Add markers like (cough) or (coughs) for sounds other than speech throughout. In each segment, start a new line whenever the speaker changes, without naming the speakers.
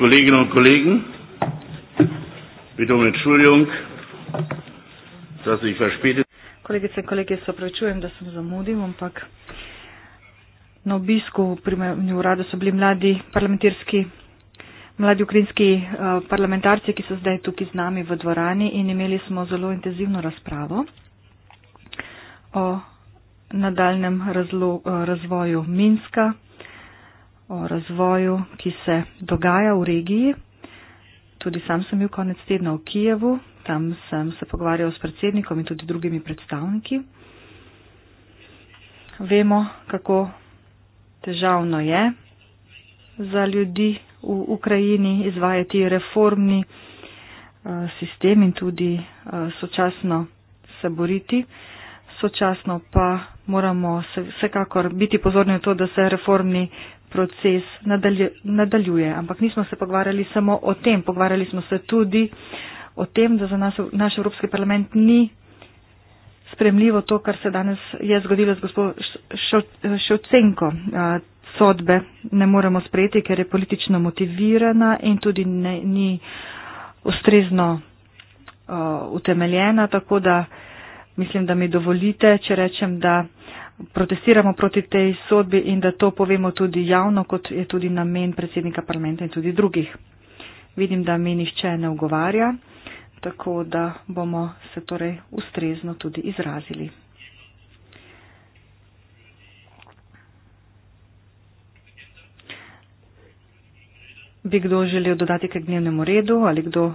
Kolleginnen und Kollegen, bitte um Entschuldigung, dass ich verspätet
Kolegice in kolege, se opravičujem, da sem zamudil, ampak na obisku pri meni urada so bili mladi parlamentarski, mladi ukrajinski uh, parlamentarci, ki so zdaj tukaj z nami v dvorani in imeli smo zelo intenzivno razpravo o nadaljem razlo, uh, razvoju Minska, o razvoju, ki se dogaja v regiji. Tudi sam sem bil konec tedna v Kijevu, tam sem se pogovarjal s predsednikom in tudi drugimi predstavniki. Vemo, kako težavno je za ljudi v Ukrajini izvajati reformni eh, sistem in tudi eh, sočasno se boriti. Sočasno pa moramo vsekakor biti pozorni na to, da se reformni proces nadaljuje. Ampak nismo se pogovarjali samo o tem, pogovarjali smo se tudi o tem, da za nas, naš Evropski parlament ni spremljivo to, kar se danes je zgodilo z gospod Šovcenko. Sodbe ne moremo sprejeti, ker je politično motivirana in tudi ne, ni ustrezno uh, utemeljena, tako da mislim, da mi dovolite, če rečem, da uh, protestiramo proti tej sodbi in da to povemo tudi javno, kot je tudi namen predsednika parlamenta in tudi drugih. Vidim, da mi nišče ne ugovarja, tako da bomo se torej ustrezno tudi izrazili. Bi kdo želel dodati k dnevnemu redu ali kdo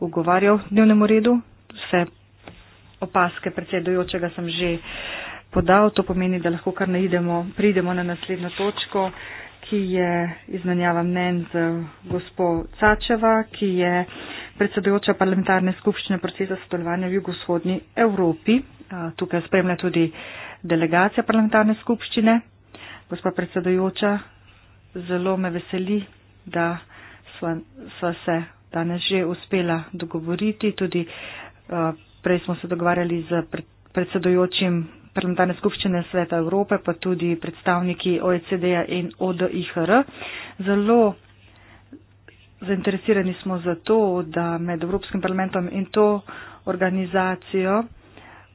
ugovarjal dnevnemu redu? Vse opaske predsedujočega sem že uh, podal, to pomeni, da lahko kar najdemo, pridemo na naslednjo točko, ki je izmenjava mnen z gospod Cačeva, ki je predsedujoča parlamentarne skupščine procesa sodelovanja v jugovzhodni Evropi. Tukaj spremlja tudi delegacija parlamentarne skupščine. Gospod predsedujoča, zelo me veseli, da sva se danes že uspela dogovoriti. Tudi uh, prej smo se dogovarjali z predsedujočim parlamentarne skupščine Sveta Evrope, pa tudi predstavniki OECD-ja in ODIHR. Zelo zainteresirani smo za to, da med Evropskim parlamentom in to organizacijo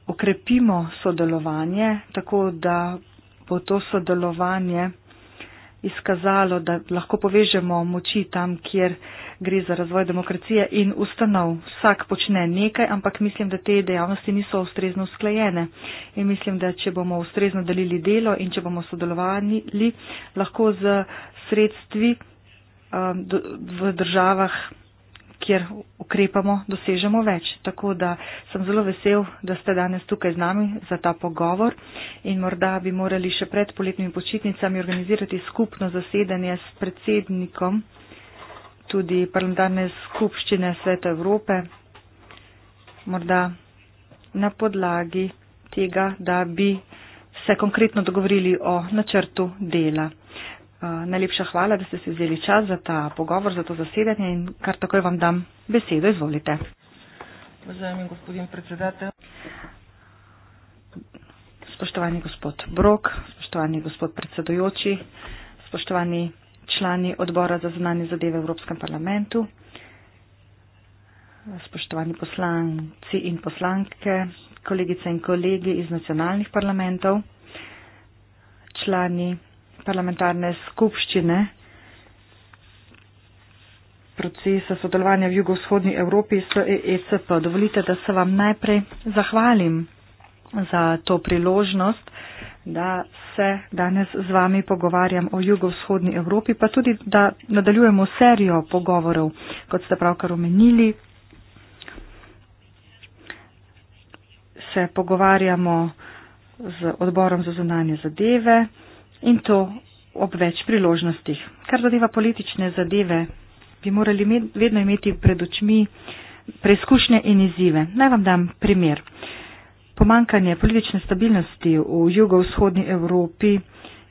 okrepimo sodelovanje, tako da bo to sodelovanje izkazalo, da lahko povežemo moči tam, kjer gre za razvoj demokracije in ustanov. Vsak počne nekaj, ampak mislim, da te dejavnosti niso ustrezno usklajene. In mislim, da če bomo ustrezno delili delo in če bomo sodelovali, lahko z sredstvi um, do, v državah, kjer ukrepamo, dosežemo več. Tako da sem zelo vesel, da ste danes tukaj z nami za ta pogovor in morda bi morali še pred poletnimi počitnicami organizirati skupno zasedanje s predsednikom tudi parlamentarne skupščine Sveta Evrope, morda na podlagi tega, da bi se konkretno dogovorili o načrtu dela. Najlepša hvala, da ste se vzeli čas za ta pogovor, za to zasedanje in kar takoj vam dam besedo. Izvolite. Vzajem, Spoštovani gospod Brok, spoštovani gospod predsedujoči, spoštovani člani odbora za znanje zadeve v Evropskem parlamentu, spoštovani poslanci in poslanke, kolegice in kolegi iz nacionalnih parlamentov, člani parlamentarne skupščine procesa sodelovanja v jugovzhodni Evropi s ECP. E Dovolite, da se vam najprej zahvalim za to priložnost, da se danes z vami pogovarjam o jugovzhodni Evropi, pa tudi, da nadaljujemo serijo pogovorov, kot ste pravkar omenili. Se pogovarjamo z odborom za zunanje zadeve in to ob več priložnostih. Kar zadeva politične zadeve, bi morali med, vedno imeti pred očmi preizkušnje in izzive. Naj vam dam primer. Pomankanje politične stabilnosti v jugovzhodni Evropi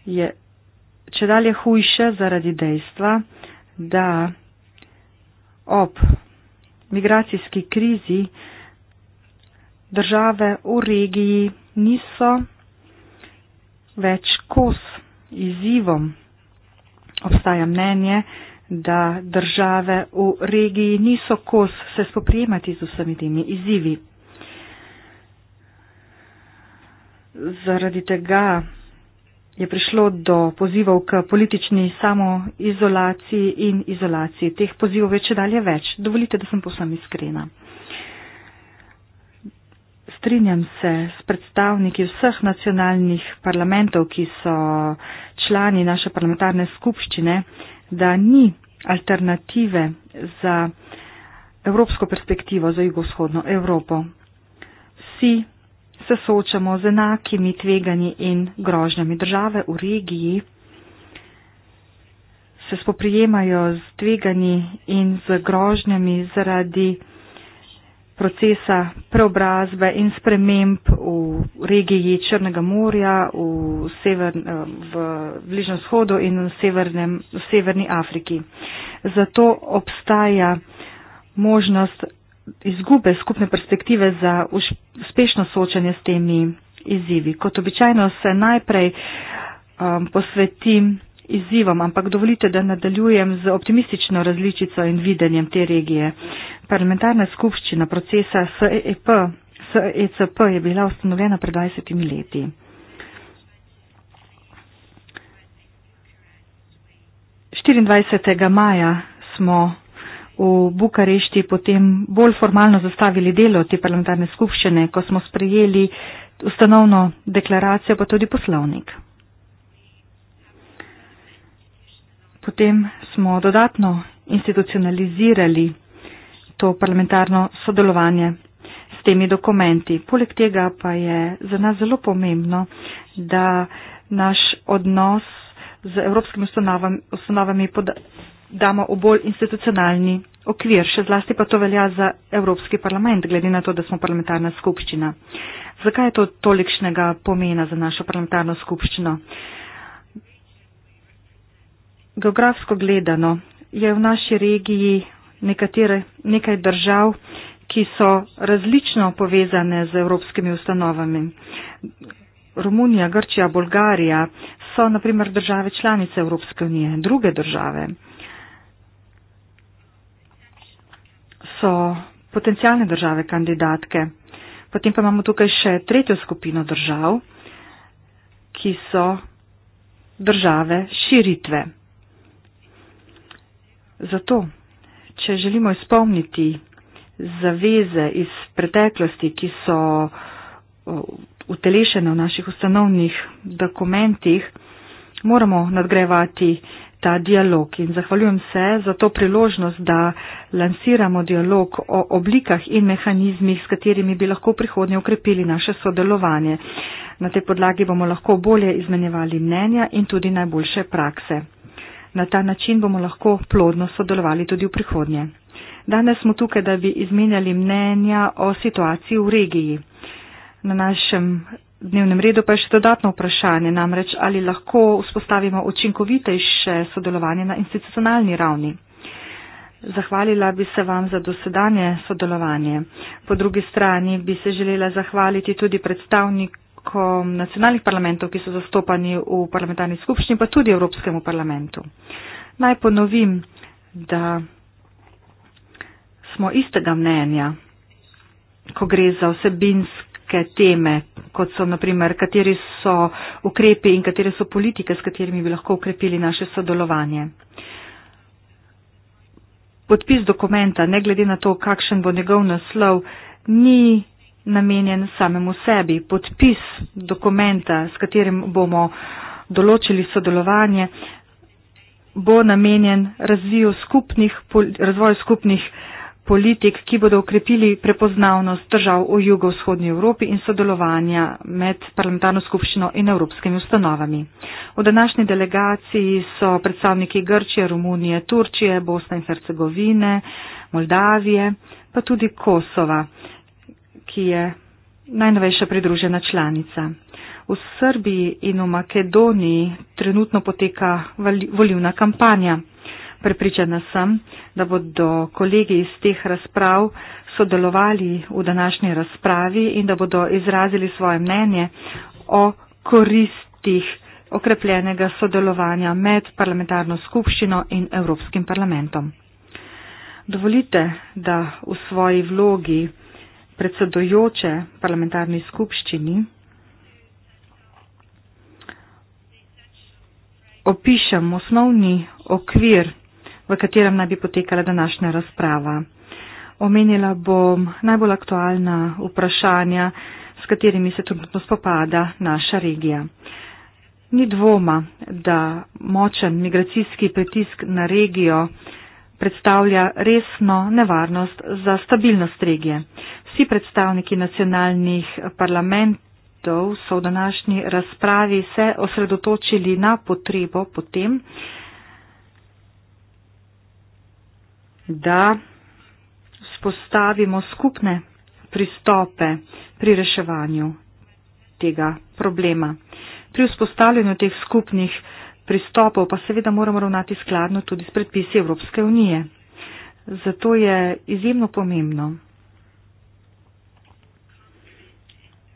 je če dalje hujše zaradi dejstva, da ob migracijski krizi države v regiji niso več kos izzivom. Obstaja mnenje, da države v regiji niso kos se spoprijemati z vsemi temi izzivi. zaradi tega je prišlo do pozivov k politični samoizolaciji in izolaciji. Teh pozivov je če dalje več. Dovolite, da sem posem iskrena. Strinjam se s predstavniki vseh nacionalnih parlamentov, ki so člani naše parlamentarne skupščine, da ni alternative za evropsko perspektivo, za jugovzhodno Evropo. Vsi se soočamo z enakimi tveganji in grožnjami. Države v regiji se spoprijemajo z tveganji in z grožnjami zaradi procesa preobrazbe in sprememb v regiji Črnega morja, v, sever, eh, v Bližnem shodu in v, severnem, v Severni Afriki. Zato obstaja možnost izgube skupne perspektive za uspešno soočanje s temi izzivi. Kot običajno se najprej um, posvetim izzivom, ampak dovolite, da nadaljujem z optimistično različico in videnjem te regije. Parlamentarna skupščina procesa SEP, SECP je bila ustanovljena pred 20 leti. 24. maja smo v Bukarešti potem bolj formalno zastavili delo te parlamentarne skupščine, ko smo sprejeli ustanovno deklaracijo, pa tudi poslovnik. Potem smo dodatno institucionalizirali to parlamentarno sodelovanje s temi dokumenti. Poleg tega pa je za nas zelo pomembno, da naš odnos z evropskimi ustanovami damo v bolj institucionalni okvir. Še zlasti pa to velja za Evropski parlament, glede na to, da smo parlamentarna skupščina. Zakaj je to tolikšnega pomena za našo parlamentarno skupščino? Geografsko gledano je v naši regiji nekatere, nekaj držav, ki so različno povezane z evropskimi ustanovami. Romunija, Grčija, Bolgarija so naprimer države članice Evropske unije, druge države. so potencijalne države kandidatke. Potem pa imamo tukaj še tretjo skupino držav, ki so države širitve. Zato, če želimo izpolniti zaveze iz preteklosti, ki so uh, utelešene v naših ustanovnih dokumentih, moramo nadgrevati ta dialog in zahvaljujem se za to priložnost, da lansiramo dialog o oblikah in mehanizmih, s katerimi bi lahko prihodnje ukrepili naše sodelovanje. Na tej podlagi bomo lahko bolje izmenjevali mnenja in tudi najboljše prakse. Na ta način bomo lahko plodno sodelovali tudi v prihodnje. Danes smo tukaj, da bi izmenjali mnenja o situaciji v regiji. Na našem dnevnem redu pa je še dodatno vprašanje, namreč ali lahko vzpostavimo učinkovitejše sodelovanje na institucionalni ravni. Zahvalila bi se vam za dosedanje sodelovanje. Po drugi strani bi se želela zahvaliti tudi predstavnikom nacionalnih parlamentov, ki so zastopani v parlamentarni skupščini, pa tudi Evropskemu parlamentu. Naj ponovim, da smo istega mnenja, ko gre za vsebinsko velike teme, kot so naprimer, kateri so ukrepi in katere so politike, s katerimi bi lahko ukrepili naše sodelovanje. Podpis dokumenta, ne glede na to, kakšen bo njegov naslov, ni namenjen samemu sebi. Podpis dokumenta, s katerim bomo določili sodelovanje, bo namenjen skupnih, razvoju skupnih uh, politik, ki bodo ukrepili prepoznavnost držav v jugovzhodnji Evropi in sodelovanja med parlamentarno skupščino in evropskimi ustanovami. V današnji delegaciji so predstavniki Grčije, Romunije, Turčije, Bosne in Hercegovine, Moldavije, pa tudi Kosova, ki je najnovejša pridružena članica. V Srbiji in v Makedoniji trenutno poteka volivna kampanja. Prepričana sem, da bodo kolegi iz teh razprav sodelovali v današnji razpravi in da bodo izrazili svoje mnenje o koristih okrepljenega sodelovanja med parlamentarno skupščino in Evropskim parlamentom. Dovolite, da v svoji vlogi predsedojoče parlamentarni skupščini opišem osnovni okvir v katerem naj bi potekala današnja razprava. Omenila bom najbolj aktualna vprašanja, s katerimi se trenutno spopada naša regija. Ni dvoma, da močen migracijski pritisk na regijo predstavlja resno nevarnost za stabilnost regije. Vsi predstavniki nacionalnih parlamentov so v današnji razpravi se osredotočili na potrebo potem, da spostavimo skupne pristope pri reševanju tega problema. Pri vzpostavljanju teh skupnih pristopov pa seveda moramo ravnati skladno tudi s predpisi Evropske unije. Zato je izjemno pomembno,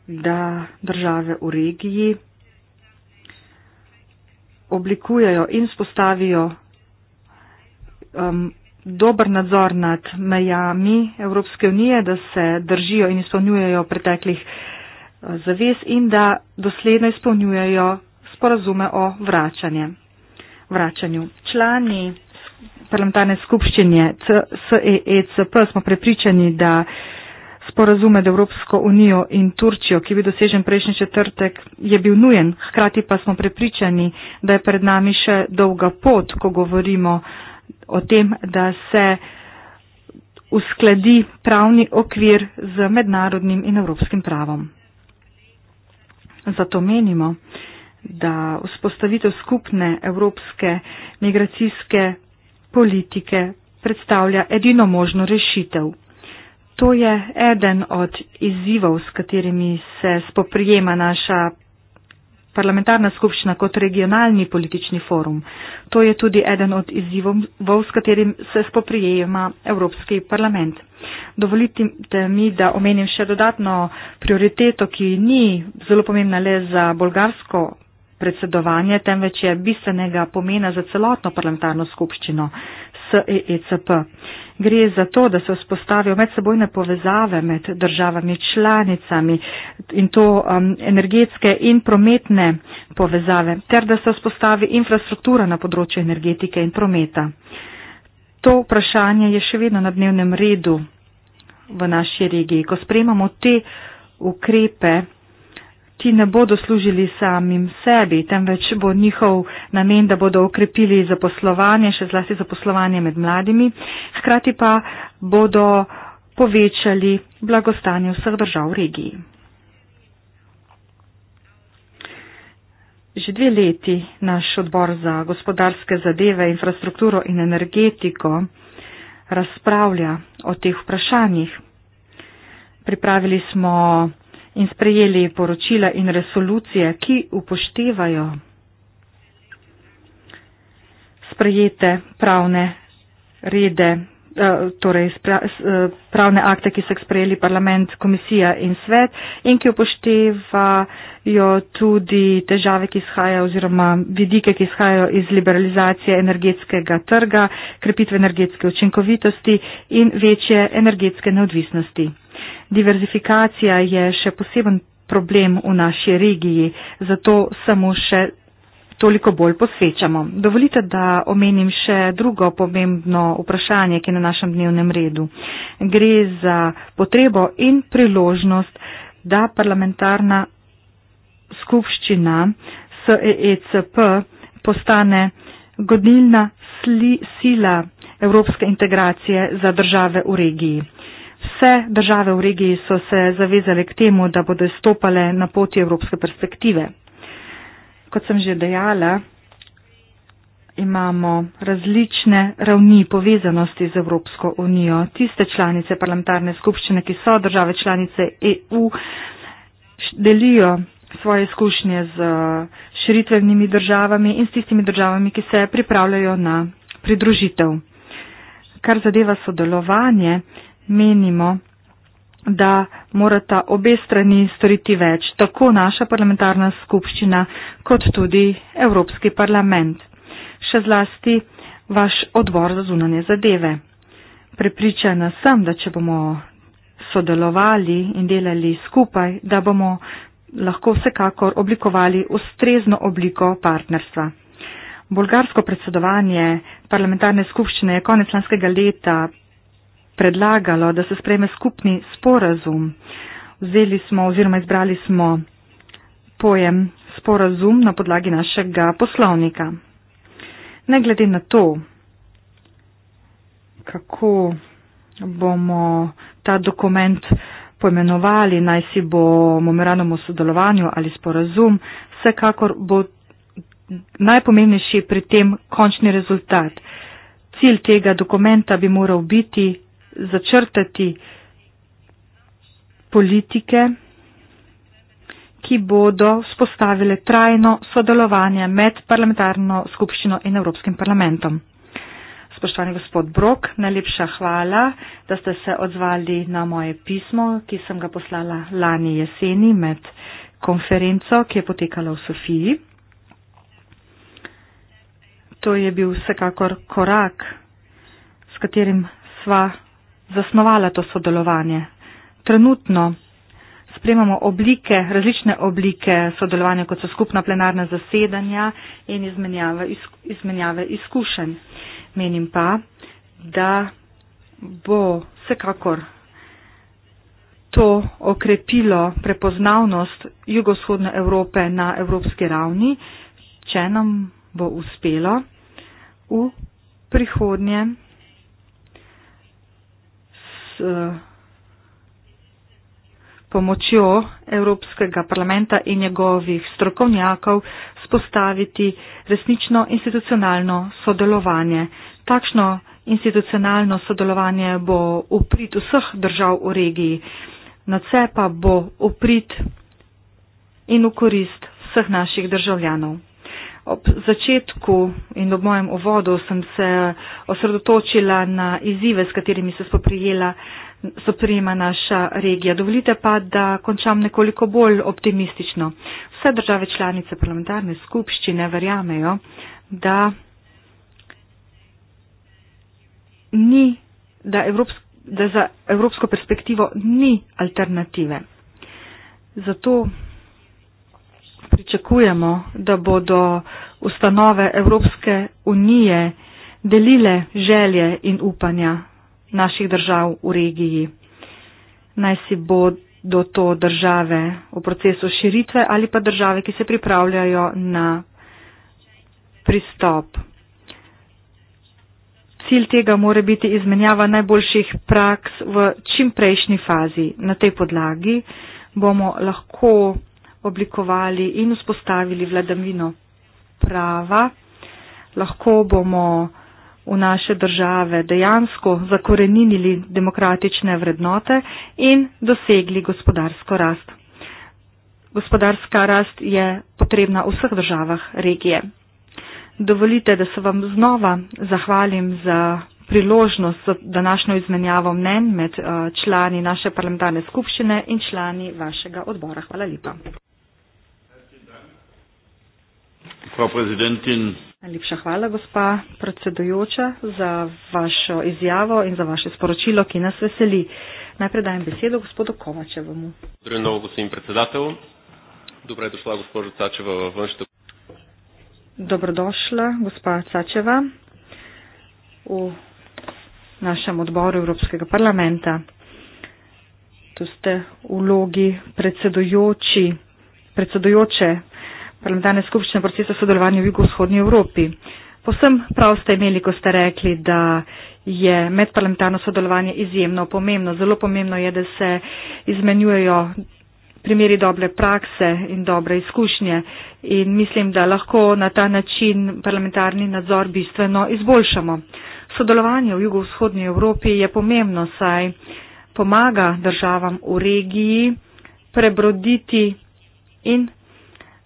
da države v regiji oblikujejo in spostavijo um, dober nadzor nad mejami Evropske unije, da se držijo in izpolnjujejo preteklih eh, zavez in da dosledno izpolnjujejo sporazume o vračanje. vračanju. Člani parlamentarne skupščine CEECP smo prepričani, da sporazum med Evropsko unijo in Turčijo, ki je bil dosežen prejšnji četrtek, je bil nujen. Hkrati pa smo prepričani, da je pred nami še dolga pot, ko govorimo o o tem, da se uskladi pravni okvir z mednarodnim in evropskim pravom. Zato menimo, da vzpostavitev skupne evropske migracijske politike predstavlja edino možno rešitev. To je eden od izzivov, s katerimi se spoprijema naša parlamentarna skupščina kot regionalni politični forum. To je tudi eden od izzivov, s katerim se spoprijema Evropski parlament. Dovolite mi, da omenim še dodatno prioriteto, ki ni zelo pomembna le za bolgarsko predsedovanje, temveč je bistvenega pomena za celotno parlamentarno skupščino. E e CEECP. Gre za to, da se vzpostavijo medsebojne povezave med državami članicami in to um, energetske in prometne povezave, ter da se vzpostavi infrastruktura na področju energetike in prometa. To vprašanje je še vedno na dnevnem redu v naši regiji. Ko spremamo te ukrepe, ti ne bodo služili samim sebi, temveč bo njihov namen, da bodo okrepili zaposlovanje, še zlasti zaposlovanje med mladimi, hkrati pa bodo povečali blagostanje vseh držav v regiji. Že dve leti naš odbor za gospodarske zadeve, infrastrukturo in energetiko razpravlja o teh vprašanjih. Pripravili smo in sprejeli poročila in resolucije, ki upoštevajo sprejete pravne rede, eh, torej eh, pravne akte, ki so jih sprejeli parlament, komisija in svet in ki upoštevajo tudi težave, ki izhajajo oziroma vidike, ki izhajajo iz liberalizacije energetskega trga, krepitve energetske učinkovitosti in večje energetske neodvisnosti. Diverzifikacija je še poseben problem v naši regiji, zato samo še toliko bolj posvečamo. Dovolite, da omenim še drugo pomembno vprašanje, ki je na našem dnevnem redu. Gre za potrebo in priložnost, da parlamentarna skupščina SEECP postane godilna sila evropske integracije za države v regiji. Vse države v regiji so se zavezale k temu, da bodo stopale na poti evropske perspektive. Kot sem že dejala, imamo različne ravni povezanosti z Evropsko unijo. Tiste članice parlamentarne skupščine, ki so države članice EU, delijo svoje izkušnje z širitvenimi državami in s tistimi državami, ki se pripravljajo na pridružitev. Kar zadeva sodelovanje, menimo, da morata obe strani storiti več, tako naša parlamentarna skupščina kot tudi Evropski parlament, še zlasti vaš odbor za zunanje zadeve. Pripričana sem, da če bomo sodelovali in delali skupaj, da bomo lahko vsekakor oblikovali ustrezno obliko partnerstva. Bolgarsko predsedovanje parlamentarne skupščine je konec lanskega leta predlagalo, da se spreme skupni sporazum. Vzeli smo oziroma izbrali smo pojem sporazum na podlagi našega poslovnika. Ne glede na to, kako bomo ta dokument pojmenovali, naj si bo memorandum o sodelovanju ali sporazum, vsekakor bo najpomembnejši pri tem končni rezultat. Cilj tega dokumenta bi moral biti začrtati politike, ki bodo spostavile trajno sodelovanje med parlamentarno skupščino in Evropskim parlamentom. Spoštovani gospod Brok, najlepša hvala, da ste se odzvali na moje pismo, ki sem ga poslala lani jeseni med konferenco, ki je potekala v Sofiji. To je bil vsekakor korak, s katerim sva zasnovala to sodelovanje. Trenutno spremamo oblike, različne oblike sodelovanja, kot so skupna plenarna zasedanja in izmenjave, izku, izmenjave izkušenj. Menim pa, da bo vsekakor to okrepilo prepoznavnost jugovzhodne Evrope na evropski ravni, če nam bo uspelo v prihodnjem Eh, pomočjo Evropskega parlamenta in njegovih strokovnjakov spostaviti resnično institucionalno sodelovanje. Takšno institucionalno sodelovanje bo uprit vseh držav v regiji, nadse pa bo uprit in v korist vseh naših državljanov. Ob začetku in ob mojem uvodu sem se osredotočila na izzive, s katerimi se spoprijela soprijema naša regija. Dovolite pa, da končam nekoliko bolj optimistično. Vse države članice parlamentarne skupščine verjamejo, da, ni, da, evropsk, da za evropsko perspektivo ni alternative. Zato pričakujemo, da bodo ustanove Evropske unije delile želje in upanja naših držav v regiji. Naj si bodo to države v procesu širitve ali pa države, ki se pripravljajo na pristop. Cilj tega mora biti izmenjava najboljših praks v čimprejšnji fazi. Na tej podlagi bomo lahko oblikovali in vzpostavili vladavino prava, lahko bomo v naše države dejansko zakorenili demokratične vrednote in dosegli gospodarsko rast. Gospodarska rast je potrebna v vseh državah regije. Dovolite, da se vam znova zahvalim za priložnost za današnjo izmenjavo mnen med eh, člani naše parlamentarne skupščine in člani vašega odbora. Hvala lepa. Najlepša hvala, gospa predsedujoča, za vašo izjavo in za vaše sporočilo, ki nas veseli. Najprej dajem besedo gospodu Kovačevemu.
Dobro, gospod predsedatelj. Dobro je došla gospoda Cačeva v vrštu.
Dobrodošla, gospa Cačeva, v našem odboru Evropskega parlamenta. Tu ste v logi predsedujoči, predsedujoče parlamentarne skupščine procesa sodelovanja v jugovzhodnji Evropi. Posem prav ste imeli, ko ste rekli, da je medparlamentarno sodelovanje izjemno pomembno. Zelo pomembno je, da se izmenjujejo primeri dobre prakse in dobre izkušnje in mislim, da lahko na ta način parlamentarni nadzor bistveno izboljšamo. Sodelovanje v jugovzhodnji Evropi je pomembno, saj pomaga državam v regiji prebroditi in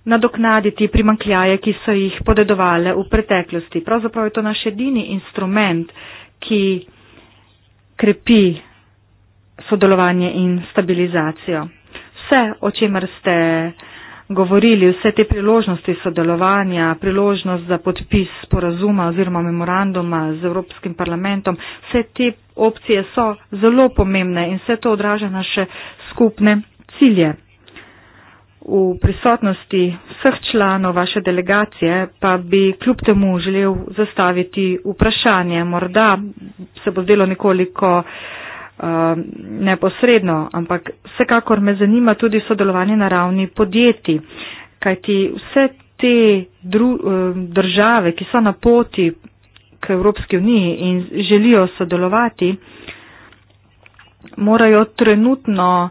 nadoknaditi primankljaje, ki so jih podedovale v preteklosti. Pravzaprav je to naš edini instrument, ki krepi sodelovanje in stabilizacijo. Vse, o čemer ste govorili, vse te priložnosti sodelovanja, priložnost za podpis sporazuma oziroma memoranduma z Evropskim parlamentom, vse te opcije so zelo pomembne in vse to odraža naše skupne cilje. V prisotnosti vseh članov vaše delegacije pa bi kljub temu želel zastaviti vprašanje. Morda se bo zdelo nekoliko eh, neposredno, ampak vsekakor me zanima tudi sodelovanje na ravni podjetij, kajti vse te dru, eh, države, ki so na poti k Evropski uniji in želijo sodelovati, morajo trenutno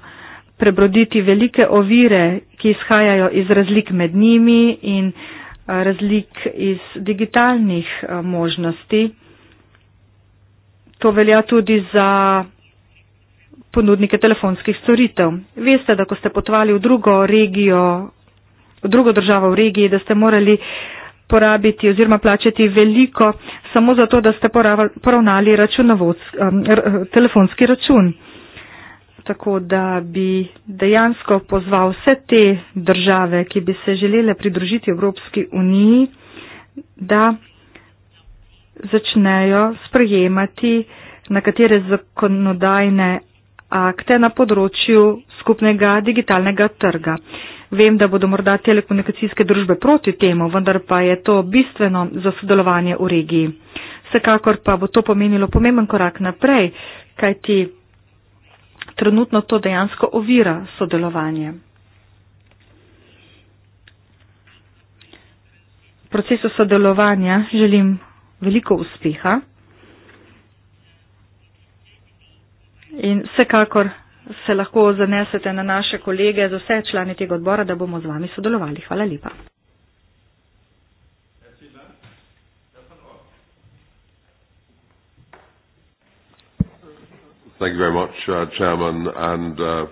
prebroditi velike ovire ki izhajajo iz razlik med njimi in eh, razlik iz digitalnih eh, možnosti. To velja tudi za ponudnike telefonskih storitev. Veste, da ko ste potovali v drugo regijo, v drugo državo v regiji, da ste morali porabiti oziroma plačati veliko samo zato, da ste poravnali računovodski, eh, telefonski račun tako da bi dejansko pozval vse te države, ki bi se želele pridružiti Evropski uniji, da začnejo sprejemati nekatere zakonodajne akte na področju skupnega digitalnega trga. Vem, da bodo morda telekomunikacijske družbe proti temu, vendar pa je to bistveno za sodelovanje v regiji. Vsekakor pa bo to pomenilo pomemben korak naprej, kajti trenutno to dejansko ovira sodelovanje. Procesu sodelovanja želim veliko uspeha in vsekakor se lahko zanesete na naše kolege, za vse člane tega odbora, da bomo z vami sodelovali. Hvala lepa.
Thank you very much, uh, Chairman, and uh,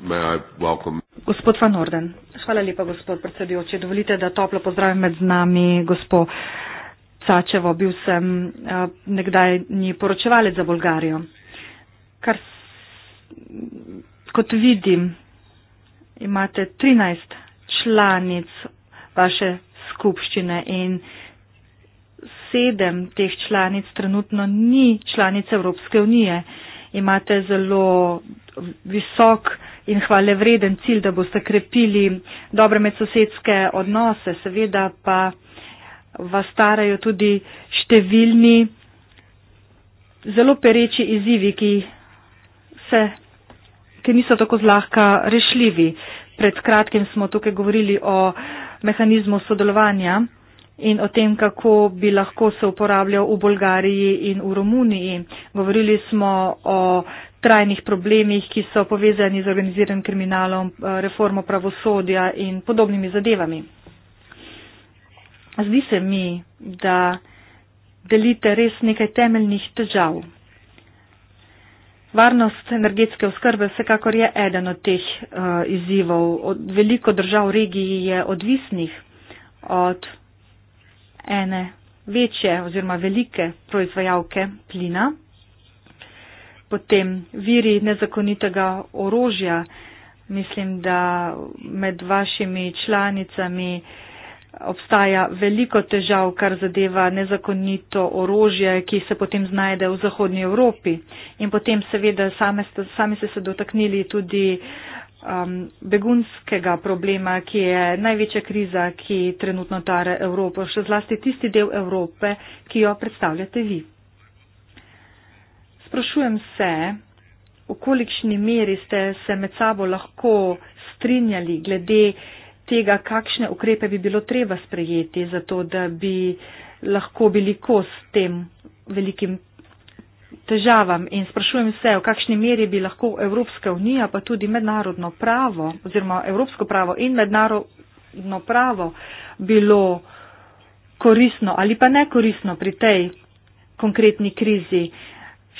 may I welcome.
Gospod Van Orden, hvala lepa, gospod predsedujoči. Dovolite, da toplo pozdravim med nami gospo Cačevo. Bil sem uh, nekdaj ni poročevalec za Bolgarijo. Kar kot vidim, imate 13 članic vaše skupščine in sedem teh članic trenutno ni članic Evropske unije. Uh, imate zelo visok in hvale vreden cilj, da boste krepili dobre medsosedske odnose. Seveda pa vas starajo tudi številni zelo pereči izzivi, ki, se, ki niso tako zlahka rešljivi. Pred kratkim smo tukaj govorili o mehanizmu sodelovanja in o tem, kako bi lahko se uporabljal v Bolgariji in v Romuniji. Govorili smo o trajnih problemih, ki so povezani z organiziranim kriminalom, reformo pravosodja in podobnimi zadevami. Zdi se mi, da delite res nekaj temeljnih težav. Varnost energetske oskrbe vsekakor je eden od teh uh, izzivov. Od veliko držav v regiji je odvisnih od ene večje oziroma velike proizvajalke plina, potem viri nezakonitega orožja. Mislim, da med vašimi članicami obstaja veliko težav, kar zadeva nezakonito orožje, ki se potem znajde v Zahodnji Evropi. In potem seveda sami ste, sami ste se dotaknili tudi uh, um, begunskega problema, ki je največja kriza, ki trenutno tare Evropo, še zlasti tisti del Evrope, ki jo predstavljate vi. Sprašujem se, v kolikšni meri ste se med sabo lahko strinjali glede tega, kakšne ukrepe bi bilo treba sprejeti, zato da bi lahko bili kos tem velikim težavam in sprašujem se, v kakšni meri bi lahko Evropska unija, pa tudi mednarodno pravo oziroma Evropsko pravo in mednarodno pravo bilo koristno ali pa nekoristno pri tej konkretni krizi.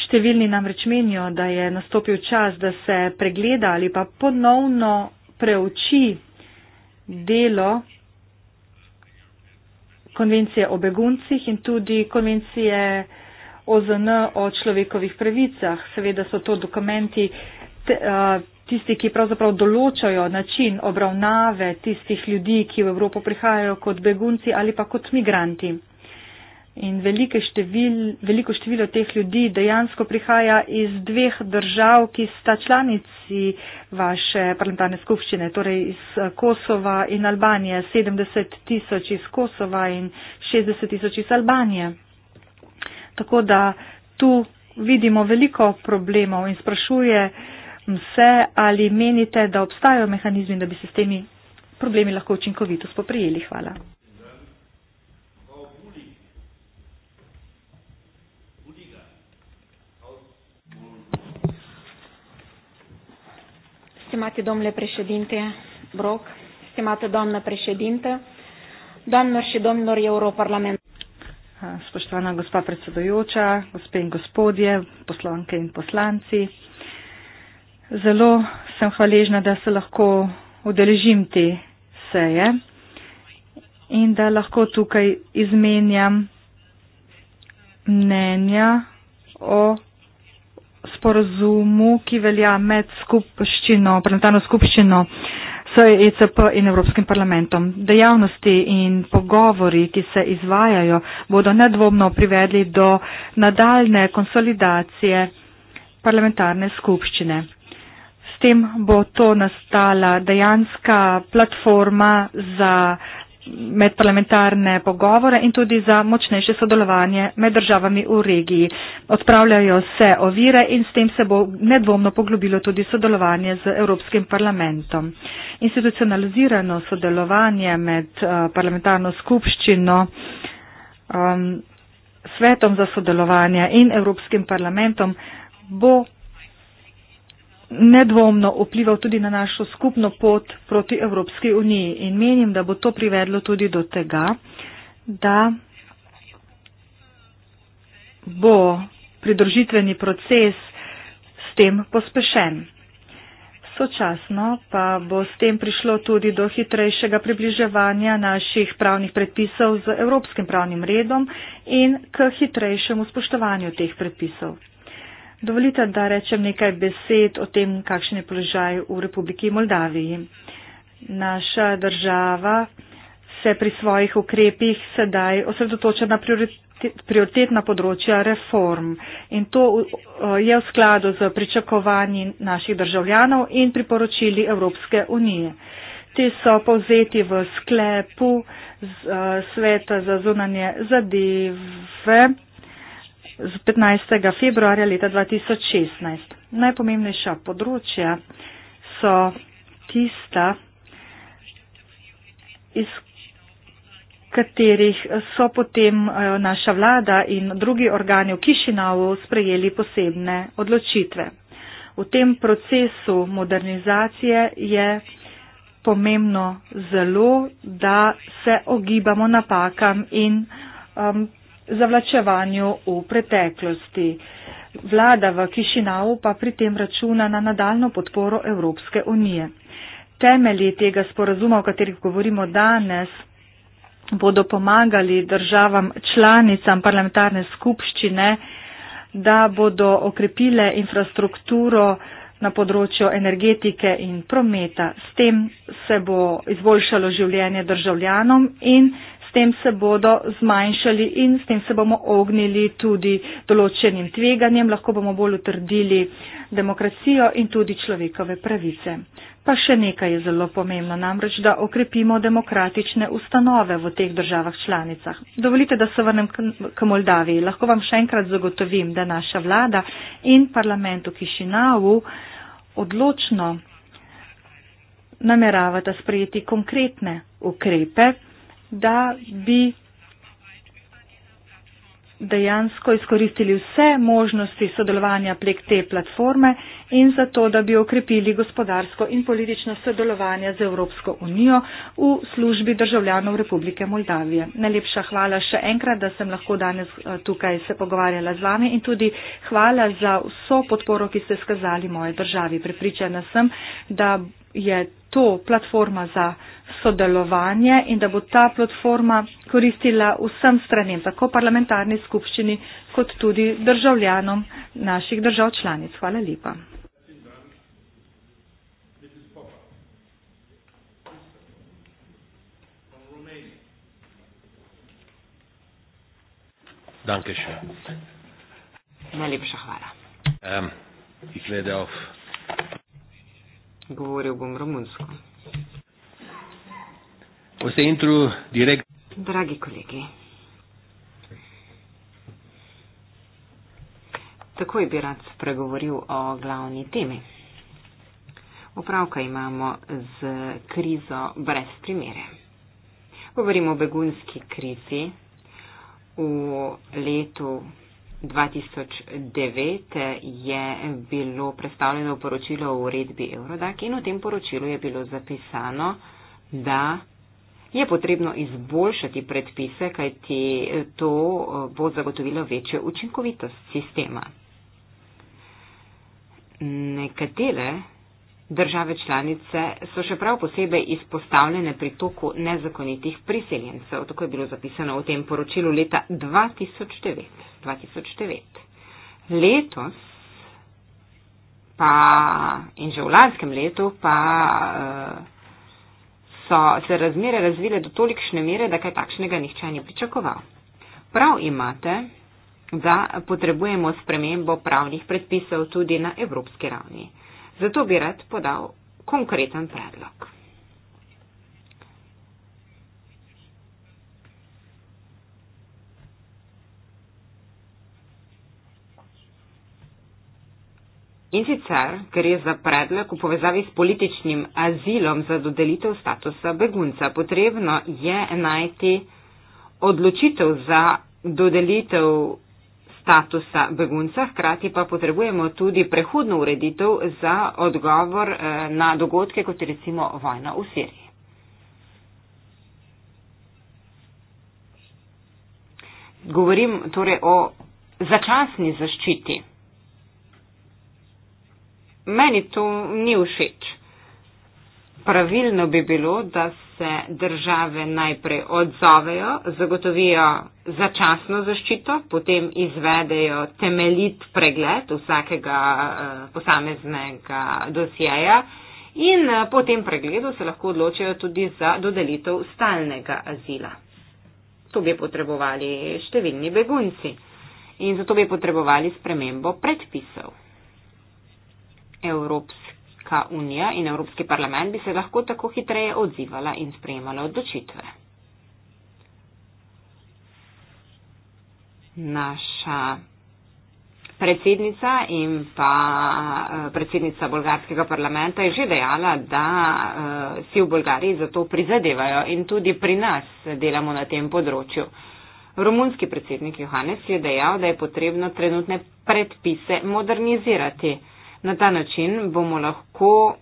Številni nam reč menijo, da je nastopil čas, da se pregleda ali pa ponovno preuči delo konvencije o beguncih in tudi konvencije OZN o človekovih pravicah. Seveda so to dokumenti tisti, ki pravzaprav določajo način obravnave tistih ljudi, ki v Evropo prihajajo kot begunci ali pa kot migranti. In velike števil, veliko število teh ljudi dejansko prihaja iz dveh držav, ki sta članici vaše parlamentarne skupščine, torej iz Kosova in Albanije. 70 tisoč iz Kosova in 60 tisoč iz Albanije. Tako da tu vidimo veliko problemov in sprašuje se, ali menite, da obstajajo mehanizmi, da bi se s temi problemi lahko učinkovito spoprijeli. Hvala.
Stimate domnule președinte Broc, stimate doamnă președinte, doamnelor și domnilor Europarlament.
Spoštovana gospa predsedojoča, gospe in gospodje, poslanke in poslanci. Zelo sem hvaležna, da se lahko udeležim te seje in da lahko tukaj izmenjam mnenja o sporozumu, ki velja med skupščino, parlamentarno skupščino seje ECP in Evropskim parlamentom. Dejavnosti in pogovori, ki se izvajajo, bodo nedvomno privedli do nadaljne konsolidacije parlamentarne skupščine. S tem bo to nastala dejanska platforma za medparlamentarne pogovore in tudi za močnejše sodelovanje med državami v regiji. Odpravljajo se ovire in s tem se bo nedvomno poglobilo tudi sodelovanje z Evropskim parlamentom. Institucionalizirano sodelovanje med eh, parlamentarno skupščino, um, svetom za sodelovanje in Evropskim parlamentom bo nedvomno vplival tudi na našo skupno pot proti Evropski uniji in menim, da bo to privedlo tudi do tega, da bo pridružitveni proces s tem pospešen. Sočasno pa bo s tem prišlo tudi do hitrejšega približevanja naših pravnih predpisov z evropskim pravnim redom in k hitrejšemu spoštovanju teh predpisov. Dovolite, da rečem nekaj besed o tem, kakšen je položaj v Republiki Moldaviji. Naša država se pri svojih ukrepih sedaj osredotoča na prioritetna področja reform in to uh, je v skladu z pričakovanji naših državljanov in priporočili Evropske unije. Te so povzeti v sklepu uh, Sveta za zunanje zadeve 15. februarja leta 2016. Najpomembnejša področja so tista, iz katerih so potem eh, naša vlada in drugi organi v Kišinavu sprejeli posebne odločitve. V tem procesu modernizacije je pomembno zelo, da se ogibamo napakam in um, zavlačevanju v preteklosti. Vlada v Kišinavu pa pri tem računa na nadaljno podporo Evropske unije. Temelji tega sporazuma, o katerih govorimo danes, bodo pomagali državam članicam parlamentarne skupščine, da bodo okrepile infrastrukturo na področju energetike in prometa. S tem se bo izboljšalo življenje državljanom in državljanom tem se bodo zmanjšali in s tem se bomo ognili tudi določenim tveganjem, lahko bomo bolj utrdili demokracijo in tudi človekove pravice. Pa še nekaj je zelo pomembno, namreč, da okrepimo demokratične ustanove v teh državah članicah. Dovolite, da se vrnem k Moldaviji. Lahko vam še enkrat zagotovim, da naša vlada in parlament v Kišinavu odločno nameravata sprejeti konkretne ukrepe, da bi dejansko izkoristili vse možnosti sodelovanja prek te platforme in zato, da bi okrepili gospodarsko in politično sodelovanje z Evropsko unijo v službi državljanov Republike Moldavije. Najlepša hvala še enkrat, da sem lahko danes eh, tukaj se pogovarjala z vami in tudi hvala za vso podporo, ki ste skazali moje državi. Prepričana sem, da je to platforma za sodelovanje in da bo ta platforma koristila vsem stranem, tako parlamentarni skupščini, kot tudi državljanom naših držav članic. Hvala lepa.
Najlepša hvala. Um, Govoril bom romunsko.
Intru, direkt...
Dragi kolegi, takoj bi rad spregovoril o glavni temi. Opravka imamo z krizo brez primere. Govorimo o begunski krizi v letu 2009 je bilo predstavljeno poročilo o uredbi Eurodac in v tem poročilu je bilo zapisano, da je potrebno izboljšati predpise, kajti to eh, bo zagotovilo večjo učinkovitost sistema. Nekatere Države članice so še prav posebej izpostavljene pri toku nezakonitih priseljencev, tako je bilo zapisano v tem poročilu leta 2009. 2009. Letos pa, in že v lanskem letu pa eh, so se razmere razvile do tolikšne mere, da kaj takšnega nihče ni pričakoval. Prav imate, da potrebujemo spremembo pravnih predpisov tudi na evropski ravni. Zato bi rad podal konkreten predlog. In sicer gre za predlog v povezavi s političnim azilom za dodelitev statusa begunca. Potrebno je najti odločitev za dodelitev statusa begunca, hkrati pa potrebujemo tudi prehodno ureditev za odgovor eh, na dogodke, kot je recimo vojna v Siriji. Govorim torej o začasni zaščiti. Meni to ni všeč. Pravilno bi bilo, da se se države najprej odzovejo, zagotovijo začasno zaščito, potem izvedejo temeljit pregled vsakega eh, posameznega dosjeja in eh, po tem pregledu se lahko odločijo tudi za dodelitev stalnega azila. To bi potrebovali številni begunci in zato bi potrebovali spremembo predpisov. Evrops Evropska unija in Evropski parlament bi se lahko tako hitreje odzivala in sprejemala odločitve. Naša predsednica in pa eh, predsednica bolgarskega parlamenta je že dejala, da eh, si v Bolgariji za to prizadevajo in tudi pri nas delamo na tem področju. Romunski predsednik Johannes je dejal, da je potrebno trenutne predpise modernizirati. Na ta način bomo lahko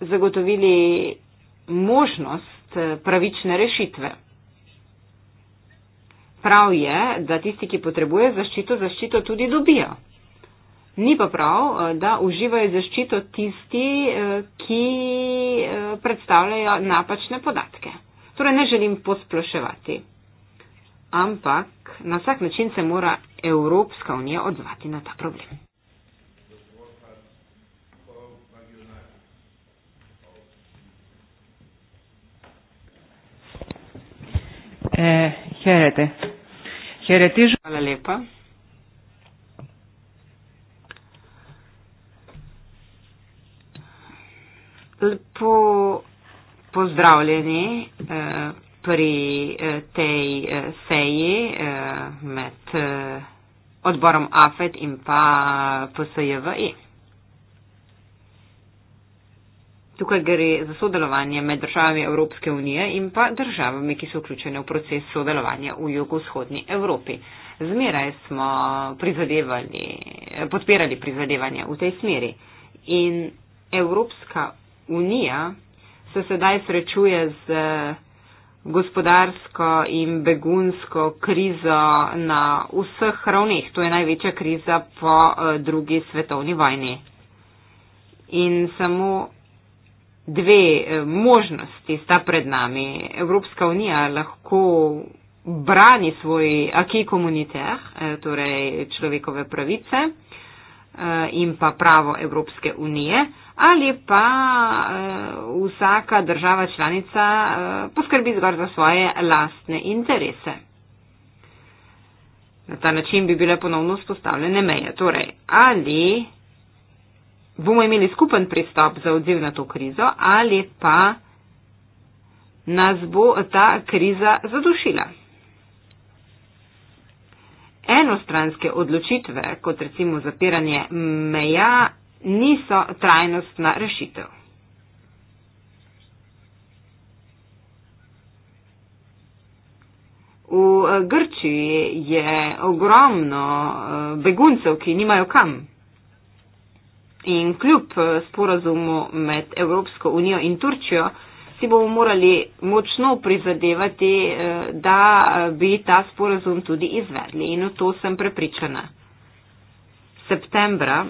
zagotovili možnost eh, pravične rešitve. Prav je, da tisti, ki potrebuje zaščito, zaščito tudi dobijo. Ni pa prav, eh, da uživajo zaščito tisti, eh, ki predstavljajo napačne podatke. Torej ne želim posploševati, ampak na vsak način se mora Evropska unija odzvati na ta problem.
E, herete.
Herete že.
Hvala lepa. Lepo pozdravljeni eh, pri eh, tej seji med odborom AFED in pa PSJVI. E. Tukaj gre za sodelovanje med državami Evropske unije in pa državami, ki so vključene v proces sodelovanja v jugovzhodni Evropi. Zmeraj smo podpirali prizadevanje v tej smeri in Evropska unija se sedaj srečuje z gospodarsko in begunsko krizo na vseh ravneh. To je največja kriza po eh, drugi svetovni vojni. In samo dve eh, možnosti sta pred nami. Evropska unija lahko brani svoj aki komuniter, eh, torej človekove pravice eh, in pa pravo Evropske unije, ali pa vsaka država članica poskrbi zgolj za svoje lastne interese. Na ta način bi bile ponovno vzpostavljene meje. Torej, ali bomo imeli skupen pristop za odziv na to krizo ali pa nas bo ta kriza zadušila. Enostranske odločitve, kot recimo zapiranje meja, niso trajnostna rešitev. V eh, Grčiji je ogromno eh, beguncev, ki nimajo kam. In kljub eh, sporazumu med Evropsko unijo in Turčijo si bomo morali močno prizadevati, eh, da eh, bi ta sporazum tudi izvedli. In v to sem prepričana. Septembra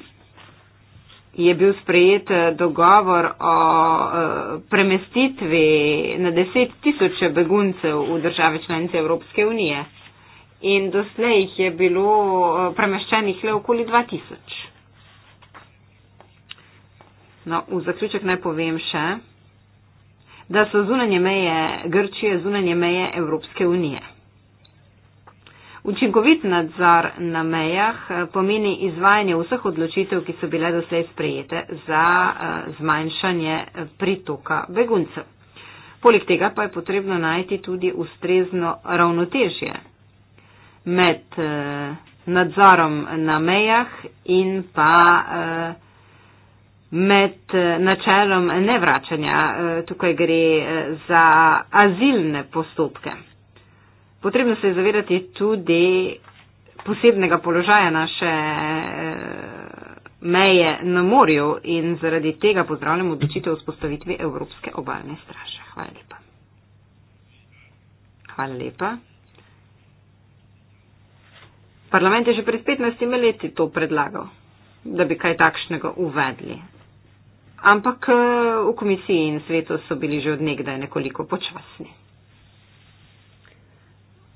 je bil sprejet dogovor o premestitvi na deset tisoče beguncev v države članice Evropske unije. In doslej jih je bilo premeščenih le okoli 2000. No, v zaključek naj povem še, da so zunanje meje Grčije zunanje meje Evropske unije. Učinkovit nadzor na mejah eh, pomeni izvajanje vseh odločitev, ki so bile doslej sprejete za eh, zmanjšanje eh, pritoka beguncev. Poleg tega pa je potrebno najti tudi ustrezno ravnotežje med nadzorom na mejah in pa eh, med eh, načelom nevračanja, eh, tukaj gre eh, za azilne postopke. Potrebno se je zavedati tudi posebnega položaja naše meje na morju in zaradi tega pozdravljam odločitev o spostavitvi Evropske obaljne straže. Hvala lepa. Hvala lepa. Parlament je že pred 15 leti to predlagal, da bi kaj takšnega uvedli. Ampak eh, v komisiji in svetu so bili že odnegdaj nekoliko počasni.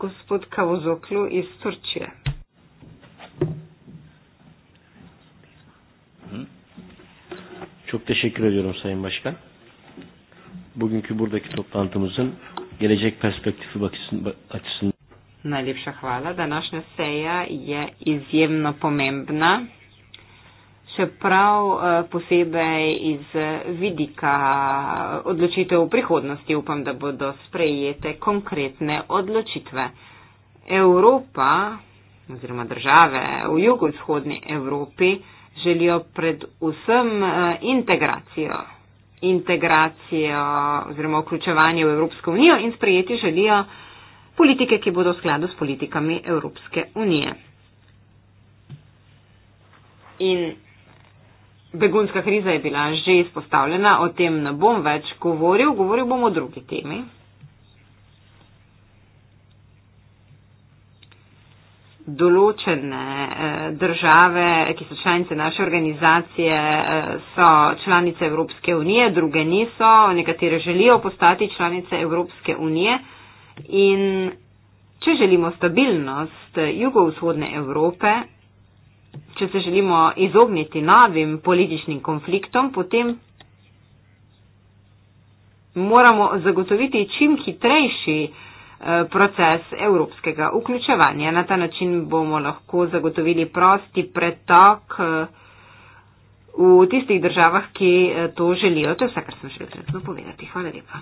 Gospod Kavuzoklu iz Turčije.
Çok teşekkür ediyorum Sayın Başkan.
Bugünkü buradaki toplantımızın gelecek perspektifi açısından.
Najlepša hvala. Današnja seja je izjemno pomembna čeprav eh, posebej iz vidika odločitev v prihodnosti upam, da bodo sprejete konkretne odločitve. Evropa oziroma države v jugovzhodni Evropi želijo predvsem eh, integracijo. Integracijo oziroma vključevanje v Evropsko unijo in sprejeti želijo politike, ki bodo v skladu s politikami Evropske unije. In Begunska kriza je bila že izpostavljena, o tem ne bom več govoril, govoril bom o drugi temi. Določene eh, države, ki so članice naše organizacije, eh, so članice Evropske unije, druge niso, nekatere želijo postati članice Evropske unije. In če želimo stabilnost eh, jugovzhodne Evrope, če se želimo izogniti novim političnim konfliktom, potem moramo zagotoviti čim hitrejši eh, proces evropskega vključevanja. Na ta način bomo lahko zagotovili prosti pretok eh, v tistih državah, ki eh, to želijo. To je vse, kar sem želel trenutno povedati. Hvala lepa.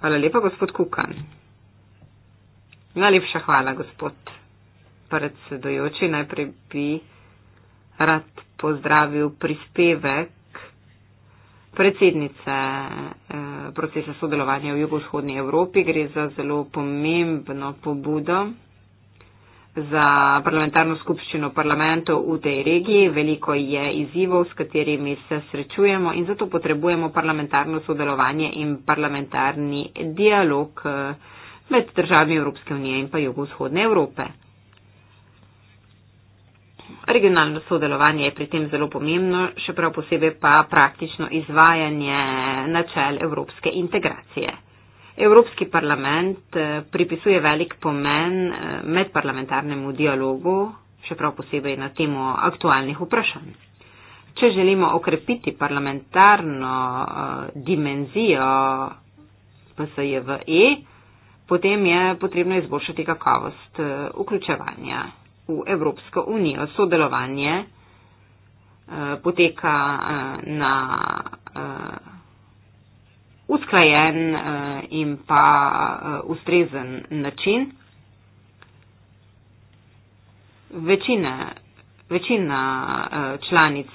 Hvala lepa, gospod Kukan. Najlepša hvala, gospod predsedujoči. Najprej bi rad pozdravil prispevek predsednice eh, procesa sodelovanja v jugovzhodni Evropi. Gre za zelo pomembno pobudo za parlamentarno skupščino parlamentov v tej regiji. Veliko je izzivov, s katerimi se srečujemo in zato potrebujemo parlamentarno sodelovanje in parlamentarni dialog. Eh, med državami Evropske unije in pa jugovzhodne Evrope. Regionalno sodelovanje je pri tem zelo pomembno, še prav posebej pa praktično izvajanje načel evropske integracije. Evropski parlament eh, pripisuje velik pomen eh, medparlamentarnemu dialogu, še prav posebej na temo aktualnih vprašanj. Če želimo okrepiti parlamentarno eh, dimenzijo PSJVE, potem je potrebno izboljšati kakovost eh, vključevanja v Evropsko unijo. Sodelovanje eh, poteka eh, na usklajen in pa ustrezen način. Večine, večina članic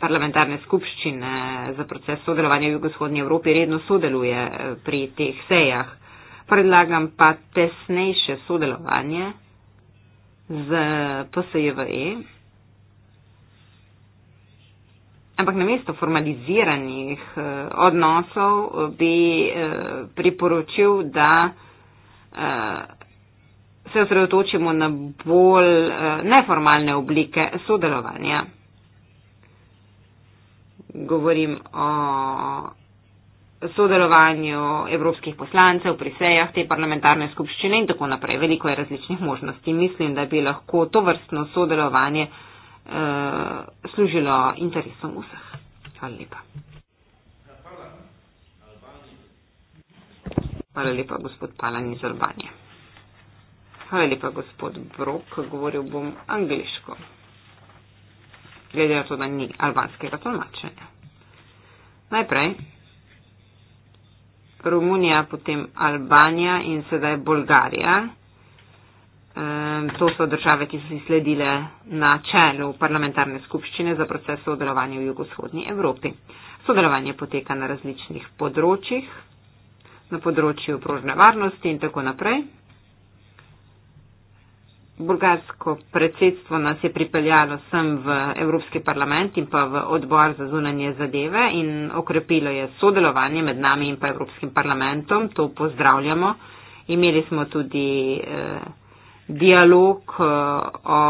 parlamentarne skupščine za proces sodelovanja v Jugoshodnji Evropi redno sodeluje pri teh sejah predlagam pa tesnejše sodelovanje z PSJVE. Ampak na mesto formaliziranih eh, odnosov eh, bi eh, priporočil, da se osredotočimo na bolj neformalne oblike sodelovanja. Govorim o sodelovanju evropskih poslancev pri sejah te parlamentarne skupščine in tako naprej. Veliko je različnih možnosti. Mislim, da bi lahko to vrstno sodelovanje eh, služilo interesom vseh. Hvala lepa. Hvala lepa, gospod Palan iz Albanije. Hvala lepa, gospod Brok. Govoril bom angliško. Glede na to, da ni albanskega tolmačenja. Najprej. Romunija, potem Albanija in sedaj Bolgarija. To so države, ki so si sledile na čelu parlamentarne skupščine za proces sodelovanja v jugovzhodni Evropi. Sodelovanje poteka na različnih področjih, na področju prožne varnosti in tako naprej. Bulgarsko predsedstvo nas je pripeljalo sem v Evropski parlament in pa v odbor za zunanje zadeve in okrepilo je sodelovanje med nami in pa Evropskim parlamentom. To pozdravljamo. Imeli smo tudi eh, dialog eh, o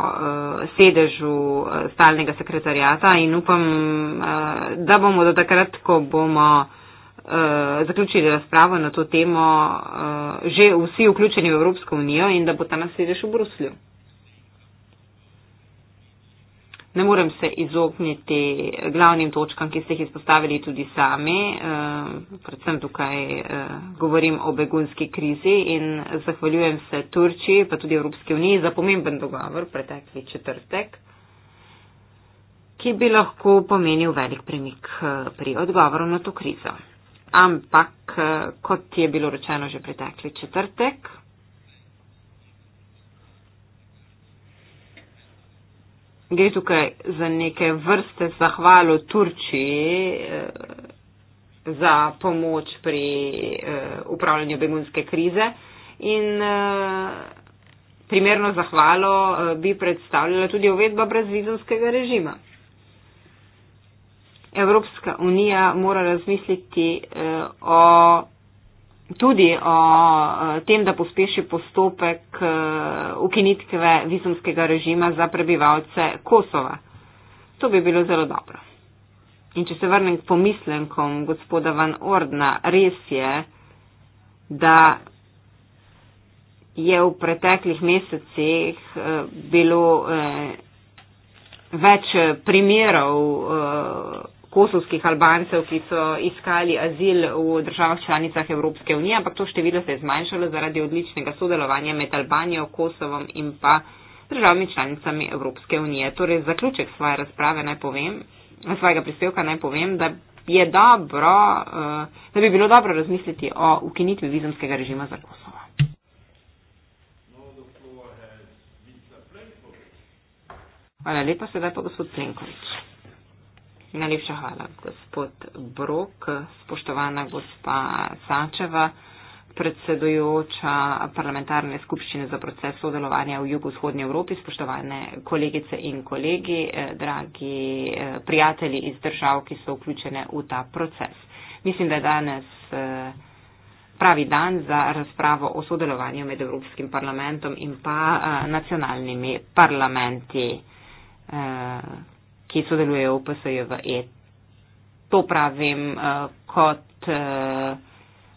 eh, sedežu eh, stalnega sekretarjata in upam, eh, da bomo do takrat, ko bomo. Eh, zaključili razpravo na to temo uh, že vsi vključeni v Evropsko unijo in da bo ta naslednjič v Bruslju. Ne morem se izogniti glavnim točkam, ki ste jih izpostavili tudi sami. Eh, predvsem tukaj govorim o begunski krizi in zahvaljujem se Turčiji, pa tudi Evropski uniji za pomemben dogovor pretekli četrtek, ki bi lahko pomenil velik premik pri odgovoru na to krizo ampak eh, kot je bilo rečeno že pretekli četrtek. Gre tukaj za neke vrste zahvalo Turčiji eh, za pomoč pri eh, upravljanju begunske krize in primerno zahvalo bi predstavljala tudi uvedba brezvizumskega režima. Evropska unija mora razmisliti eh, o, tudi o eh, tem, da pospeši postopek eh, ukinitve vizumskega režima za prebivalce Kosova. To bi bilo zelo dobro. In če se vrnem k pomislenkom gospoda Van Ordna, res je, da je v preteklih mesecih eh, bilo eh, več primerov. Eh, kosovskih albancev, ki so iskali azil v državah članicah Evropske unije, ampak to število se je zmanjšalo zaradi odličnega sodelovanja med Albanijo, Kosovom in pa državami članicami Evropske unije. Torej, zaključek svoje razprave naj povem, svojega prispevka naj povem, da, dobro, eh, da bi bilo dobro razmisliti o ukinitvi vizumskega režima za Kosovo. Hvala lepa, sedaj pa gospod Plenković. Najlepša hvala, gospod Brok, spoštovana gospa Sačeva, predsedujoča parlamentarne skupščine za proces sodelovanja v jugovzhodnji Evropi, spoštovane kolegice in kolegi, eh, dragi eh, prijatelji iz držav, ki so vključene v ta proces. Mislim, da je danes eh, pravi dan za razpravo o sodelovanju med Evropskim parlamentom in pa nacionalnimi parlamenti ki sodelujejo v PSJVE. To pravim uh, kot uh,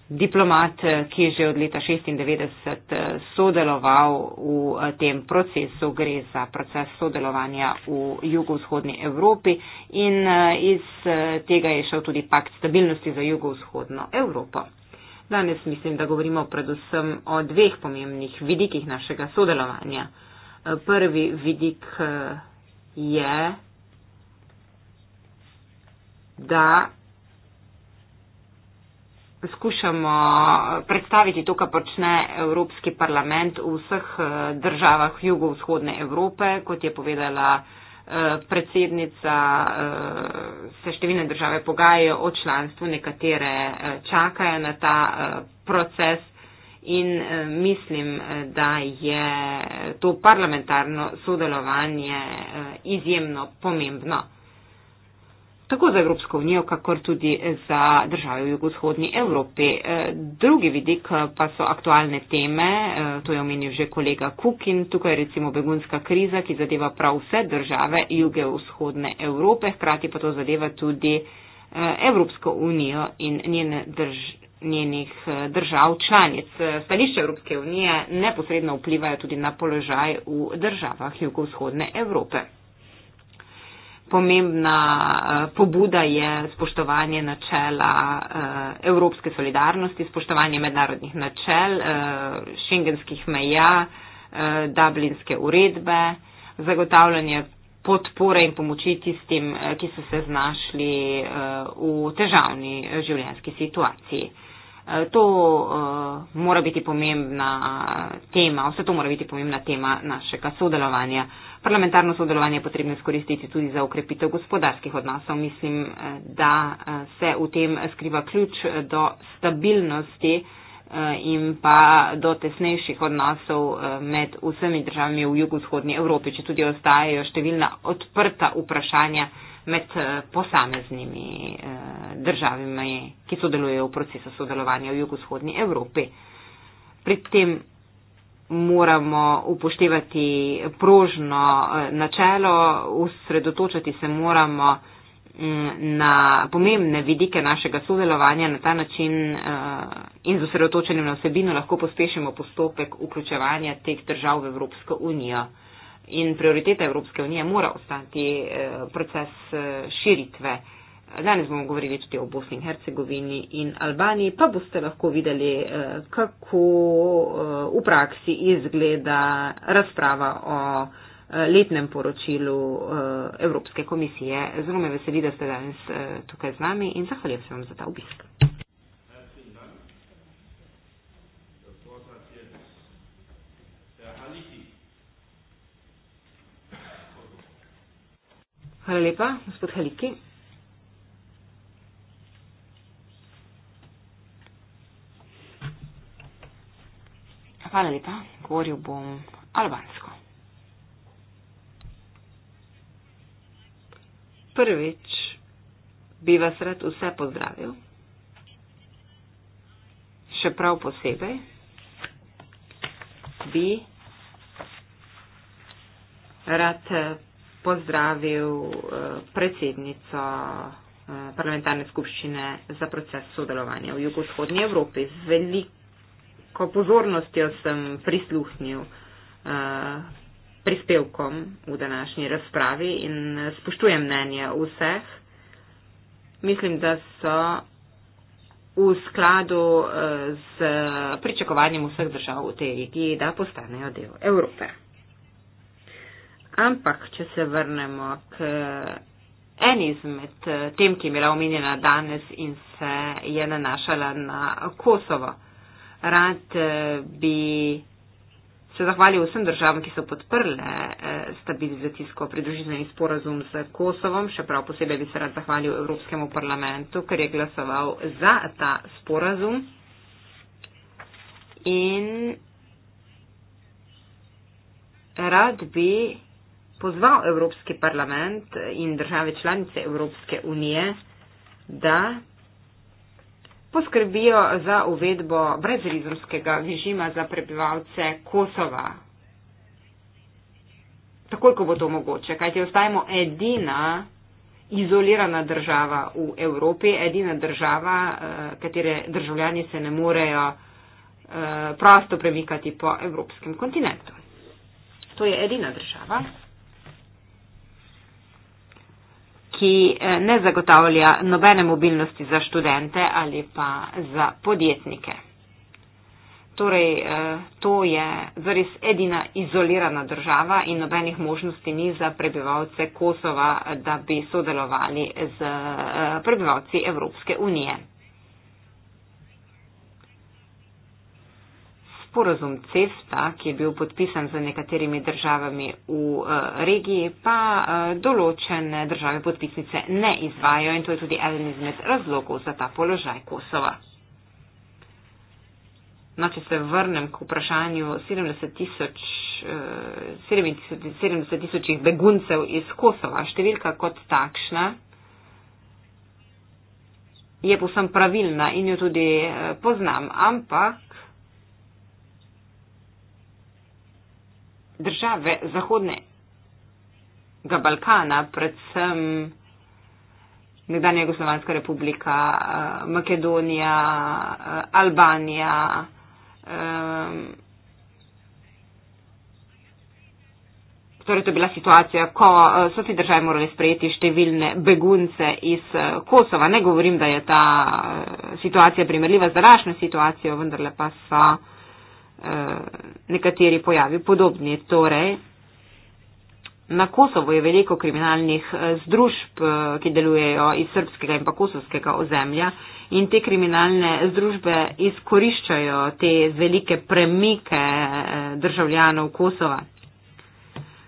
diplomat, eh, ki je že od leta 96 sodeloval v tem procesu. Gre za proces sodelovanja v jugovzhodni Evropi in uh, iz uh, tega je šel tudi pakt stabilnosti za jugovzhodno Evropo. Danes mislim, da govorimo predvsem o dveh pomembnih vidikih našega sodelovanja. Prvi vidik je da skušamo predstaviti to, kar počne Evropski parlament v vseh eh, državah jugovzhodne Evrope, kot je povedala eh, predsednica, eh, se številne države pogajajo o članstvu, nekatere čakajo na ta proces. In mislim, da je to parlamentarno sodelovanje izjemno pomembno tako za Evropsko unijo, kakor tudi za države v jugovzhodni Evropi. E, drugi vidik e, pa so aktualne teme, e, to je omenil že kolega Kukin, tukaj je recimo begunska kriza, ki zadeva prav vse države jugovzhodne Evrope, hkrati pa to zadeva tudi Evropsko unijo in njene drž njenih držav članic. Stališče Evropske unije neposredno vplivajo tudi na položaj v državah jugovzhodne Evrope pomembna eh, pobuda je spoštovanje načela eh, evropske solidarnosti, spoštovanje mednarodnih načel, eh, šengenskih meja, dublinske uredbe, zagotavljanje podpore in pomoči tistim, ki so se znašli v težavni življenjski situaciji. Eh, to uh, mora biti pomembna eh, tema, vse to mora biti pomembna tema našega sodelovanja. Parlamentarno sodelovanje je potrebno izkoristiti tudi za ukrepitev gospodarskih odnosov. Mislim, da se v tem skriva ključ do stabilnosti in pa do tesnejših odnosov med vsemi državami v jugovzhodni Evropi, če tudi ostajajo številna odprta vprašanja med eh, posameznimi eh, državami, ki sodelujejo v procesu sodelovanja v jugovzhodni Evropi. Pri tem moramo upoštevati prožno eh, načelo, usredotočati se moramo mm, na pomembne vidike našega sodelovanja na ta način in z osredotočenjem na vsebino lahko pospešimo postopek vključevanja teh držav v Evropsko unijo in prioriteta Evropske unije mora ostati eh, proces eh, širitve. Danes bomo govorili tudi o Bosni in Hercegovini in Albaniji, pa boste lahko videli, eh, kako v praksi izgleda razprava o letnem poročilu Evropske komisije. Zelo me veseli, da ste danes tukaj z nami in zahvaljujem se vam za ta obisk. Hvala lepa, gospod Haliki. Hvala lepa, govoril bom albansko. Prvič bi vas rad vse pozdravil, še prav posebej bi rad pozdravil eh, predsednico eh, parlamentarne skupščine za proces sodelovanja v jugovzhodnji Evropi. Z veliko pozornostjo sem prisluhnil eh, prispevkom v današnji razpravi in spoštujem mnenje vseh. Mislim, da so v skladu z pričakovanjem vseh držav v tej regiji, da postanejo del Evrope. Ampak, če se vrnemo k eh, eni izmed eh, tem, ki je bila omenjena danes in se je nanašala na Kosovo, rad eh, bi se zahvalil vsem državam, ki so podprle stabilizacijsko pridružitveni sporazum z Kosovom, še prav posebej bi se rad zahvalil Evropskemu parlamentu, ker je glasoval za ta sporazum. In rad bi pozval Evropski parlament in države članice Evropske unije, da poskrbijo za uvedbo brezrizomskega režima za prebivalce Kosova. Takoj, ko bo to mogoče, kajti ostajamo edina izolirana država v Evropi, edina država, eh, katere državljani se ne morejo eh, prosto premikati po evropskem kontinentu. To je edina država. ki eh, ne zagotavlja nobene mobilnosti za študente ali pa za podjetnike. Torej, eh, to je zares edina izolirana država in nobenih možnosti ni za prebivalce Kosova, da bi sodelovali z eh, prebivalci Evropske unije. sporozum CEFTA, ki je bil podpisan z nekaterimi državami v eh, regiji, pa eh, določene države podpisnice ne izvajo in to je tudi eden izmed razlogov za ta položaj Kosova. No, če se vrnem k vprašanju 70 tisoč eh, beguncev iz Kosova, številka kot takšna je povsem pravilna in jo tudi poznam, ampak države Zahodnega Balkana, predvsem nekdanja Jugoslovanska republika, eh, Makedonija, eh, Albanija, eh, Torej, to je bila situacija, ko so ti države morali sprejeti številne begunce iz Kosova. Ne govorim, da je ta situacija primerljiva z današnjo situacijo, vendarle pa so. Eh, nekateri pojavi podobni. Torej, na Kosovo je veliko kriminalnih eh, združb, eh, ki delujejo iz srpskega in pa kosovskega ozemlja in te kriminalne združbe izkoriščajo te velike premike državljanov Kosova.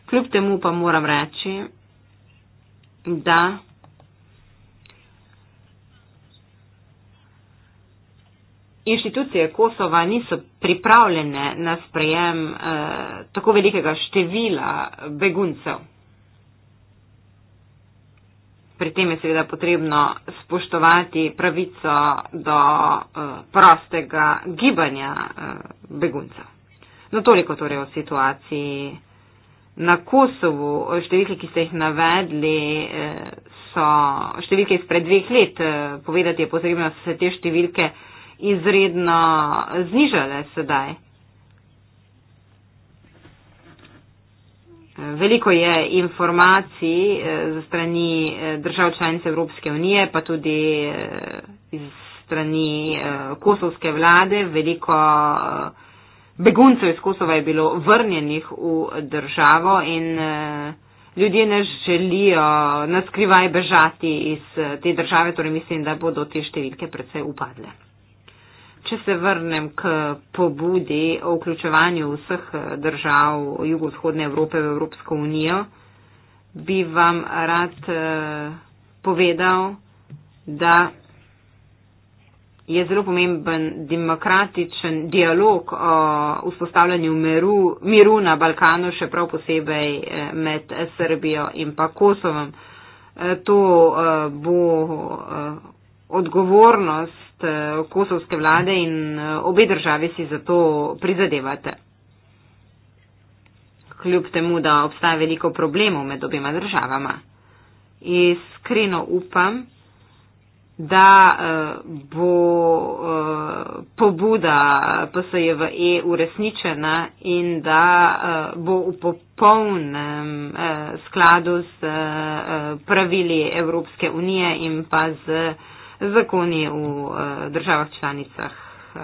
Kljub temu pa moram reči, da inštitucije Kosova niso pripravljene na sprejem eh, tako velikega števila beguncev. Pri tem je seveda potrebno spoštovati pravico do eh, prostega gibanja eh, beguncev. No toliko torej o situaciji na Kosovu. Številke, ki ste jih navedli, eh, so številke izpred dveh let. Eh, povedati je potrebno, da so se te številke izredno znižale sedaj. Veliko je informacij eh, za strani eh, držav članice Evropske unije, pa tudi eh, iz strani kosovske vlade. Veliko beguncev iz Kosova je bilo vrnjenih v državo in ljudje ne želijo naskrivaj bežati iz te države, torej mislim, da bodo te številke predvsej upadle če se vrnem k pobudi o vključevanju vseh držav jugovzhodne Evrope v Evropsko unijo, bi vam rad eh, povedal, da je zelo pomemben demokratičen dialog o vzpostavljanju miru, miru na Balkanu, še prav posebej eh, med Srbijo in pa Kosovom. Eh, to bo odgovornost odgovornost eh, kosovske vlade in eh, obe državi si za to prizadevate. Kljub temu, da obstaja veliko problemov med obema državama. Iskreno upam, da eh, bo pobuda PSJVE uresničena in da bo v popolnem skladu z pravili Evropske unije in pa z zakoni v uh, državah članicah uh,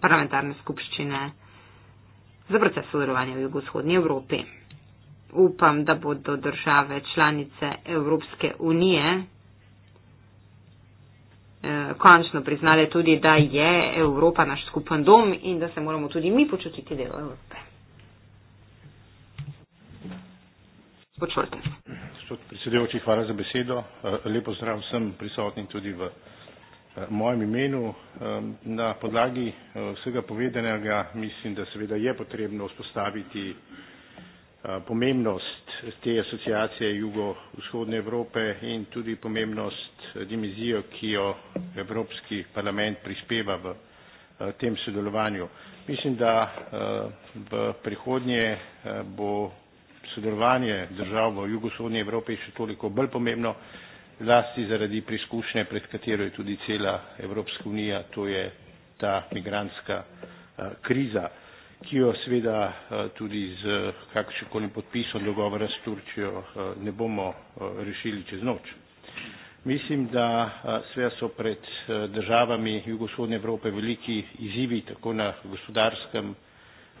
parlamentarne skupščine za proces sodelovanja v jugovzhodni Evropi. Upam, da bodo države članice Evropske unije eh, končno priznali tudi, da je Evropa naš skupen dom in da se moramo tudi mi počutiti del Evrope.
Gospod Šoltes. Gospod predsedujoči, hvala za besedo. Eh, Lepo zdrav vsem prisotnim tudi v eh, mojem imenu. Na podlagi eh, vsega povedanega mislim, da seveda je potrebno vzpostaviti pomembnost te asociacije jugovzhodne Evrope in tudi pomembnost dimenzijo, ki jo Evropski parlament prispeva v tem sodelovanju. Mislim, da v prihodnje bo sodelovanje držav v jugovzhodni Evropi še toliko bolj pomembno, zlasti zaradi preizkušnje, pred katero je tudi cela Evropska unija, to je ta migranska eh, kriza, ki jo seveda eh, tudi z eh, kakršnikoli podpisom dogovora s Turčijo ne bomo rešili čez noč. Mislim, da sve so pred državami jugovzhodne Evrope veliki izzivi tako na gospodarskem,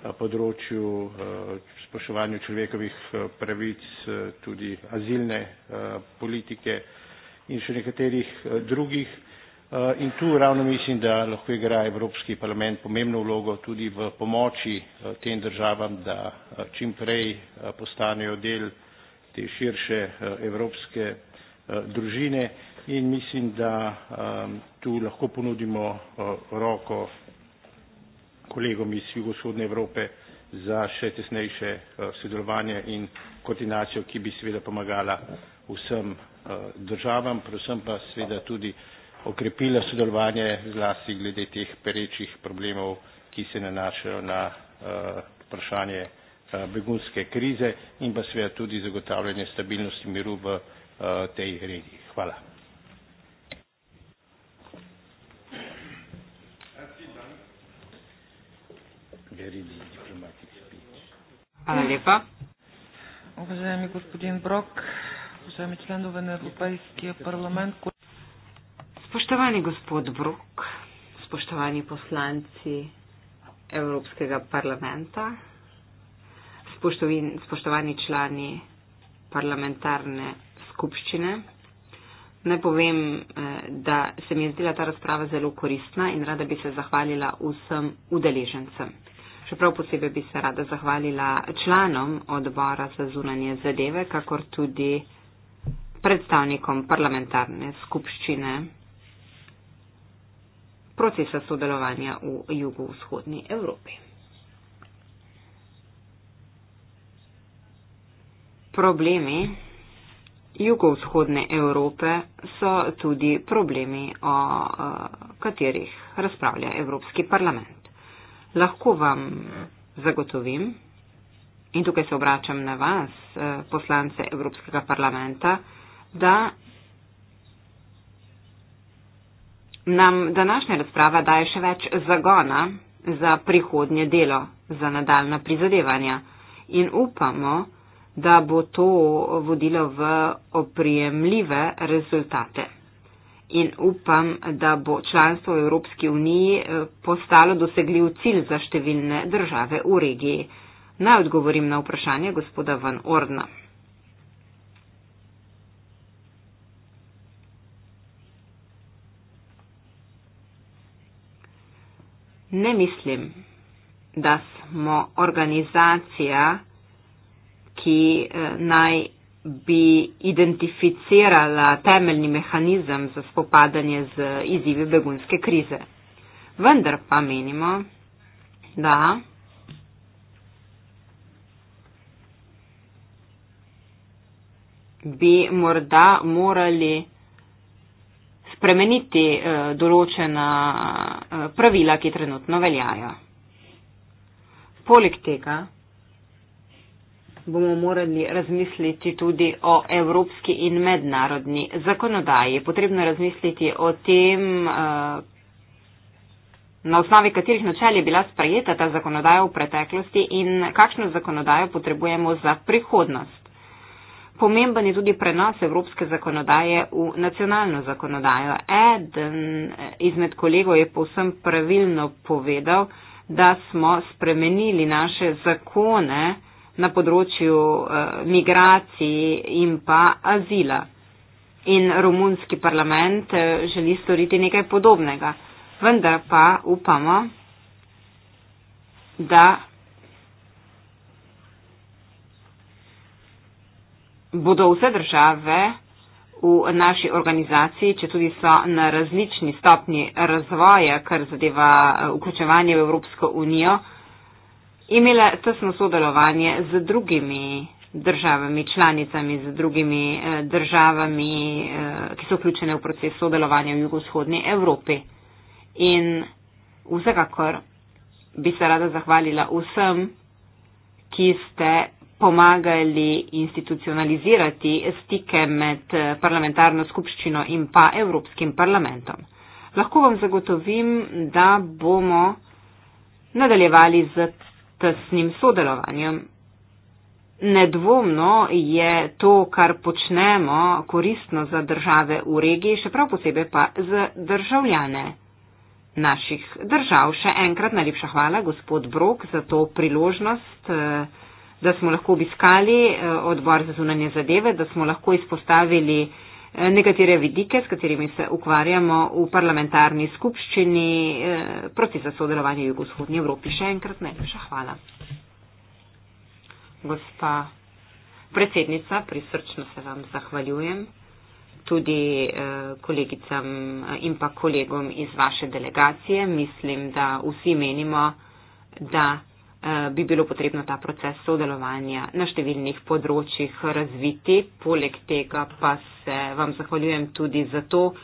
Eh, področju eh, spoštovanju človekovih eh, pravic, tudi azilne politike in še nekaterih drugih. In tu ravno mislim, da lahko igra Evropski parlament pomembno vlogo tudi v pomoči tem državam, da čim prej postanejo del te širše evropske družine in mislim, da tu lahko ponudimo roko kolegom iz jugovzhodne Evrope za še tesnejše eh, sodelovanje in koordinacijo, ki bi seveda pomagala vsem eh, državam, predvsem pa seveda tudi okrepila sodelovanje zlasti glede teh perečih problemov, ki se nanašajo na eh, vprašanje begunske krize in pa seveda tudi zagotavljanje stabilnosti miru v tej regiji. Hvala.
Hvala lepa.
Уважаеми господин Брок, уважаеми членове на Европейския парламент.
Спощавани господ Брок, спощавани посланци Европейския парламент, спощавани члани парламентарне скупщине, Naj povem, eh, da se mi je zdela ta razprava zelo koristna in rada bi se zahvalila vsem udeležencem čeprav posebej bi se rada zahvalila članom odbora za zunanje zadeve, kakor tudi predstavnikom parlamentarne skupščine procesa sodelovanja v jugovzhodni Evropi. Problemi jugovzhodne Evrope so tudi problemi, o eh, katerih razpravlja Evropski parlament lahko vam zagotovim, in tukaj se obračam na vas, eh, poslance Evropskega parlamenta, da nam današnja razprava daje še več zagona za prihodnje delo, za nadaljna prizadevanja. In upamo, da bo to vodilo v oprijemljive rezultate in upam, da bo članstvo v Evropski uniji eh, postalo dosegljiv cilj za številne države v regiji. Naj odgovorim na vprašanje gospoda Van Ordna. Ne mislim, da smo organizacija, ki eh, naj bi identificirala temeljni mehanizem za spopadanje z izzivi begunske krize. Vendar pa menimo, da bi morda morali spremeniti eh, določena eh, pravila, ki trenutno veljajo. Poleg tega, bomo morali razmisliti tudi o evropski in mednarodni zakonodaji. Potrebno je razmisliti o tem, eh, na osnovi katerih načel je bila sprejeta ta zakonodaja v preteklosti in kakšno zakonodajo potrebujemo za prihodnost. Pomemben je tudi prenos evropske zakonodaje v nacionalno zakonodajo. Eden eh, izmed kolegov je povsem pravilno povedal, da smo spremenili naše zakone, uh, na področju eh, migracij in pa azila. In romunski parlament eh, želi storiti nekaj podobnega. Vendar pa upamo, da bodo vse države v naši organizaciji, če tudi so na različni stopni razvoja, kar zadeva eh, vključevanje v Evropsko unijo, imela tesno sodelovanje z drugimi državami, članicami, z drugimi eh, državami, eh, ki so vključene v proces sodelovanja v jugovzhodni Evropi. In vsekakor bi se rada zahvalila vsem, ki ste pomagali institucionalizirati stike med eh, parlamentarno skupščino in pa Evropskim parlamentom. Lahko vam zagotovim, da bomo nadaljevali z tesnim sodelovanjem. Nedvomno je to, kar počnemo, koristno za države v regiji, še prav posebej pa za državljane naših držav. Še enkrat najlepša hvala, gospod Brok, za to priložnost, eh, da smo lahko obiskali eh, odbor za zunanje zadeve, da smo lahko izpostavili Eh, nekatere vidike, s katerimi se ukvarjamo v parlamentarni skupščini eh, procesa sodelovanja v jugovzhodnji Evropi. Še enkrat najlepša hvala. Gospa predsednica, prisrčno se vam zahvaljujem tudi eh, kolegicam in pa kolegom iz vaše delegacije. Mislim, da vsi menimo, da bi bilo potrebno ta proces sodelovanja na številnih področjih razviti. Poleg tega pa se vam zahvaljujem tudi za to,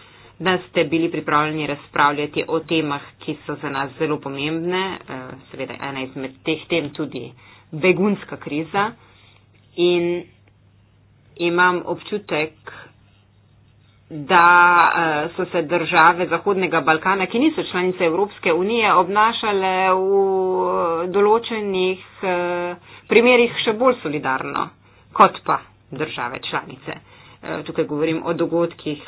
da ste bili pripravljeni razpravljati o temah, ki so za nas zelo pomembne, eh, seveda ena izmed teh tem tudi begunska kriza. In imam občutek, da eh, so se države Zahodnega Balkana, ki niso članice Evropske unije, obnašale v eh, določenih eh, primerjih še bolj solidarno kot pa države članice. Tukaj govorim o dogodkih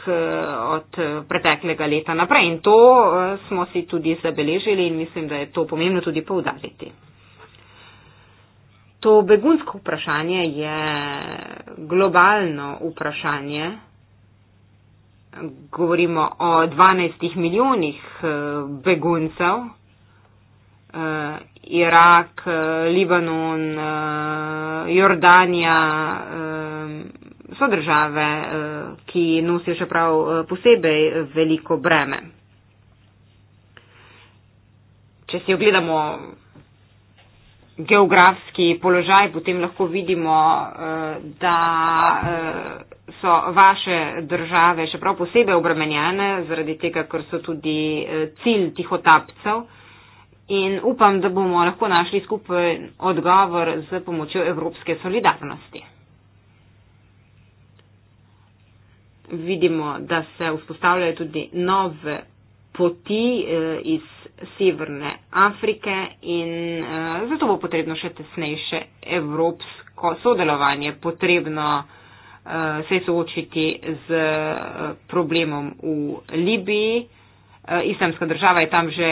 od preteklega leta naprej in to smo si tudi zabeležili in mislim, da je to pomembno tudi povdariti. To begunsko vprašanje je globalno vprašanje, govorimo o 12 milijonih eh, beguncev, eh, Irak, eh, Libanon, Jordanija, so države, ki nosijo še prav posebej veliko breme. Če si ogledamo geografski položaj, potem lahko vidimo, eh, da eh, so vaše države še prav posebej obremenjene zaradi tega, ker so tudi eh, cilj tihotapcev. In upam, da bomo lahko našli skupaj odgovor z pomočjo evropske solidarnosti. Vidimo, da se vzpostavljajo tudi nove poti iz Severne Afrike in uh, zato bo potrebno še tesnejše evropsko sodelovanje, potrebno uh, se soočiti z uh, problemom v Libiji. Uh, Islamska država je tam že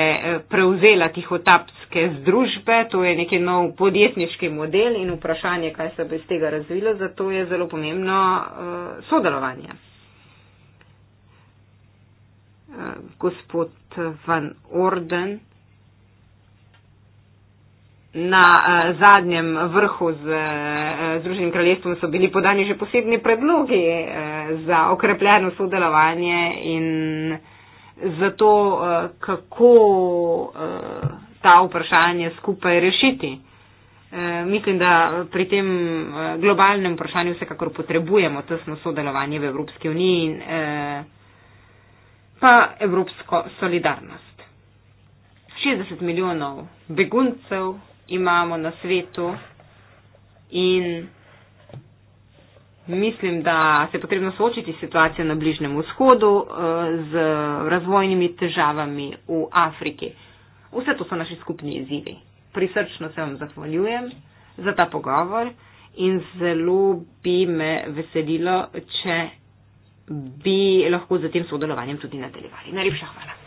prevzela tihotapske združbe, to je neki nov podjetniški model in vprašanje, kaj se bo iz tega razvilo, zato je zelo pomembno uh, sodelovanje. Gospod put van orden na eh, zadnjem vrhu z eh, Združenim kraljestvom so bili podani že posebni predlogi eh, za okrepljeno sodelovanje in za to, eh, kako eh, ta vprašanje skupaj rešiti. Eh, mislim, da pri tem eh, globalnem vprašanju vsekakor potrebujemo tesno sodelovanje v Evropski uniji. In, eh, pa evropsko solidarnost. 60 milijonov beguncev imamo na svetu in mislim, da se je potrebno soočiti situacijo na Bližnem vzhodu eh, z razvojnimi težavami v Afriki. Vse to so naši skupni izzivi. Prisrčno se vam zahvaljujem za ta pogovor in zelo bi me veselilo, če bi lahko z tem sodelovanjem tudi nadaljevali. Najlepša hvala.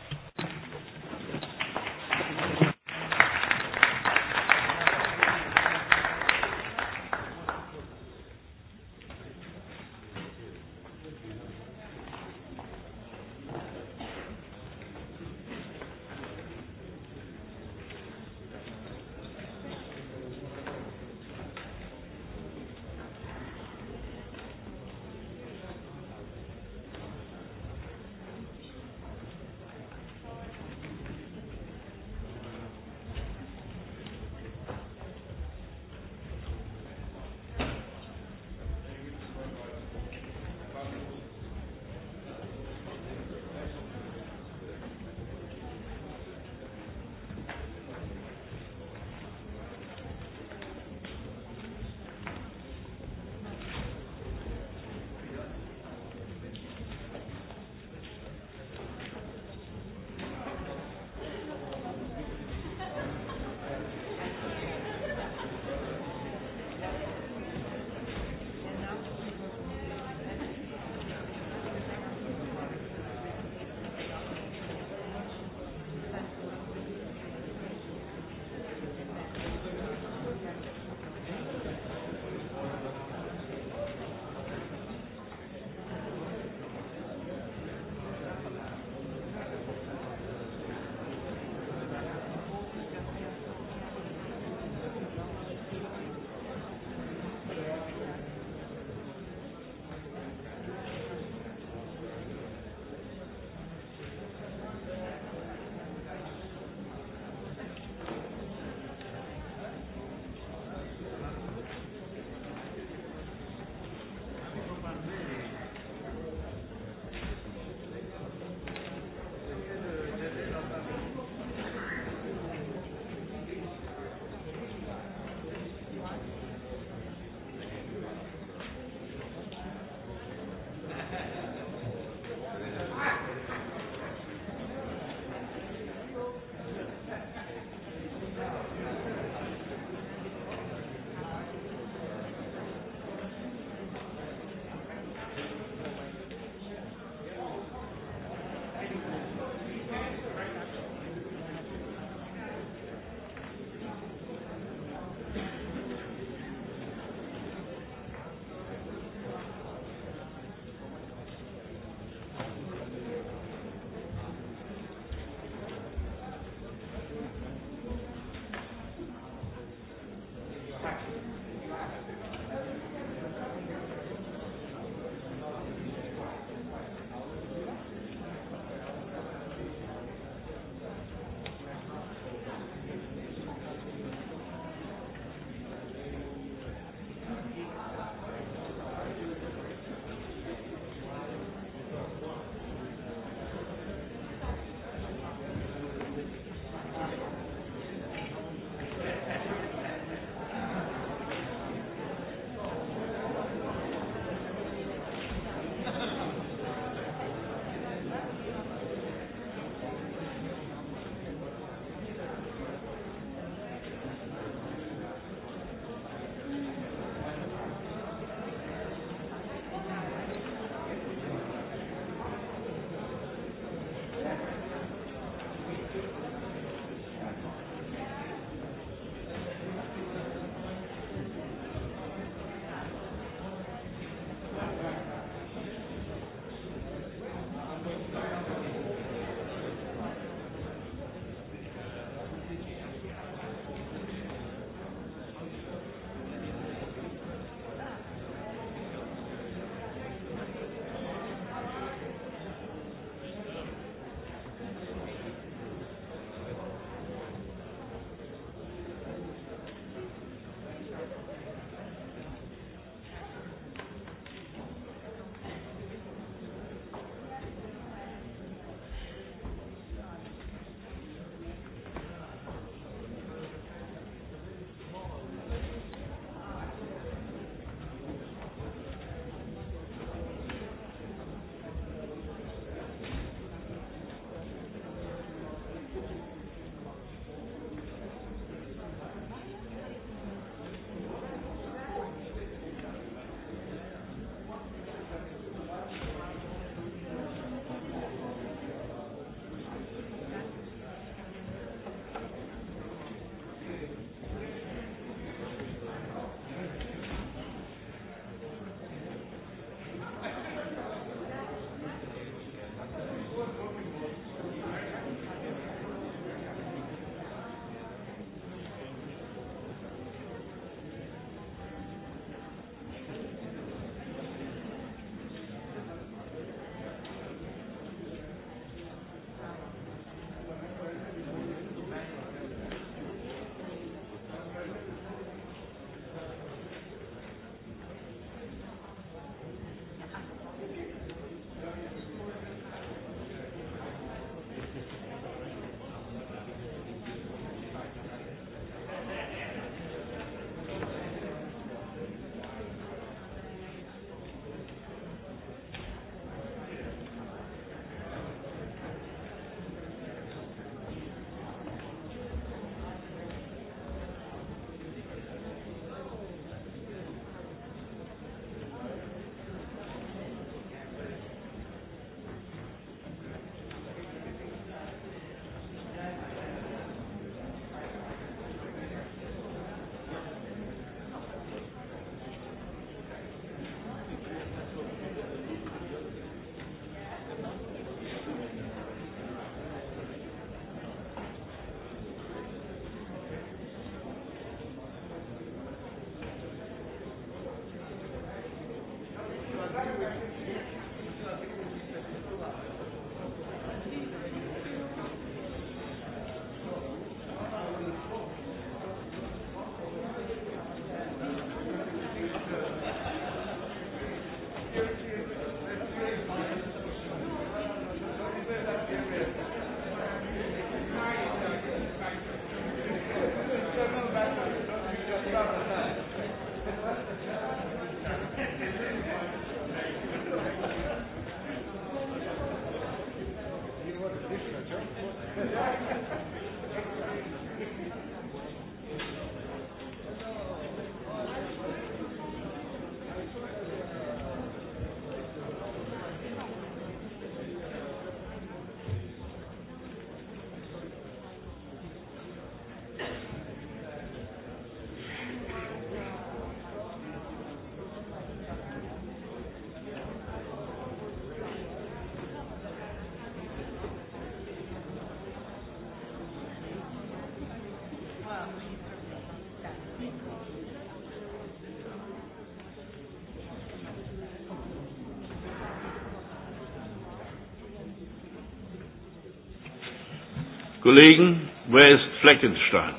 Kollegen, wer ist Fleckenstein?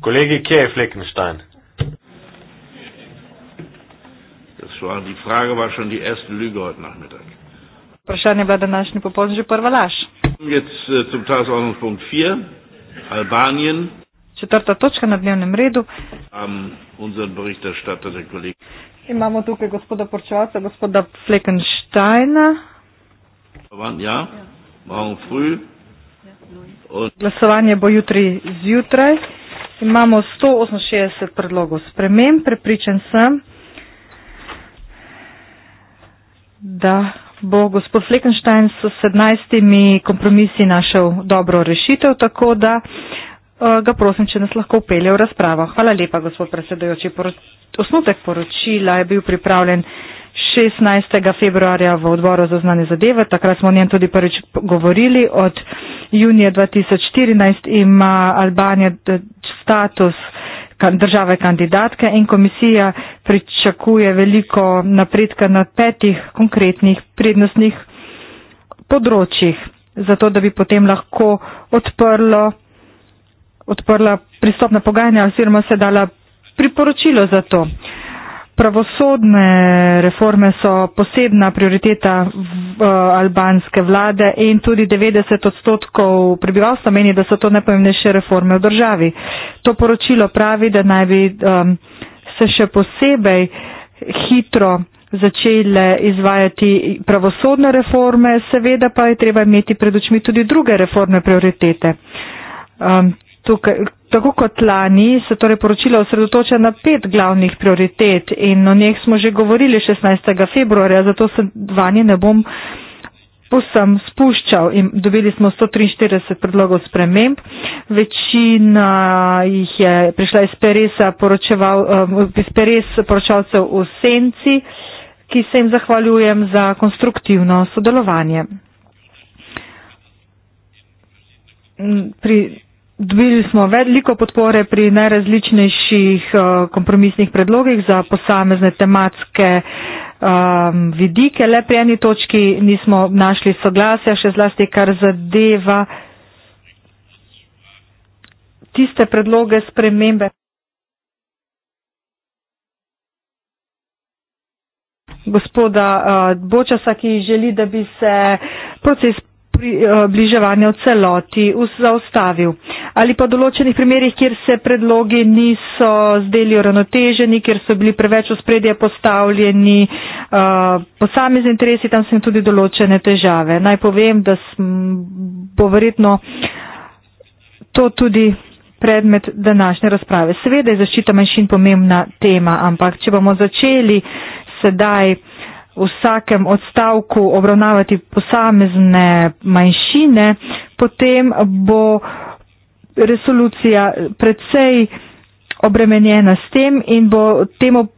Kollege, wer Fleckenstein? Das war, die Frage war schon die erste Lüge heute Nachmittag. Jetzt äh, zum Tagesordnungspunkt 4, Albanien.
Četrta točka na dnevnem redu. Imamo tukaj gospoda Porčevalca, gospoda Fleckensteina. Ja, ja. Glasovanje bo jutri zjutraj. Imamo 168 predlogov sprememb. Prepričan sem, da bo gospod Fleckenstein s 17 kompromisi našel dobro rešitev, tako da eh, ga prosim, če nas lahko upelje v razpravo. Hvala lepa, gospod predsedujoči. Osnutek poročila je bil pripravljen. 16. februarja v odboru za znane zadeve, takrat smo o njem tudi prvič govorili. Od junija 2014 ima Albanija eh, status države kandidatke in komisija pričakuje veliko napredka na petih konkretnih prednostnih področjih, zato da bi potem lahko odprlo, odprla pristopna pogajanja oziroma se dala priporočilo za to. Pravosodne reforme so posebna prioriteta eh, albanske vlade in tudi 90 odstotkov prebivalstva meni, da so to najpomembnejše reforme v državi. To poročilo pravi, da naj bi um, se še posebej hitro začele izvajati pravosodne reforme, seveda pa je treba imeti pred očmi tudi druge reforme prioritete. Um, tukaj, Tako kot lani se torej poročilo osredotoča na pet glavnih prioritet in o njih smo že govorili 16. februarja, zato se vanje ne bom posem spuščal in dobili smo 143 predlogov sprememb. Večina jih je prišla iz peresa, poročeval, eh, iz peres poročalcev v senci, ki se jim zahvaljujem za konstruktivno sodelovanje. Pri Dobili smo veliko podpore pri najrazličnejših eh, kompromisnih predlogih za posamezne tematske ehm, vidike. Le pri eni točki nismo našli soglasja, še zlasti kar zadeva tiste predloge spremembe. Gospoda eh, Bočasa, ki želi, da bi se proces približevanja eh, v celoti zaustavil. Ali pa v določenih primerjih, kjer se predlogi niso zdeli uravnoteženi, kjer so bili preveč v spredje postavljeni eh, posamezni interesi, tam so tudi določene težave. Naj povem, da bo verjetno to tudi predmet današnje razprave. Seveda je zaščita manjšin pomembna tema, ampak če bomo začeli sedaj uh, v vsakem odstavku obravnavati posamezne manjšine, potem bo resolucija predvsej obremenjena s tem in bo temu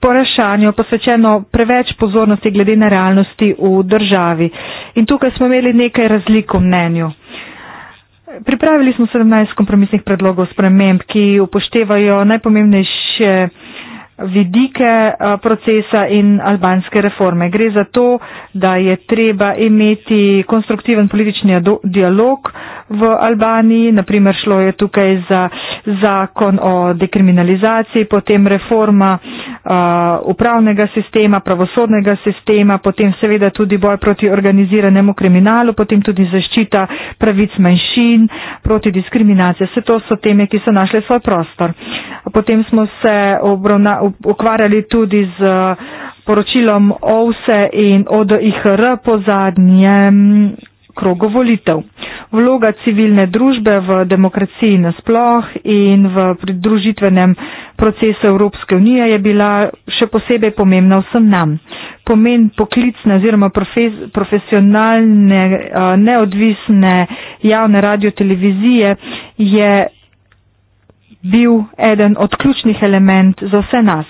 porašanju posvečeno preveč pozornosti glede na realnosti v državi. In tukaj smo imeli nekaj razlik v mnenju. Pripravili smo 17 kompromisnih predlogov sprememb, ki upoštevajo najpomembnejše vidike eh, procesa in albanske reforme. Gre za to, da je treba imeti konstruktiven politični dialog v Albaniji. Naprimer, šlo je tukaj za zakon o dekriminalizaciji, potem reforma eh, upravnega sistema, pravosodnega sistema, potem seveda tudi boj proti organiziranemu kriminalu, potem tudi zaščita pravic manjšin, proti diskriminacije. Vse to so teme, ki so našle svoj prostor. Potem smo se obravna, ukvarjali tudi z eh, poročilom OVSE in ODIHR po zadnjem krogu volitev. Vloga civilne družbe v demokraciji nasploh in v pridružitvenem procesu Evropske unije je bila še posebej pomembna vsem nam. Pomen poklicne oziroma profes, profesionalne eh, neodvisne javne radiotelevizije je bil eden od ključnih element za vse nas.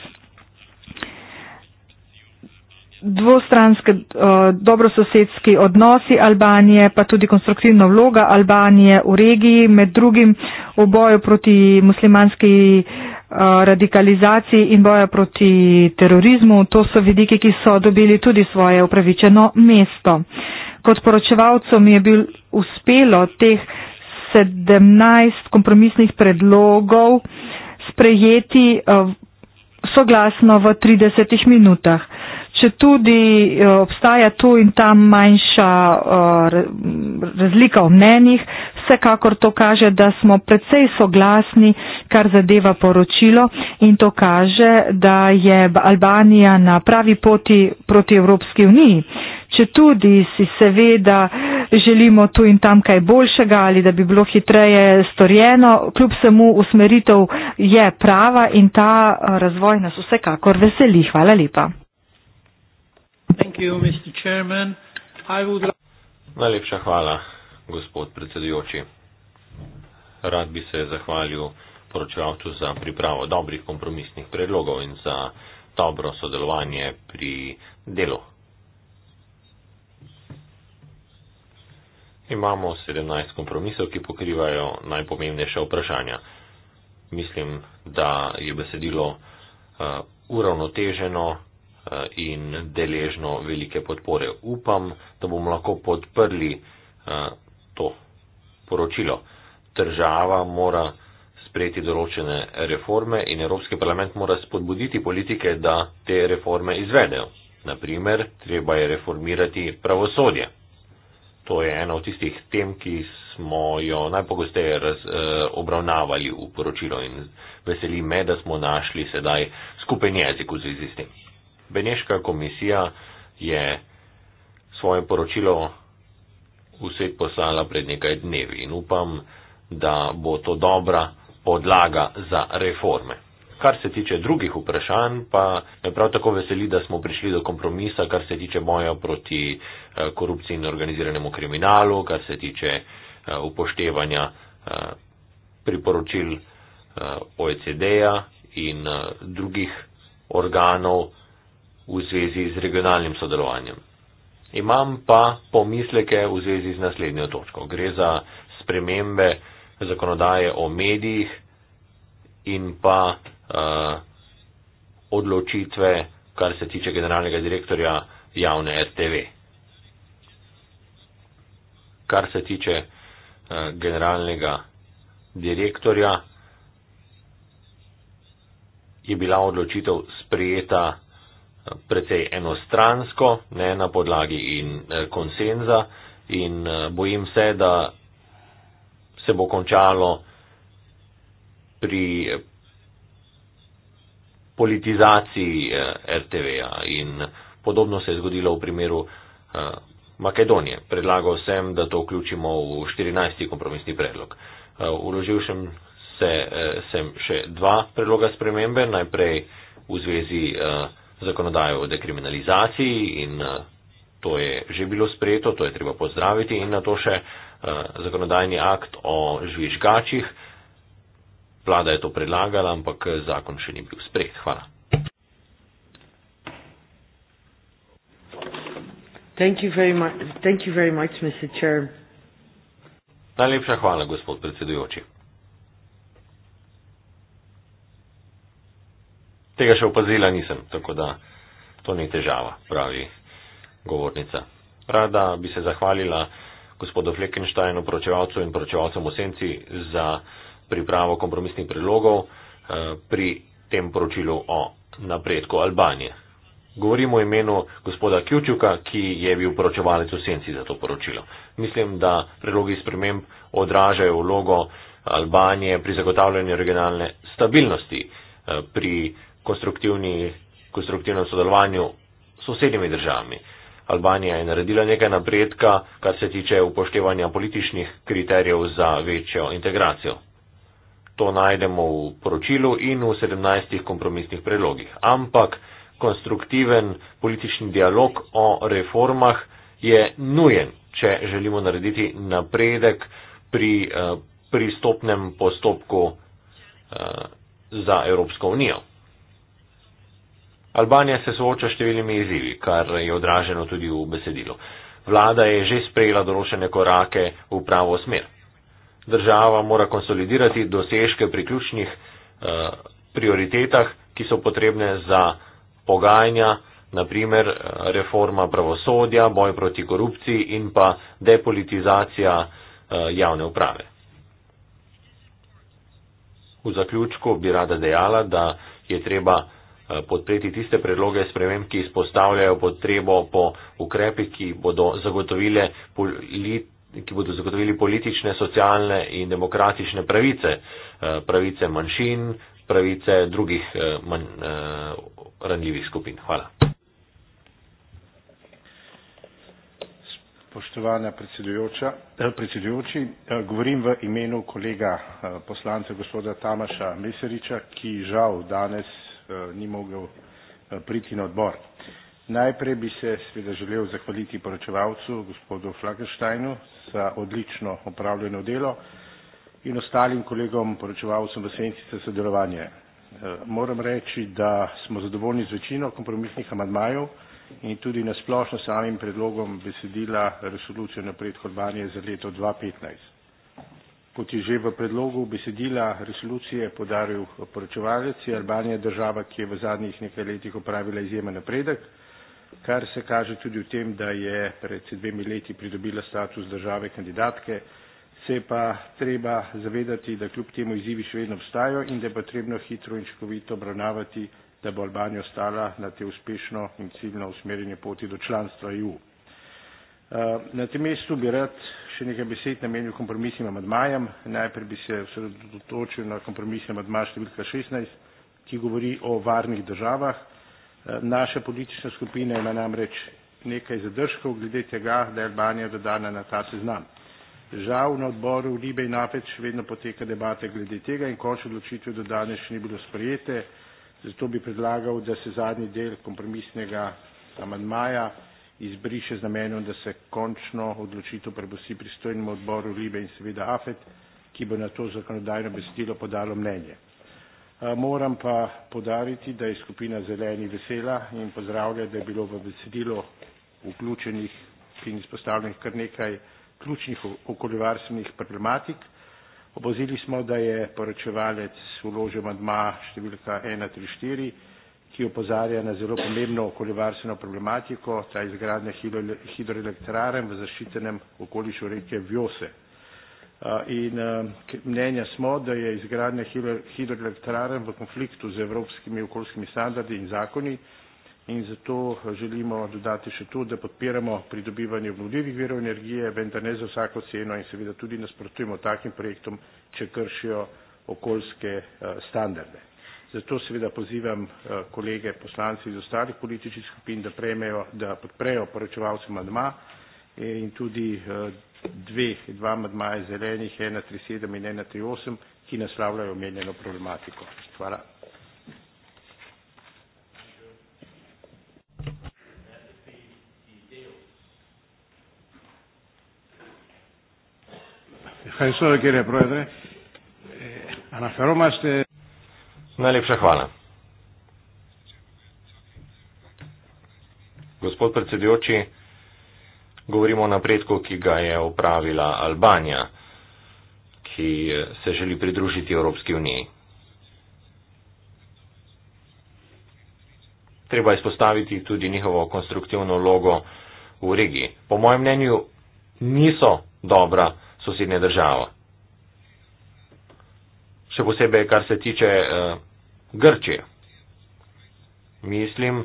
Dvostranske eh, dobrososedski odnosi Albanije, pa tudi konstruktivna vloga Albanije v regiji, med drugim v boju proti muslimanski eh, radikalizaciji in boja proti terorizmu, to so vidiki, ki so dobili tudi svoje upravičeno mesto. Kot poročevalcu mi je bil uspelo teh 17 kompromisnih predlogov sprejeti eh, soglasno v 30 minutah. Če tudi eh, obstaja tu in tam manjša eh, razlika v mnenjih, vsekakor to kaže, da smo precej soglasni, kar zadeva poročilo in to kaže, da je Albanija na pravi poti proti Evropski uniji če tudi si seveda želimo tu in tam kaj boljšega ali da bi bilo hitreje storjeno, kljub vsemu usmeritev je prava in ta eh, razvoj nas vsekakor veseli. Hvala lepa.
You, Najlepša hvala, gospod predsedujoči. Rad bi se zahvalil poročevalcu za pripravo dobrih kompromisnih predlogov in za dobro sodelovanje pri delu Imamo 17 kompromisov, ki pokrivajo najpomembnejša vprašanja. Mislim, da je besedilo uh, uravnoteženo uh, in deležno velike podpore. Upam, da bomo lahko podprli uh, to poročilo. Država mora sprejeti določene reforme in Evropski parlament mora spodbuditi politike, da te reforme izvedejo. Naprimer, treba je reformirati pravosodje to je ena od tistih tem, ki smo jo najpogosteje raz, eh, obravnavali v poročilo in veseli me, da smo našli sedaj skupen jezik v zvezi s tem. Beneška komisija je svoje poročilo v svet poslala pred nekaj dnevi in upam, da bo to dobra podlaga za reforme. Kar se tiče drugih vprašanj, pa me prav tako veseli, da smo prišli do kompromisa, kar se tiče boja proti eh, korupciji in organiziranemu kriminalu, kar se tiče eh, upoštevanja eh, priporočil OECD-ja in drugih organov v zvezi z regionalnim sodelovanjem. Imam pa pomisleke v zvezi z naslednjo točko. Gre za spremembe zakonodaje o medijih in pa uh, odločitve, kar se tiče generalnega direktorja javne RTV. Kar se tiče uh, generalnega direktorja, je bila odločitev sprejeta eh, precej enostransko, ne na podlagi in konsenza in bojim se, da se bo končalo pri politizaciji eh, RTV-a in podobno se je zgodilo v primeru eh, Makedonije. Predlagal sem, da to vključimo v 14. kompromisni predlog. Uložil eh, sem se, sem še dva predloga spremembe, najprej v zvezi zakonodajo o dekriminalizaciji in to je že bilo sprejeto, to je treba pozdraviti in na to še zakonodajni akt o žvižgačih. Vlada je to predlagala, ampak zakon še ni bil sprejet. Hvala.
Much,
much, Najlepša hvala, gospod predsedujoči. Tega še opazila nisem, tako da to ni težava, pravi govornica. Rada bi se zahvalila gospodu Fleckensteinu, poročevalcu in poročevalcem v senci za pripravo kompromisnih predlogov eh, pri tem poročilu o napredku Albanije. Govorimo o imenu gospoda Kjučuka, ki je bil poročevalec v senci za to poročilo. Mislim, da predlogi sprememb odražajo vlogo Albanije pri zagotavljanju regionalne stabilnosti, eh, pri konstruktivnem sodelovanju s sosednjimi državami. Albanija je naredila nekaj napredka, kar se tiče upoštevanja političnih kriterijev za večjo integracijo. To najdemo v poročilu in v 17 kompromisnih predlogih. Ampak konstruktiven politični dialog o reformah je nujen, če želimo narediti napredek pri eh, pristopnem postopku eh, za Evropsko unijo. Albanija se sooča s številnimi izzivi, kar je odraženo tudi v besedilu. Vlada je že sprejela določene korake v pravo smer država mora konsolidirati dosežke pri ključnih eh, prioritetah, ki so potrebne za pogajanja, naprimer eh, reforma pravosodja, boj proti korupciji in pa depolitizacija eh, javne uprave. V zaključku bi rada dejala, da je treba eh, podpreti tiste predloge sprememb, ki izpostavljajo potrebo po ukrepih, ki bodo zagotovile politično ki bodo zagotovili politične, socialne in demokratične pravice, eh, pravice manjšin, pravice drugih eh, manj, eh, ranljivih skupin. Hvala.
Poštovana predsedujoča, predsedujoči, govorim v imenu kolega poslanca gospoda Tamaša Meseriča, ki žal danes ni mogel priti na odbor. Najprej bi se seveda želel zahvaliti poročevalcu, gospodu Flakensteinu, za odlično opravljeno delo in ostalim kolegom poročevalcem v senci za sodelovanje. Eh, moram reči, da smo zadovoljni z večino kompromisnih amadmajev in tudi nasplošno samim predlogom besedila resolucije na predhodbanje za leto 2015. Kot je že v predlogu besedila resolucije podaril poročevalec, je Albanija država, ki je v zadnjih nekaj letih opravila izjemen napredek, kar se kaže tudi v tem, da je pred dvemi leti pridobila status države kandidatke. Se pa treba zavedati, da kljub temu izzivi še vedno obstajajo in da je potrebno hitro in čakovito obravnavati, da bo Albanija ostala na te uspešno in ciljno usmerjene poti do članstva EU. Eh, na tem mestu bi rad še nekaj besed namenil kompromisnim amadmajem. Najprej bi se osredotočil na kompromisnim amadmaj številka 16, ki govori o varnih državah. Eh, naše politične skupine ima namreč nekaj zadržkov glede tega, da je Albanija dodana na ta seznam. Žal na odboru Libe in Apec še vedno poteka debate glede tega in končne odločitve do danes še ni bilo sprejete, zato bi predlagal, da se zadnji del kompromisnega amandmaja izbriše z namenom, da se končno odločitev prebosi pristojnemu odboru Libe in seveda Afet, ki bo na to zakonodajno besedilo podalo mnenje. Moram pa podariti, da je skupina Zeleni vesela in pozdravlja, da je bilo v besedilo vključenih in izpostavljenih kar nekaj ključnih okoljevarstvenih problematik. Obozili smo, da je poročevalec vložil madma številka 134, ki opozarja na zelo pomembno okoljevarstveno problematiko, ta izgradnja hidroelektraren v zaščitenem okolišu reke Vjose in mnenja smo, da je izgradnja hidroelektraren v konfliktu z evropskimi okoljskimi standardi in zakoni in zato želimo dodati še to, da podpiramo pridobivanje obnovljivih virov energije, vendar ne za vsako ceno in seveda tudi nasprotujemo takim projektom, če kršijo okoljske standarde. Zato seveda pozivam kolege poslanci iz ostalih političnih skupin, da, prejmejo, da podprejo poročevalcem ADMA in tudi dveh, dva amadmaja zelenih, ena tri sedem in ena tri osem, ki naslavljajo omenjeno problematiko. Hvala.
Najlepša hvala. Gospod predsedujoči, govorimo o napredku, ki ga je upravila Albanija, ki se želi pridružiti Evropski uniji. Treba izpostaviti tudi njihovo konstruktivno logo v regiji. Po mojem mnenju niso dobra sosednja država. Še posebej, kar se tiče uh, Grčije. Mislim,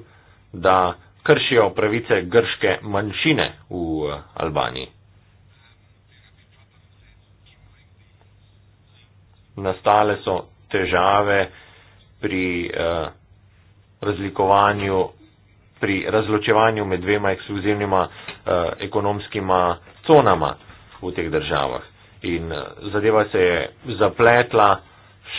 da kršijo pravice grške manjšine v eh, Albaniji. Nastale so težave pri eh, razlikovanju, pri razločevanju med dvema ekskluzivnima eh, ekonomskima conama v teh državah. In eh, zadeva se je zapletla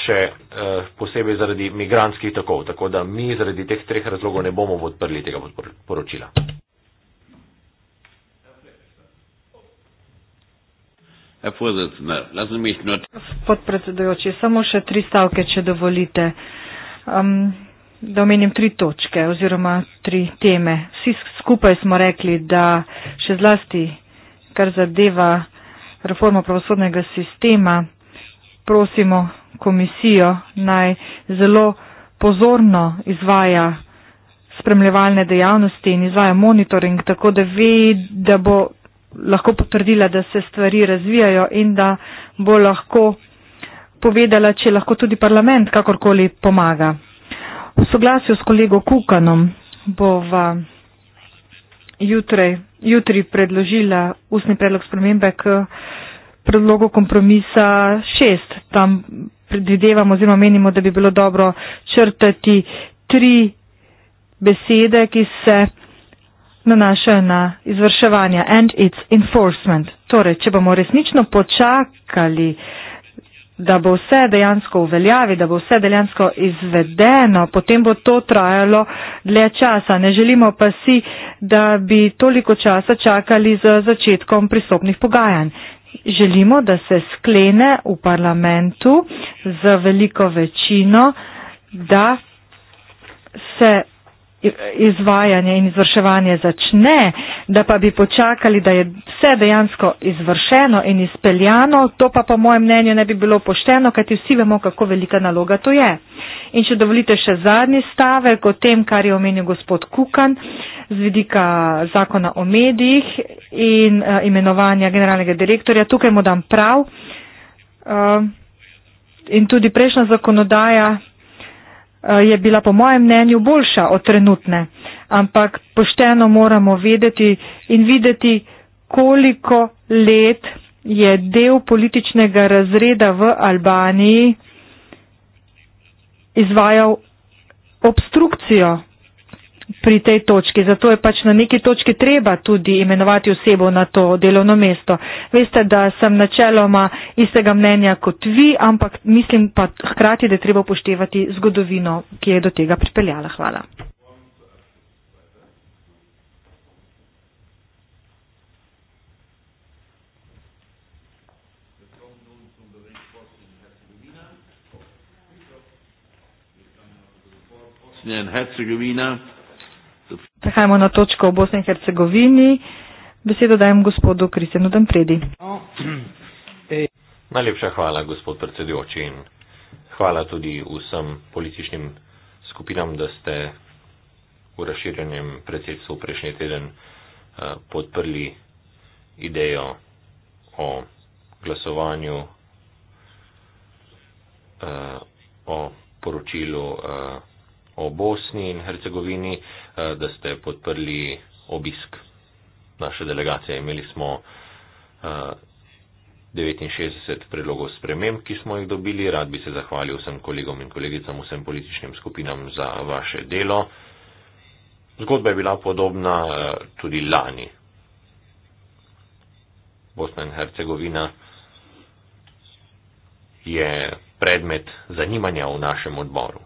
še eh, posebej zaradi migranskih takov. Tako da mi zaradi teh treh razlogov ne bomo podprli tega poročila.
Podpredsedujoči, samo še tri stavke, če dovolite. Um, da omenim tri točke oziroma tri teme. Vsi skupaj smo rekli, da še zlasti, kar zadeva reformo pravosodnega sistema, prosimo komisijo naj zelo pozorno izvaja spremljevalne dejavnosti in izvaja monitoring, tako da ve, da bo lahko potrdila, da se stvari razvijajo in da bo lahko povedala, če lahko tudi parlament kakorkoli pomaga. V soglasju s kolego Kukanom bo v jutri, jutri predložila ustni predlog spremembe k. Uh, predlogu kompromisa šest. Tam predvidevamo oziroma menimo, da bi bilo dobro črtati tri besede, ki se nanašajo na izvrševanje and its enforcement. Torej, če bomo resnično počakali, da bo vse dejansko uveljavi, da bo vse dejansko izvedeno, potem bo to trajalo dlje časa. Ne želimo pa si, da bi toliko časa čakali z začetkom pristopnih pogajanj želimo, da se sklene v parlamentu z veliko večino, da se izvajanje in izvrševanje začne, da pa bi počakali, da je vse dejansko izvršeno in izpeljano, to pa po mojem mnenju ne bi bilo pošteno, kajti vsi vemo, kako velika naloga to je. In če dovolite še zadnji stavek o tem, kar je omenil gospod Kukan z vidika zakona o medijih in uh, imenovanja generalnega direktorja, tukaj mu dam prav. Uh, in tudi prejšnja zakonodaja Eh, je bila po mojem mnenju boljša od trenutne, ampak pošteno moramo vedeti in videti, koliko let je del političnega razreda v Albaniji izvajal obstrukcijo pri tej točki. Zato je pač na neki točki treba tudi imenovati osebo na to delovno mesto. Veste, da sem načeloma istega mnenja kot vi, ampak mislim pa hkrati, da je treba upoštevati zgodovino, ki je do tega pripeljala. Hvala.
Yeah, and Herzegovina.
Prehajamo na točko v Bosni in Hercegovini. Besedo dajem gospodu Kristjanu Dampredi.
Najlepša hvala, gospod predsedujoči, in hvala tudi vsem političnim skupinam, da ste v razširjenem predsedstvu prejšnji teden eh, podprli idejo o glasovanju eh, o poročilu eh, o Bosni in Hercegovini. Eh, da ste podprli obisk naše delegacije. Imeli smo 69 eh, predlogov sprememb, ki smo jih dobili. Rad bi se zahvalil vsem kolegom in kolegicam, vsem političnim skupinam za vaše delo. Zgodba je bila podobna eh, tudi lani. Bosna in Hercegovina je predmet zanimanja v našem odboru.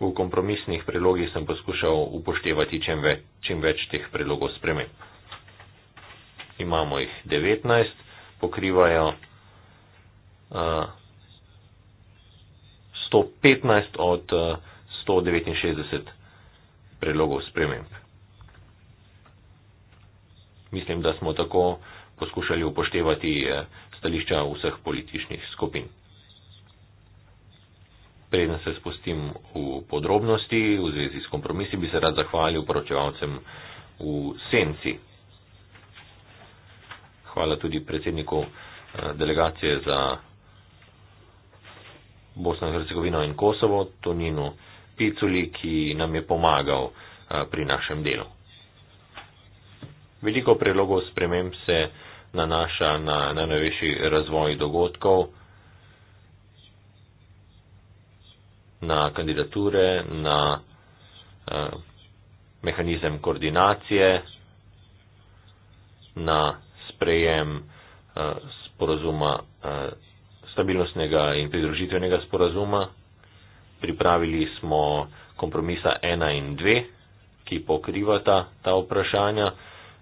V kompromisnih prilogih sem poskušal upoštevati čim več, čim več teh prilogov sprememb. Imamo jih 19, pokrivajo uh, eh, 115 od uh, 169 prilogov sprememb. Mislim, da smo tako poskušali upoštevati eh, stališča vseh političnih skupin preden se spustim v podrobnosti v zvezi s kompromisi, bi se rad zahvalil poročevalcem v Senci. Hvala tudi predsedniku eh, delegacije za Bosno in Hercegovino in Kosovo, Toninu Piculi, ki nam je pomagal eh, pri našem delu. Veliko predlogov sprememb se nanaša na najnovejši razvoj dogodkov. na kandidature, na eh, mehanizem koordinacije, na sprejem eh, sporazuma, eh, stabilnostnega in pridružitvenega sporazuma. Pripravili smo kompromisa 1 in 2, ki pokrivata ta vprašanja.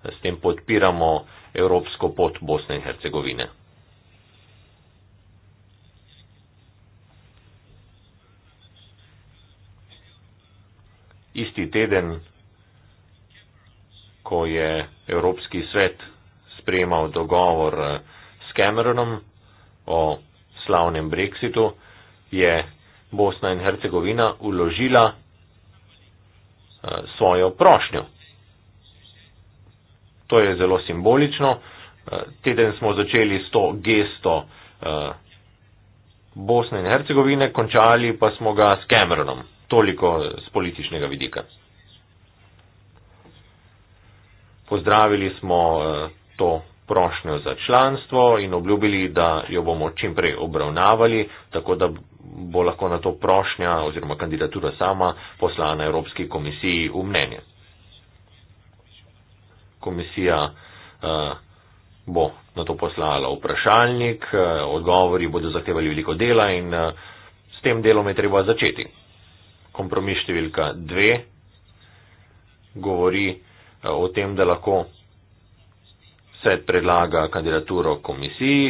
S tem podpiramo evropsko pot Bosne in Hercegovine. isti teden, ko je Evropski svet spremal dogovor eh, s Cameronom o slavnem Brexitu, je Bosna in Hercegovina uložila eh, svojo prošnjo. To je zelo simbolično. Eh, teden smo začeli s to gesto Bosne in Hercegovine, končali pa smo ga s Cameronom toliko z političnega vidika. Pozdravili smo eh, to prošnjo za članstvo in obljubili, da jo bomo čim prej obravnavali, tako da bo lahko na to prošnja oziroma kandidatura sama poslana Evropski komisiji v mnenje. Komisija eh, bo na to poslala vprašalnik, eh, odgovori bodo zahtevali veliko dela in eh, s tem delom je treba začeti kompromis številka dve govori eh, o tem, da lahko se predlaga kandidaturo komisiji.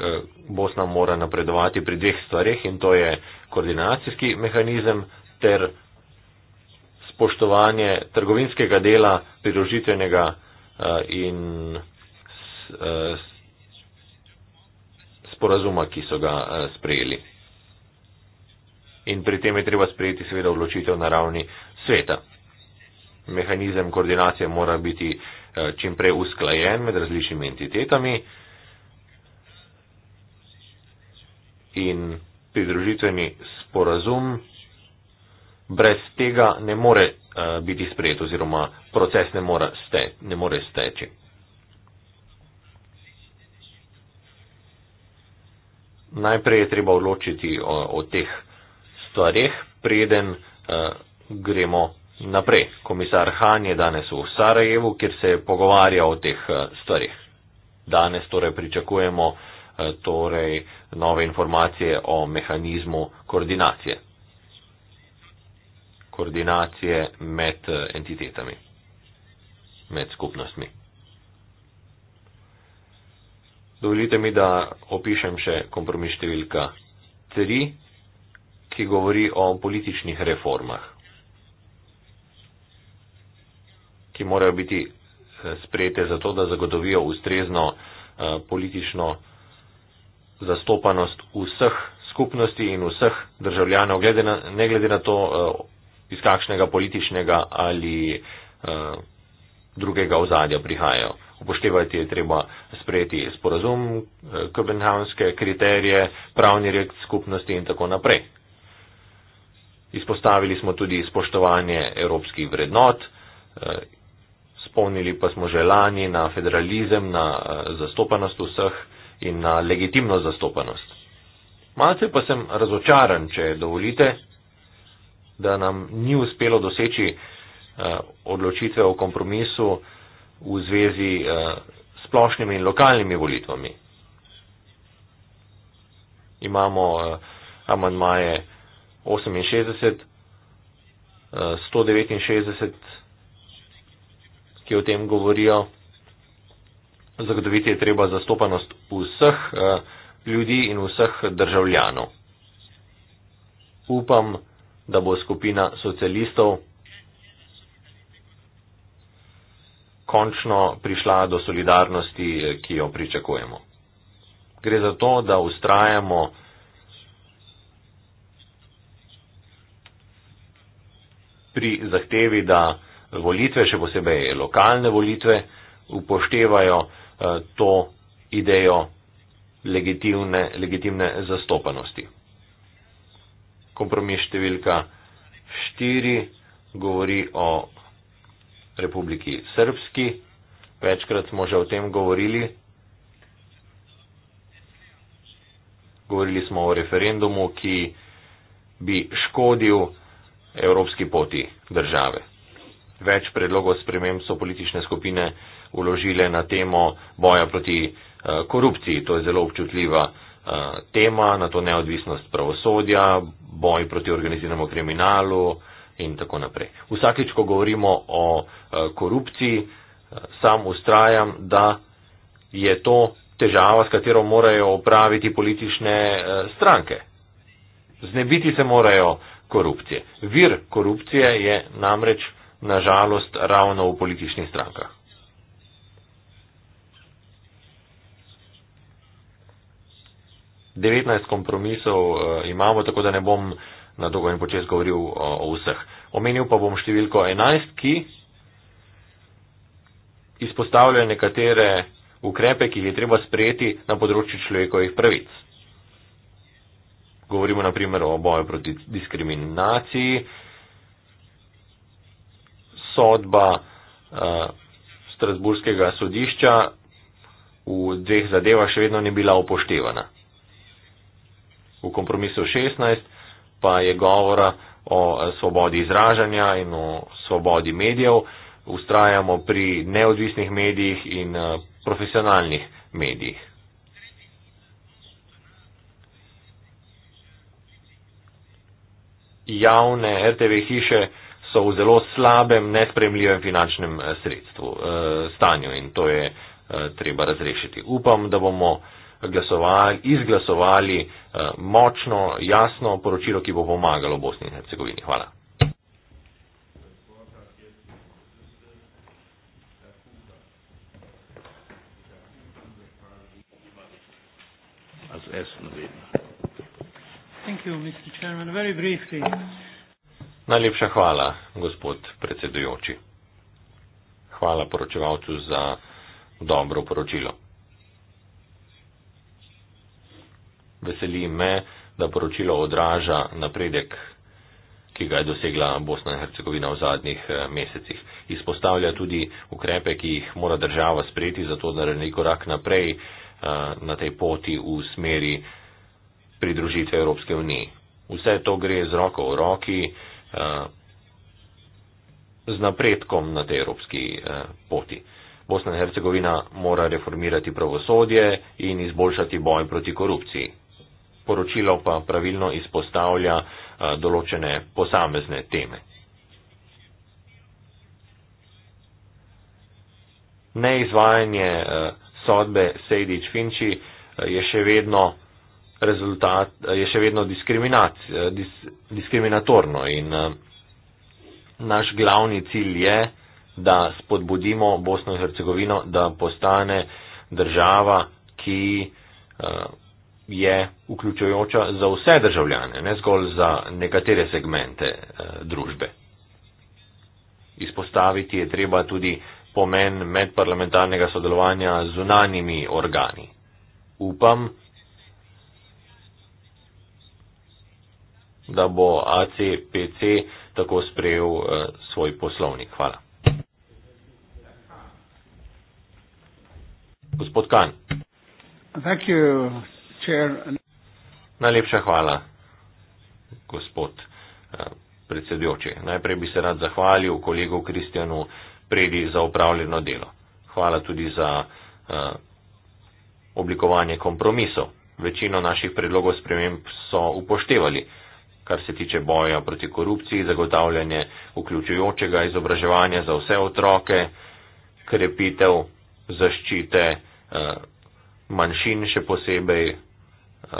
Eh, Bosna mora napredovati pri dveh stvarih in to je koordinacijski mehanizem ter spoštovanje trgovinskega dela pridružitvenega eh, in sporazuma, ki so ga sprejeli in pri tem je treba sprejeti seveda odločitev na ravni sveta. Mehanizem koordinacije mora biti eh, čimprej usklajen med različnimi entitetami in pridružitveni sporazum brez tega ne more eh, biti sprejet oziroma proces ne more, ste, ne more steči. Najprej je treba odločiti o, o teh stvarih, preden uh, gremo naprej. Komisar Han je danes v Sarajevu, kjer se pogovarja o teh uh, eh, stvarih. Danes torej pričakujemo uh, torej nove informacije o mehanizmu koordinacije. Koordinacije med uh, entitetami, med skupnostmi. Dovolite mi, da opišem še kompromis številka 3, ki govori o političnih reformah, ki morajo biti eh, sprejete zato, da zagotovijo ustrezno eh, politično zastopanost vseh skupnosti in vseh državljanov, glede na, ne glede na to, eh, iz kakšnega političnega ali drugega ozadja prihajajo. Upoštevati je treba sprejeti sporazum, kopenhavnske kriterije, pravni rekt skupnosti in tako naprej. Izpostavili smo tudi spoštovanje evropskih vrednot, eh, spomnili pa smo že lani na federalizem, na eh, zastopanost vseh in na legitimno zastopanost. Malce pa sem razočaran, če dovolite, da nam ni uspelo doseči eh, odločitve o kompromisu v zvezi s splošnimi in lokalnimi volitvami. Imamo amandmaje. Uh, 68, 169, ki o tem govorijo. Zagotoviti je treba zastopanost vseh ljudi in vseh državljanov. Upam, da bo skupina socialistov končno prišla do solidarnosti, ki jo pričakujemo. Gre za to, da ustrajamo pri zahtevi, da volitve, še posebej lokalne volitve, upoštevajo eh, to idejo legitimne, legitimne zastopanosti. Kompromis številka 4 govori o Republiki Srpski. Večkrat smo že o tem govorili. Govorili smo o referendumu, ki bi škodil evropski poti države. Več predlogov sprememb so politične skupine uložile na temo boja proti eh, korupciji. To je zelo občutljiva eh, tema, na to neodvisnost pravosodja, boj proti organiziranemu kriminalu in tako naprej. Vsakič, ko govorimo o eh, korupciji, sam ustrajam, da je to težava, s katero morajo opraviti politične stranke. Znebiti se morajo korupcije. Vir korupcije je namreč nažalost ravno v političnih strankah. devetnajst kompromisov eh, imamo, tako da ne bom na dolgo in počes govoril o, o vseh. Omenil pa bom številko enajst, ki izpostavlja nekatere ukrepe, ki jih je treba sprejeti na področju človekovih pravic govorimo naprimer o boju proti diskriminaciji, sodba uh, eh, Strasburskega sodišča v dveh zadevah še vedno ni bila upoštevana. V kompromisu 16 pa je govora o eh, svobodi izražanja in o svobodi medijev, ustrajamo pri neodvisnih medijih in eh, profesionalnih medijih. javne RTV hiše so v zelo slabem, nespremljivem finančnem eh, sredstvu, eh, stanju in to je eh, treba razrešiti. Upam, da bomo glasovali, izglasovali močno, jasno poročilo, ki bo pomagalo Bosni in Hercegovini. Hvala. Also erst mal sehen. Najlepša hvala, gospod predsedujoči. Hvala poročevalcu za dobro poročilo. Veseli me, da poročilo odraža napredek, ki ga je dosegla Bosna in Hercegovina v zadnjih eh, mesecih. Izpostavlja tudi ukrepe, ki jih mora država sprejeti, zato da naredi korak naprej eh, na tej poti v smeri pridružitve Evropske unije. Vse to gre z roko v roki eh, z napredkom na tej evropski eh, poti. Bosna in Hercegovina mora reformirati pravosodje in izboljšati boj proti korupciji. Poročilo pa pravilno izpostavlja eh, določene posamezne teme. Neizvajanje sodbe Sejdič Finči je še vedno rezultat eh, je še vedno eh, dis, diskriminatorno in eh, naš glavni cilj je, da spodbudimo Bosno in Hercegovino, da postane država, ki je vključujoča za vse državljane, ne zgolj za nekatere segmente družbe. Izpostaviti je treba tudi pomen medparlamentarnega sodelovanja z zunanimi organi. Upam, da bo ACPC tako sprejel eh, svoj poslovnik. Hvala. Gospod Kan. You, Najlepša hvala, gospod eh, predsedujoči. Najprej bi se rad zahvalil kolegu Kristjanu Predi za upravljeno delo. Hvala tudi za eh, oblikovanje kompromisov. Večino naših predlogov sprememb so upoštevali kar se tiče boja proti korupciji, zagotavljanje vključujočega izobraževanja za vse otroke, krepitev zaščite eh, manjšin, še posebej eh,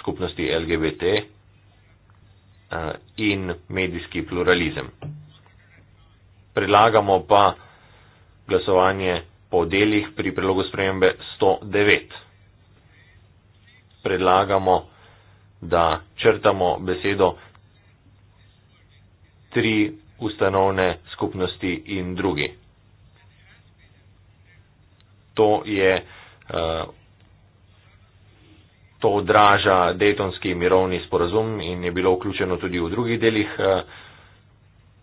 skupnosti LGBT eh, in medijski pluralizem. Predlagamo pa glasovanje po delih pri prelogu spremembe 109. Predlagamo da črtamo besedo tri ustanovne skupnosti in drugi. To je, eh, to odraža Daytonski mirovni sporazum in je bilo vključeno tudi v drugih delih eh,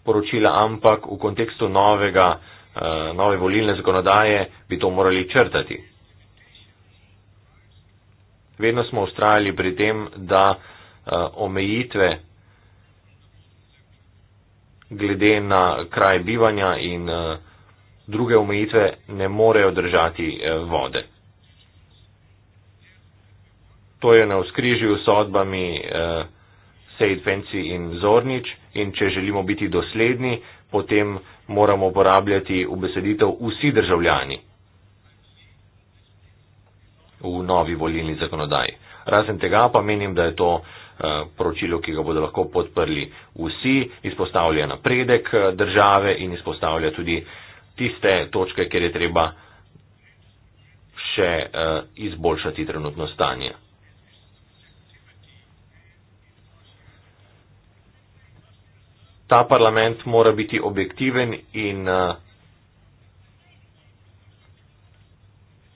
poročila, ampak v kontekstu novega, eh, nove volilne zakonodaje bi to morali črtati. Vedno smo ustrajali pri tem, da eh, omejitve glede na kraj bivanja in eh, druge omejitve ne morejo držati eh, vode. To je na vzkrižju sodbami Sejd Fenci in Zornič in če želimo biti dosledni, potem moramo uporabljati v beseditev vsi državljani v novi volilni zakonodaji. Razen tega pa menim, da je to eh, poročilo, ki ga bodo lahko podprli vsi, izpostavlja napredek eh, države in izpostavlja tudi tiste točke, kjer je treba še eh, izboljšati trenutno stanje. Ta parlament mora biti objektiven in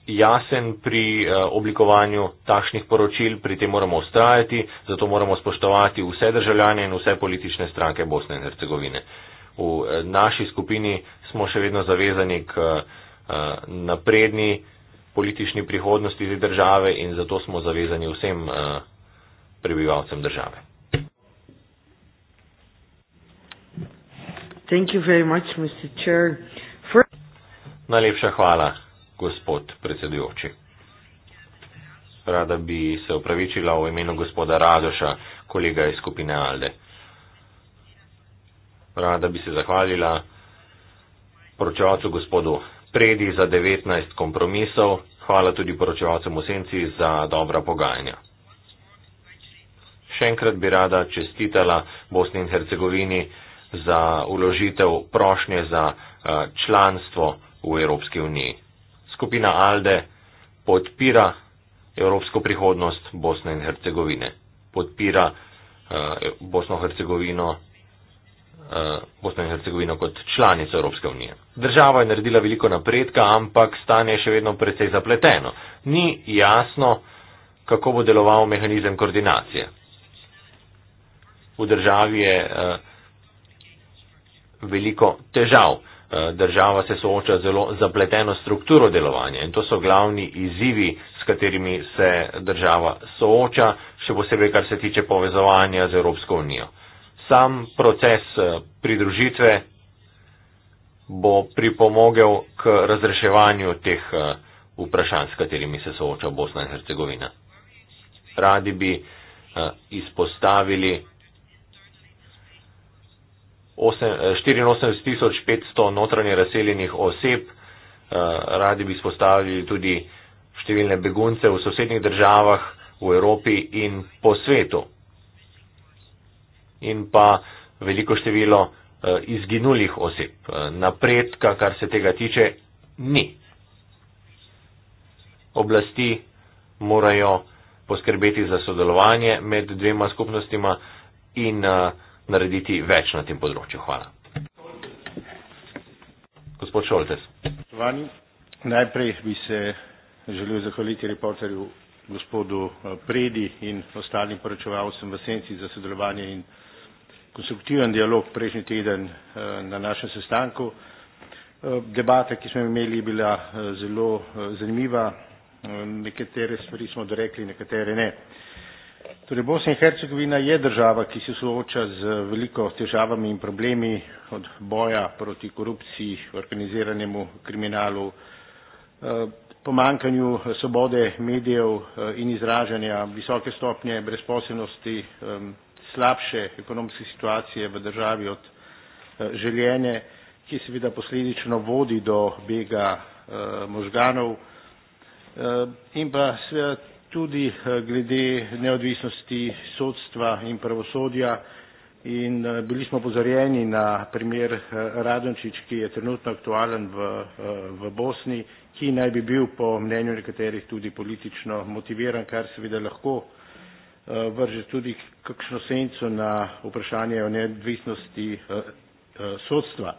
jasen pri eh, oblikovanju takšnih poročil, pri tem moramo ustrajati, zato moramo spoštovati vse državljane in vse politične stranke Bosne in Hercegovine. V eh, naši skupini smo še vedno zavezani k eh, napredni politični prihodnosti te države in zato smo zavezani vsem prebivalcem države.
Much, First...
Najlepša hvala gospod predsedujoči. Rada bi se opravičila v imenu gospoda Radoša, kolega iz skupine Alde. Rada bi se zahvalila poročevalcu gospodu Predi za 19 kompromisov, hvala tudi poročevalcu Musenci za dobra pogajanja. Še enkrat bi rada čestitala Bosni in Hercegovini za uložitev prošnje za eh, članstvo v Evropski uniji skupina Alde podpira evropsko prihodnost Bosne in Hercegovine, podpira uh, Bosno, Hercegovino, uh, Bosno in Hercegovino kot članico Evropske unije. Država je naredila veliko napredka, ampak stanje je še vedno precej zapleteno. Ni jasno, kako bo deloval mehanizem koordinacije. V državi je uh, veliko težav. Eh, država se sooča zelo zapleteno strukturo delovanja in to so glavni izzivi, s katerimi se država sooča, še posebej kar se tiče povezovanja z Evropsko unijo. Sam proces eh, pridružitve bo pripomogel k razreševanju teh eh, vprašanj, s katerimi se sooča Bosna in Hercegovina. Radi bi izpostavili 84.500 eh, notranje razseljenih oseb, eh, radi bi spostavili tudi številne begunce v sosednjih državah, v Evropi in po svetu. In pa veliko število eh, izginulih oseb. Napredka, kar se tega tiče, ni. Oblasti morajo poskrbeti za sodelovanje med dvema skupnostima in uh, narediti več na tem področju. Hvala. Gospod Šoltes. Vani,
najprej bi se želel zahvaliti reporterju gospodu eh, Predi in ostalim poročevalcem v senci za sodelovanje in konstruktiven dialog prejšnji teden eh, na našem sestanku. Eh, debata, ki smo imeli, je bila zelo zanimiva. Nekatere stvari smo dorekli, nekatere ne. Torej, Bosna in Hercegovina je država, ki se sooča z veliko težavami in problemi od boja proti korupciji, organiziranemu kriminalu, eh, pomankanju svobode medijev eh, in izražanja, visoke stopnje brezposelnosti, slabše ekonomske situacije v državi od eh, željene, ki seveda posledično vodi do bega možganov in pa seveda tudi eh, glede neodvisnosti sodstva in pravosodja in eh, bili smo pozorjeni na primer eh, Radončić, ki je trenutno aktualen v, v Bosni, ki naj bi bil po mnenju nekaterih tudi politično motiviran, kar seveda lahko vrže tudi kakšno senco na vprašanje o neodvisnosti sodstva.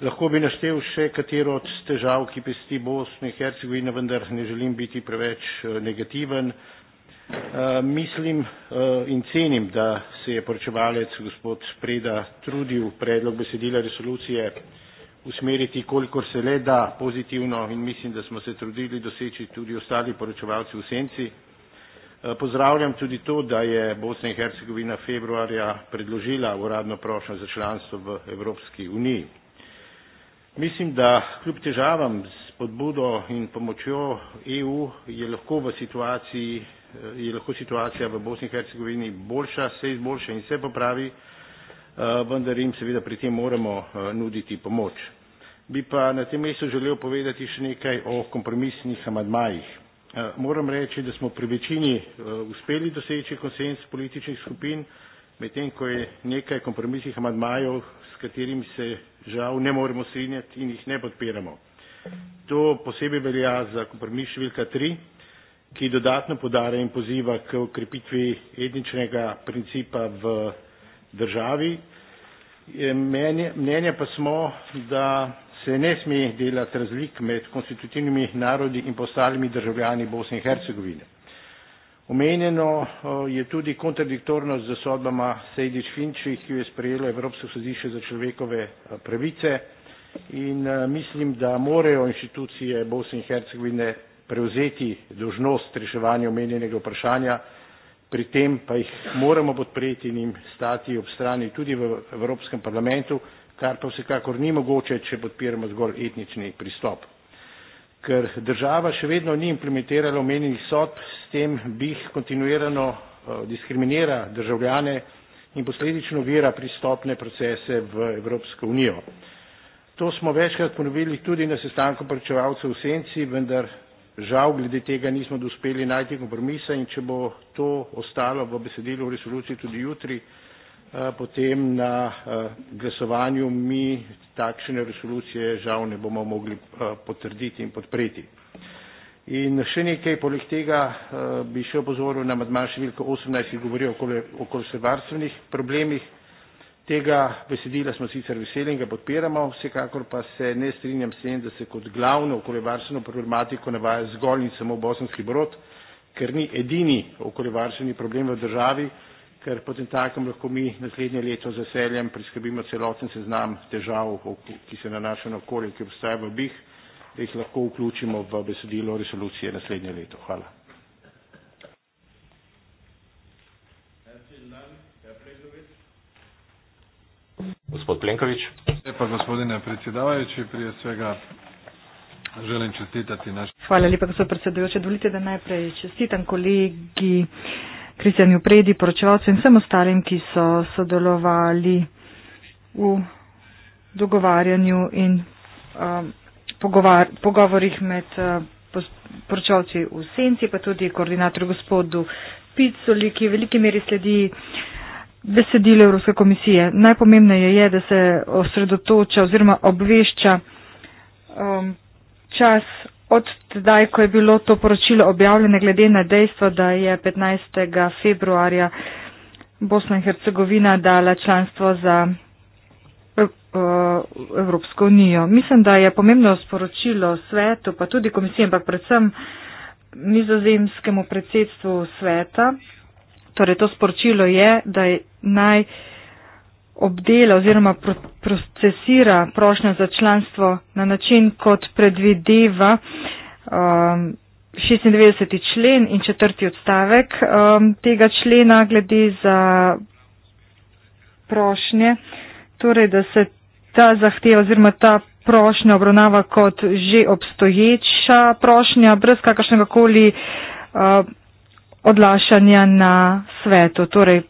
Lahko bi naštel še katero od težav, ki pesti Bosne in Hercegovine, vendar ne želim biti preveč eh, negativen. Eh, mislim eh, in cenim, da se je poročevalec gospod Preda trudil predlog besedila resolucije usmeriti, kolikor se le da pozitivno in mislim, da smo se trudili doseči tudi ostali poročevalci v senci. Pozdravljam tudi to, da je Bosna in Hercegovina februarja predložila uradno prošnjo za članstvo v Evropski uniji. Mislim, da kljub težavam s podbudo in pomočjo EU je lahko v situaciji eh, je lahko situacija v Bosni in Hercegovini boljša, se izboljša in se popravi, eh, vendar jim seveda pri tem moramo eh, nuditi pomoč. Bi pa na tem mestu želel povedati še nekaj o kompromisnih amadmajih. Moram reči, da smo pri večini uspeli doseči konsens političnih skupin, medtem ko je nekaj kompromisnih amadmajev, s katerimi se žal ne moremo strinjati in jih ne podpiramo. To posebej velja za kompromis številka 3, ki dodatno podara in poziva k ukrepitvi etničnega principa v državi. Mnenje pa smo, da se ne sme delati razlik med konstitutivnimi narodi in postalimi državljani Bosne in Hercegovine. Omenjeno eh, je tudi kontradiktorno z sodbama Sejdić Finčić, ki jo je sprejelo Evropsko sodišče za človekove eh, pravice in eh, mislim, da morajo inštitucije Bosne in Hercegovine prevzeti dožnost reševanja omenjenega vprašanja, pri tem pa jih moramo podpreti in jim stati ob strani tudi v Evropskem parlamentu, kar pa vsekakor ni mogoče, če podpiramo zgolj etnični pristop. Ker država še vedno ni implementirala omenjenih sodb, s tem bi jih kontinuirano eh, diskriminira državljane in posledično vira pristopne procese v Evropsko unijo. To smo večkrat ponovili tudi na sestanku pričevalcev v Senci, vendar žal glede tega nismo dospeli najti kompromisa in če bo to ostalo v besedilu resolucije tudi jutri, Eh, potem na eh, glasovanju mi takšne resolucije žal ne bomo mogli eh, potrditi in podpreti. In še nekaj poleg tega bi še opozoril na madman številko 18, ki govori o okoljsevarstvenih problemih. Tega besedila smo sicer veseli in ga podpiramo, vsekakor pa se ne strinjam s tem, da se kot glavno okoljevarstveno problematiko navaja zgolj in samo bosanski brod, ker ni edini okoljevarstveni problem v državi, ker potem takem lahko mi naslednje leto z veseljem priskrbimo celoten seznam težav, ki se nanaša na okolje, ki obstaja v BIH, da jih lahko vključimo v besedilo resolucije naslednje leto. Hvala. Gospod Plenković. Lepa gospodine predsjedavajući, prije svega želim čestitati naš...
Hvala lepa gospod predsjedavajući, dovolite da najprej čestitam kolegi Kristjanju Predi, poročevalcu in vsem ostalim, ki so sodelovali v dogovarjanju in um, pogovar, pogovorih med uh, poročevalci v senci, pa tudi koordinator gospodu Piculi, ki v veliki meri sledi besedilo Evropske komisije. Najpomembneje je, da se osredotoča oziroma obvešča um, čas Od tedaj, ko je bilo to poročilo objavljeno, glede na dejstvo, da je 15. februarja Bosna in Hercegovina dala članstvo za eh, eh, Evropsko unijo. Mislim, da je pomembno sporočilo svetu, pa tudi komisiji, ampak predvsem nizozemskemu predsedstvu sveta. Torej, to sporočilo je, da je naj obdela oziroma procesira prošnjo za članstvo na način, kot predvideva um, 96. člen in četrti odstavek um, tega člena glede za prošnje, torej da se ta zahteva oziroma ta prošnja obravnava kot že obstoječa prošnja, brez kakršnega koli uh, odlašanja na svetu. Torej,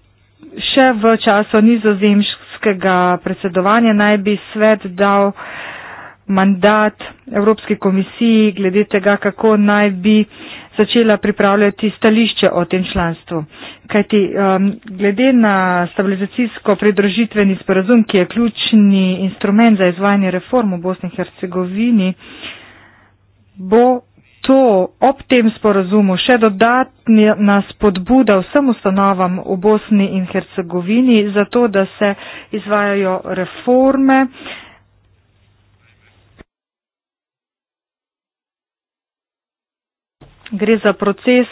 še v času nizozemške evropskega predsedovanja naj bi svet dal mandat Evropski komisiji glede tega, kako naj bi začela pripravljati stališče o tem članstvu. Kajti um, glede na stabilizacijsko pridružitveni sporazum, ki je ključni instrument za izvajanje reform v Bosni in Hercegovini, bo to ob tem sporazumu še dodatna spodbuda vsem ustanovam v Bosni in Hercegovini za to, da se izvajajo reforme. Gre za proces,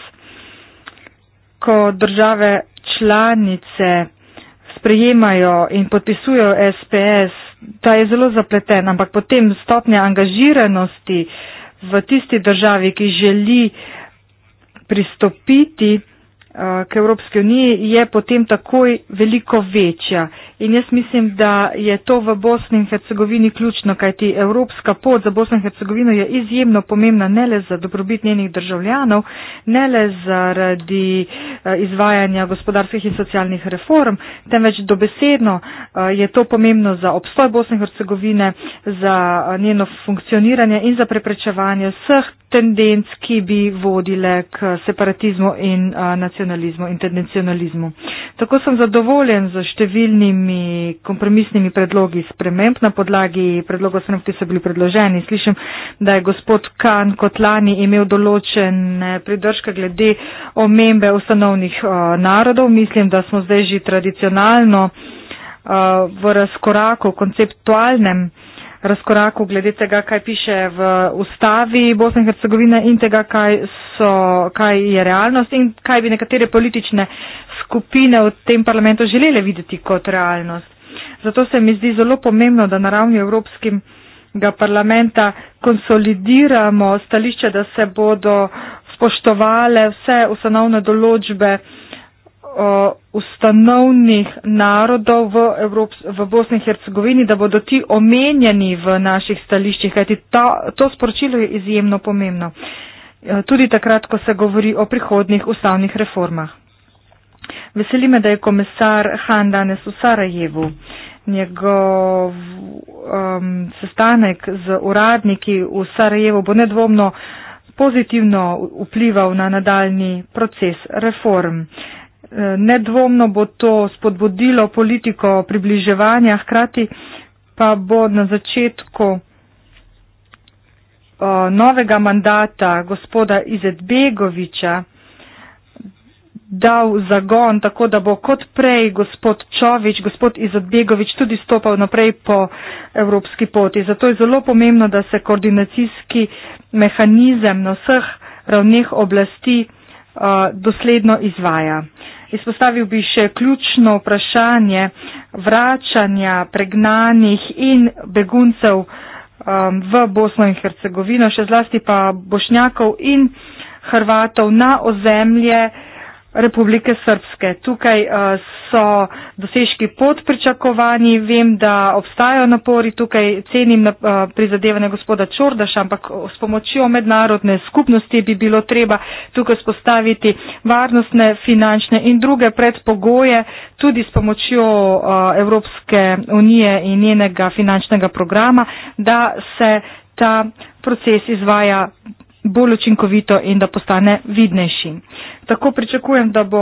ko države članice sprejemajo in podpisujejo SPS. Ta je zelo zapleten, ampak potem stopnja angažiranosti uh, v tisti državi, ki želi pristopiti Eh, k Evropski uniji je potem takoj veliko večja. In jaz mislim, da je to v Bosni in Hercegovini ključno, kajti evropska pot za Bosno in Hercegovino je izjemno pomembna ne le za dobrobit njenih državljanov, ne le zaradi eh, izvajanja gospodarskih in socialnih reform, temveč dobesedno eh, je to pomembno za obstoj Bosne in Hercegovine, za njeno funkcioniranje in za preprečevanje vseh tendenc, ki bi vodile k separatizmu in nacionalizmu nacionalizmu, internacionalizmu. Tako sem zadovoljen z številnimi kompromisnimi predlogi sprememb na podlagi predlogov sprememb, ki so bili predloženi. Slišim, da je gospod Kan kot lani imel določen pridržka glede omembe ustanovnih eh, narodov. Mislim, da smo zdaj že tradicionalno eh, v razkoraku konceptualnem razkoraku glede tega, kaj piše v ustavi Bosne in Hercegovine in tega, kaj, so, kaj je realnost in kaj bi nekatere politične skupine v tem parlamentu želele videti kot realnost. Zato se mi zdi zelo pomembno, da na ravni Evropskim parlamenta konsolidiramo stališče, da se bodo spoštovale vse ustanovne določbe Uh, ustanovnih narodov v, Evrops v Bosni in Hercegovini, da bodo ti omenjeni v naših stališčih, kajti ta, to sporočilo je izjemno pomembno. Uh, tudi takrat, ko se govori o prihodnih ustavnih reformah. Veseli me, da je komisar Han danes v Sarajevu. Njegov um, sestanek z uradniki v Sarajevu bo nedvomno pozitivno vplival na nadaljni proces reform. Nedvomno bo to spodbudilo politiko približevanja, hkrati pa bo na začetku eh, novega mandata gospoda Izetbegoviča dal zagon, tako da bo kot prej gospod Čovič, gospod Izetbegovič tudi stopal naprej po evropski poti. Zato je zelo pomembno, da se koordinacijski mehanizem na vseh ravneh oblasti eh, dosledno izvaja. Izpostavil bi še ključno vprašanje vračanja pregnanih in beguncev um, v Bosno in Hercegovino, še zlasti pa bošnjakov in hrvatov na ozemlje, Republike Srpske. Tukaj eh, so dosežki pod pričakovanji, vem, da obstajajo napori, tukaj cenim eh, prizadevanje gospoda Čordaša, ampak eh, s pomočjo mednarodne skupnosti bi bilo treba tukaj spostaviti varnostne, finančne in druge predpogoje, tudi s pomočjo Evropske unije in njenega finančnega programa, da se ta proces izvaja bolj učinkovito in da postane vidnejši. Tako pričakujem, da bo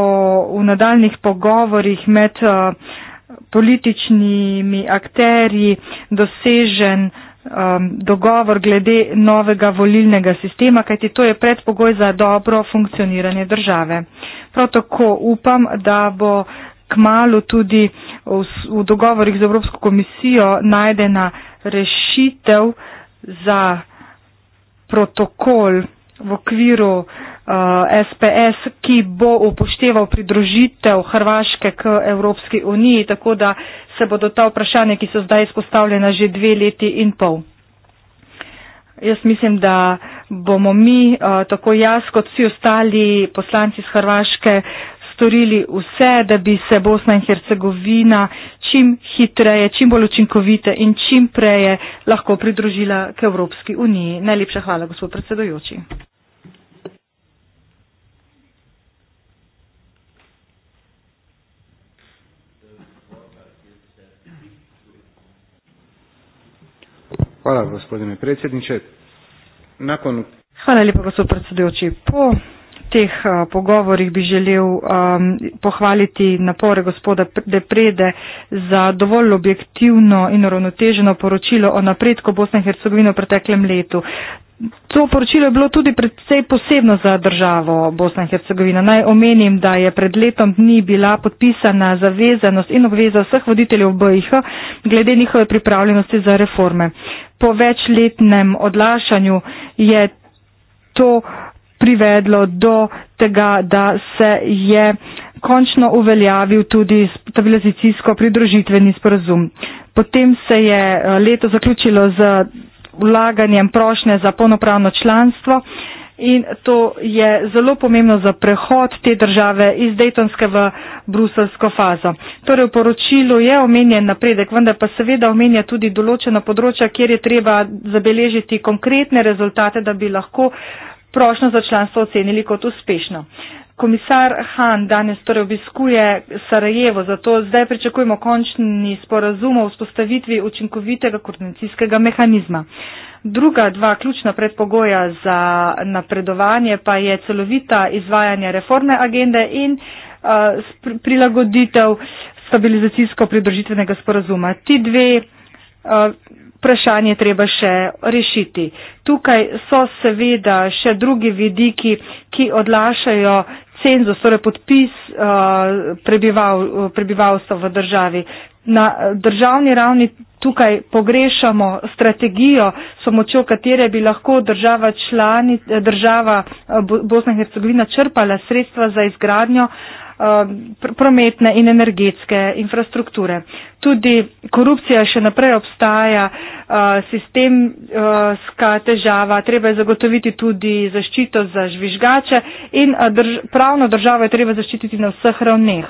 v nadaljnih pogovorih med eh, političnimi akterji dosežen eh, dogovor glede novega volilnega sistema, kajti to je predpogoj za dobro funkcioniranje države. Prav tako upam, da bo kmalo tudi v dogovorih z Evropsko komisijo najdena rešitev za protokol v okviru uh, eh, SPS, ki bo upošteval pridružitev Hrvaške k Evropski uniji, tako da se bodo ta vprašanja, ki so zdaj izpostavljena že dve leti in pol. Jaz mislim, da bomo mi, uh, tako jaz kot vsi ostali poslanci iz Hrvaške, storili vse, da bi se Bosna in Hercegovina čim hitreje, čim bolj učinkovite in čim preje lahko pridružila k Evropski uniji. Najlepša hvala, gospod predsedujoči.
Hvala, gospodine predsedniče. Nakon...
Hvala lepa, gospod predsedujoči. Po teh eh, pogovorih bi želel um, pohvaliti napore gospoda Deprede za dovolj objektivno in uravnoteženo poročilo o napredku Bosne in Hercegovine v preteklem letu. To poročilo je bilo tudi predvsej posebno za državo Bosna in Hercegovina. Naj omenim, da je pred letom dni bila podpisana zavezanost in obveza vseh voditeljev BIH glede njihove pripravljenosti za reforme. Po večletnem odlašanju je to uh, privedlo do tega, da se je končno uveljavil tudi stabilizacijsko pridružitveni sporazum. Potem se je eh, leto zaključilo z vlaganjem prošnje za polnopravno članstvo in to je zelo pomembno za prehod te države iz Dejtonske v bruselsko fazo. Torej v poročilu je omenjen napredek, vendar pa seveda omenja tudi določena področja, kjer je treba zabeležiti konkretne rezultate, da bi lahko uh, prošnjo za članstvo ocenili kot uspešno. Komisar Han danes torej obiskuje Sarajevo, zato zdaj pričakujemo končni sporazum o vzpostavitvi učinkovitega koordinacijskega mehanizma. Druga dva ključna predpogoja za napredovanje pa je celovita izvajanje reformne agende in uh, prilagoditev stabilizacijsko pridružitvenega sporazuma. Ti dve uh, vprašanje treba še rešiti. Tukaj so seveda še drugi vidiki, ki odlašajo cenzus, torej podpis uh, prebival, uh, prebivalstva v državi. Na državni ravni tukaj pogrešamo strategijo, s pomočjo katere bi lahko država, člani, država uh, Bosna in Hercegovina črpala sredstva za izgradnjo Um, prometne in energetske infrastrukture. Tudi korupcija še naprej obstaja, uh, sistemska uh, težava, treba je zagotoviti tudi zaščito za žvižgače in uh, drž pravno državo je treba zaščititi na vseh ravneh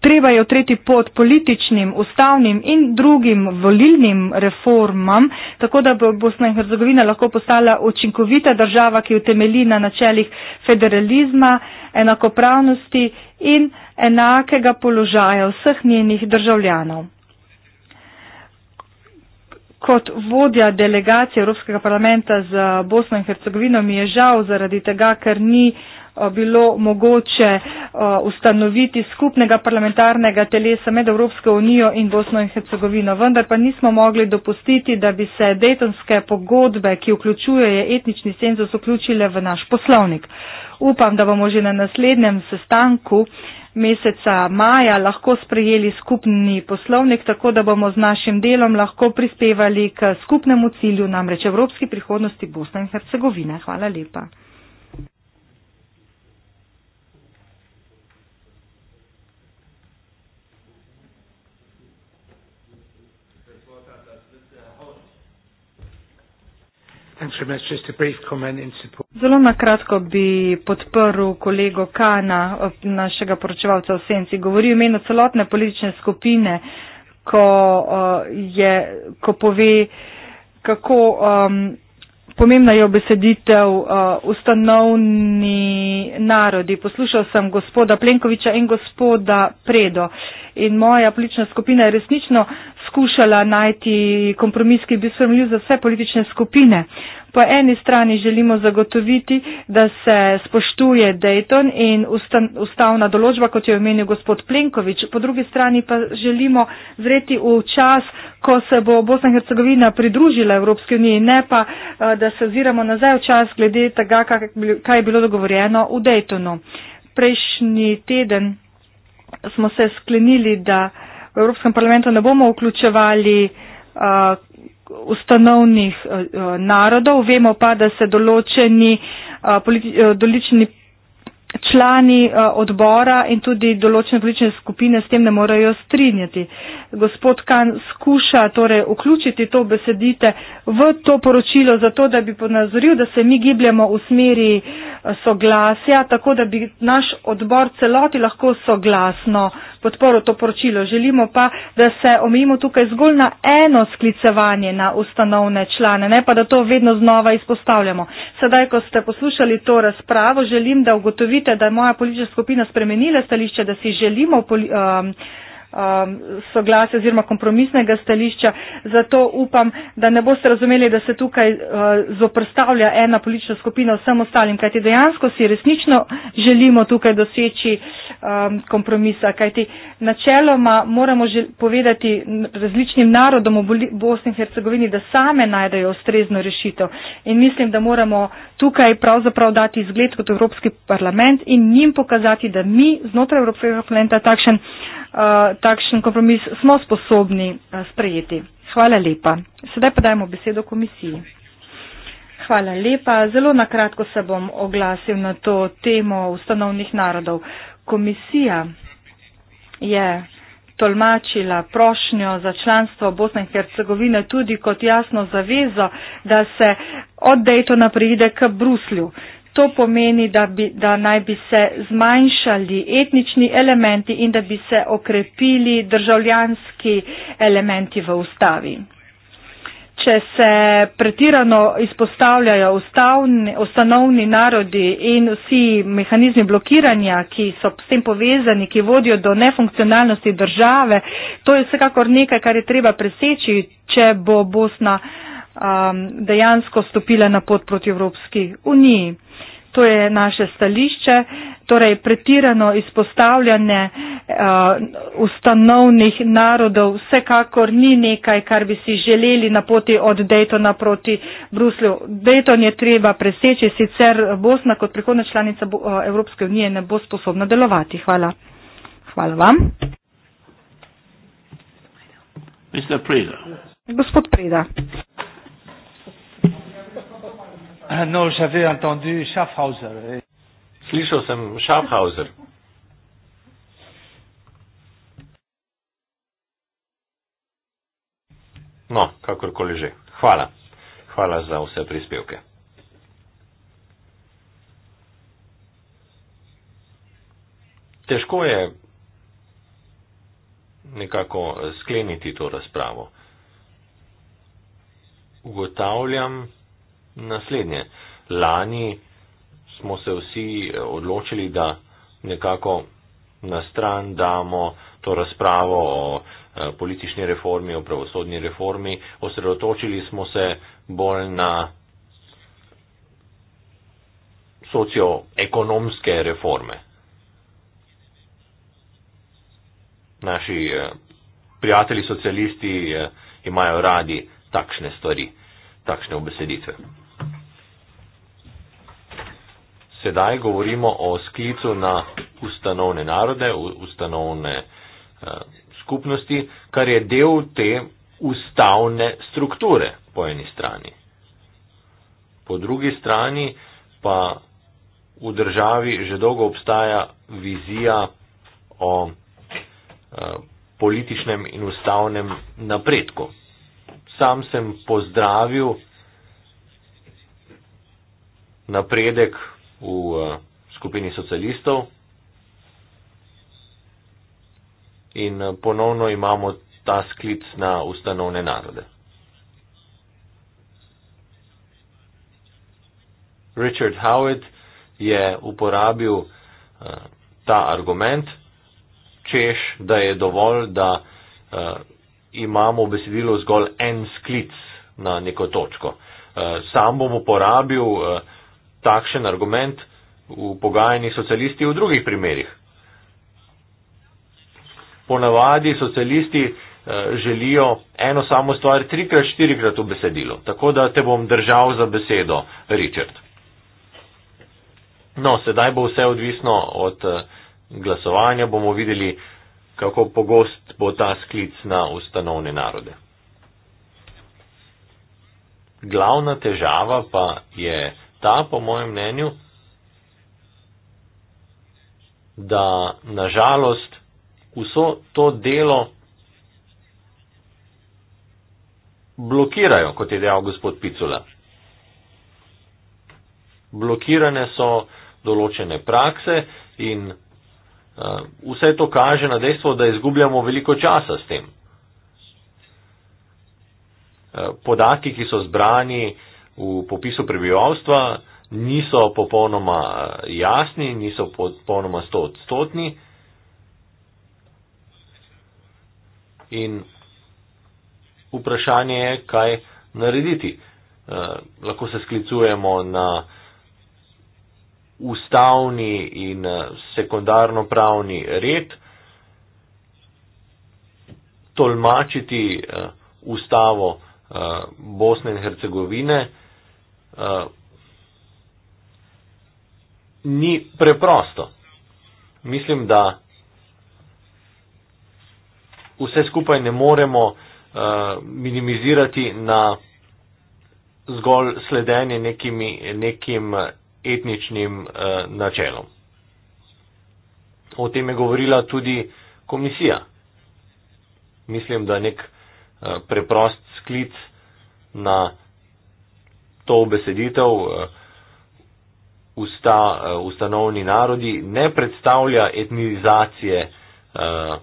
treba je otreti pot političnim, ustavnim in drugim volilnim reformam, tako da bo Bosna in Hercegovina lahko postala učinkovita država, ki utemeli na načelih federalizma, enakopravnosti in enakega položaja vseh njenih državljanov. Kot vodja delegacije Evropskega parlamenta za Bosno in Hercegovino mi je žal zaradi tega, ker ni uh, Eh, bilo mogoče eh, ustanoviti skupnega parlamentarnega telesa med Evropsko unijo in Bosno in Hercegovino. Vendar pa nismo mogli dopustiti, da bi se dejtonske pogodbe, ki vključujejo etnični senzus, vključile v naš poslovnik. Upam, da bomo že na naslednjem sestanku meseca maja lahko sprejeli skupni poslovnik, tako da bomo z našim delom lahko prispevali k skupnemu cilju, namreč evropski prihodnosti Bosne in Hercegovine. Hvala lepa.
Zelo na kratko bi
podprl kolego Kana, našega poročevalca v Senci. Govori o imenu celotne politične skupine, ko, eh, je, ko pove, kako um, pomembna je obeseditev uh, ustanovni narodi. Poslušal sem gospoda Plenkoviča in gospoda Predo. In moja politična skupina je resnično skušala najti kompromis, ki bi sprejemljiv za vse politične skupine. Po eni strani želimo zagotoviti, da se spoštuje Dayton in ustavna določba, kot jo je omenil gospod Plenkovič. Po drugi strani pa želimo zreti v čas, ko se bo Bosna in Hercegovina pridružila Evropski uniji, ne pa, eh, da se oziramo nazaj v čas glede tega, kaj je bilo dogovorjeno v Daytonu. Prejšnji teden smo se sklenili, da v Evropskem parlamentu ne bomo vključevali uh, ustanovnih uh, narodov, vemo pa, da se določeni uh, politi, uh, dolični člani uh, odbora in tudi določene politične skupine s tem ne morejo strinjati. Gospod Kan skuša torej vključiti to besedite v to poročilo, zato da bi ponazoril, da se mi gibljamo v smeri uh, soglasja, tako da bi naš odbor celoti lahko soglasno podporo to poročilo. Želimo pa, da se omejimo tukaj zgolj na eno sklicevanje na ustanovne člane, ne pa da to vedno znova izpostavljamo. Sedaj, ko ste poslušali to razpravo, želim, da ugotovite, da je moja politična skupina spremenila stališče, da si želimo. Poli, um, um, soglasja oziroma kompromisnega stališča. Zato upam, da ne boste razumeli, da se tukaj uh, zoprstavlja ena politična skupina vsem ostalim, kajti dejansko si resnično želimo tukaj doseči um, kompromisa, kajti načeloma moramo že povedati različnim narodom v Bosni in Hercegovini, da same najdejo ustrezno rešitev. In mislim, da moramo tukaj pravzaprav dati izgled kot Evropski parlament in njim pokazati, da mi znotraj Evropskega parlamenta takšen Eh, takšen kompromis smo sposobni eh, sprejeti. Hvala lepa. Sedaj pa dajmo besedo komisiji. Hvala lepa. Zelo nakratko se bom oglasil na to temo ustanovnih narodov. Komisija je tolmačila prošnjo za članstvo Bosne in Hercegovine tudi kot jasno zavezo, da se od Daytona pride k Bruslju. Uh, To pomeni, da, bi, da naj bi se zmanjšali etnični elementi in da bi se okrepili državljanski elementi v ustavi. Če se pretirano izpostavljajo ustavni, ustanovni narodi in vsi mehanizmi blokiranja, ki so s tem povezani, ki vodijo do nefunkcionalnosti države, to je vsekakor nekaj, kar je treba preseči, če bo Bosna. Uh, um, dejansko stopile na pot proti Evropski uniji. To je naše stališče, torej pretirano izpostavljanje uh, ustanovnih narodov vsekakor ni nekaj, kar bi si želeli na poti od Daytona proti Bruslju. Dayton je treba preseči, sicer Bosna kot prihodna članica bo, uh, Evropske unije ne bo sposobna delovati. Hvala. Hvala vam.
Gospod Preda. (coughs) Non, j'avais entendu Schaffhauser.
Slyšel sem Schaffhauser. No, kakorkoli že. Hvala. Hvala za vse prispevke. Težko je nekako skleniti to razpravo. Ugotavljam, naslednje. Lani smo se vsi odločili, da nekako na stran damo to razpravo o eh, politični reformi, o pravosodni reformi. Osredotočili smo se bolj na socioekonomske reforme. Naši eh, prijatelji socialisti eh, imajo radi takšne stvari, takšne obeseditve sedaj govorimo o sklicu na ustanovne narode, ustanovne eh, skupnosti, kar je del te ustavne strukture po eni strani. Po drugi strani pa v državi že dolgo obstaja vizija o eh, političnem in ustavnem napredku. Sam sem pozdravil napredek v eh, skupini socialistov. In eh, ponovno imamo ta sklic na ustanovne narode. Richard Howitt je uporabil uh, ta argument, češ, da je dovolj, da uh, imamo v besedilu zgolj en sklic na neko točko. Uh, sam bom uporabil uh, takšen argument v pogajanjih socialisti v drugih primerjih. Ponavadi socialisti eh, želijo eno samo stvar trikrat, štirikrat v besedilu, tako da te bom držal za besedo, Richard. No, sedaj bo vse odvisno od eh, glasovanja, bomo videli, kako pogost bo ta sklic na ustanovne narode. Glavna težava pa je ta, po mojem mnenju, da nažalost vso to delo blokirajo, kot je dejal gospod Picula. Blokirane so določene prakse in uh, vse to kaže na dejstvo, da izgubljamo veliko časa s tem. Uh, podatki, ki so zbrani, uh, v popisu prebivalstva niso popolnoma eh, jasni, niso popolnoma stotni. In vprašanje je, kaj narediti. Eh, lahko se sklicujemo na ustavni in eh, sekundarno pravni red, tolmačiti eh, ustavo eh, Bosne in Hercegovine, eh, Eh, ni preprosto. Mislim, da vse skupaj ne moremo uh, minimizirati na zgolj sledenje nekimi, nekim eh, etničnim uh, načelom. O tem je govorila tudi komisija. Mislim, da nek uh, preprost sklic na to beseditev eh, usta, eh, ustanovni narodi ne predstavlja etnizacije eh,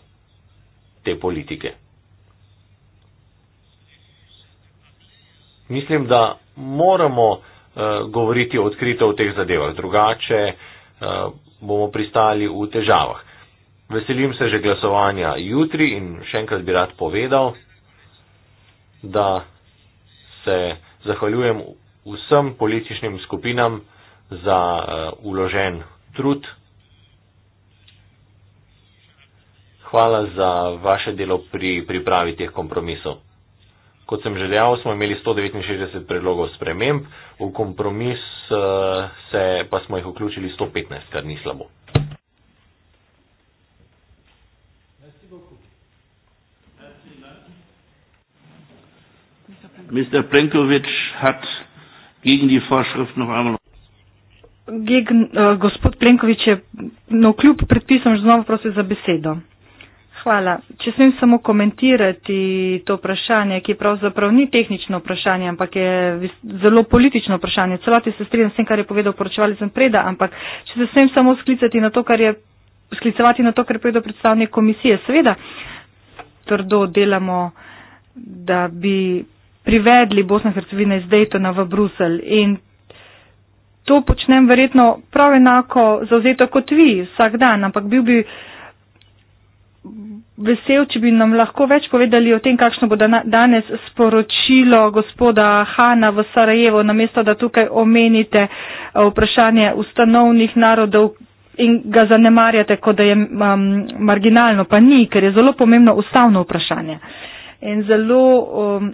te politike. Mislim, da moramo govoriti odkrito o teh zadevah, drugače bomo pristali v težavah. Veselim se že glasovanja jutri in še enkrat bi rad povedal, da se zahvaljujem vsem političnim skupinam za eh, uložen trud. Hvala za vaše delo pri pripravi teh kompromisov. Kot sem že dejal, smo imeli 169 predlogov sprememb, v kompromis eh, se, pa smo jih vključili 115, kar ni slabo. Mr. Plenković
hat gegen die Vorschrift noch einmal.
Gegen, äh, gospod Plenković je na no, kljub predpisom že znova prosil za besedo. Hvala. Če smem samo komentirati to vprašanje, ki pravzaprav ni tehnično vprašanje, ampak je zelo politično vprašanje. Celoti se strinjam s tem, kar je povedal poročevalec Preda, ampak če se smem samo sklicati na to, kar je, sklicevati na to, kar je povedal predstavnik komisije, seveda trdo delamo, da bi privedli Bosne in Hercegovine iz Daytona v Bruselj. In to počnem verjetno prav enako zauzeto kot vi vsak dan, ampak bil bi vesel, če bi nam lahko več povedali o tem, kakšno bo danes sporočilo gospoda Hana v Sarajevo, namesto da tukaj omenite eh, vprašanje ustanovnih narodov in ga zanemarjate, kot da je um, marginalno, pa ni, ker je zelo pomembno ustavno vprašanje. In zelo um,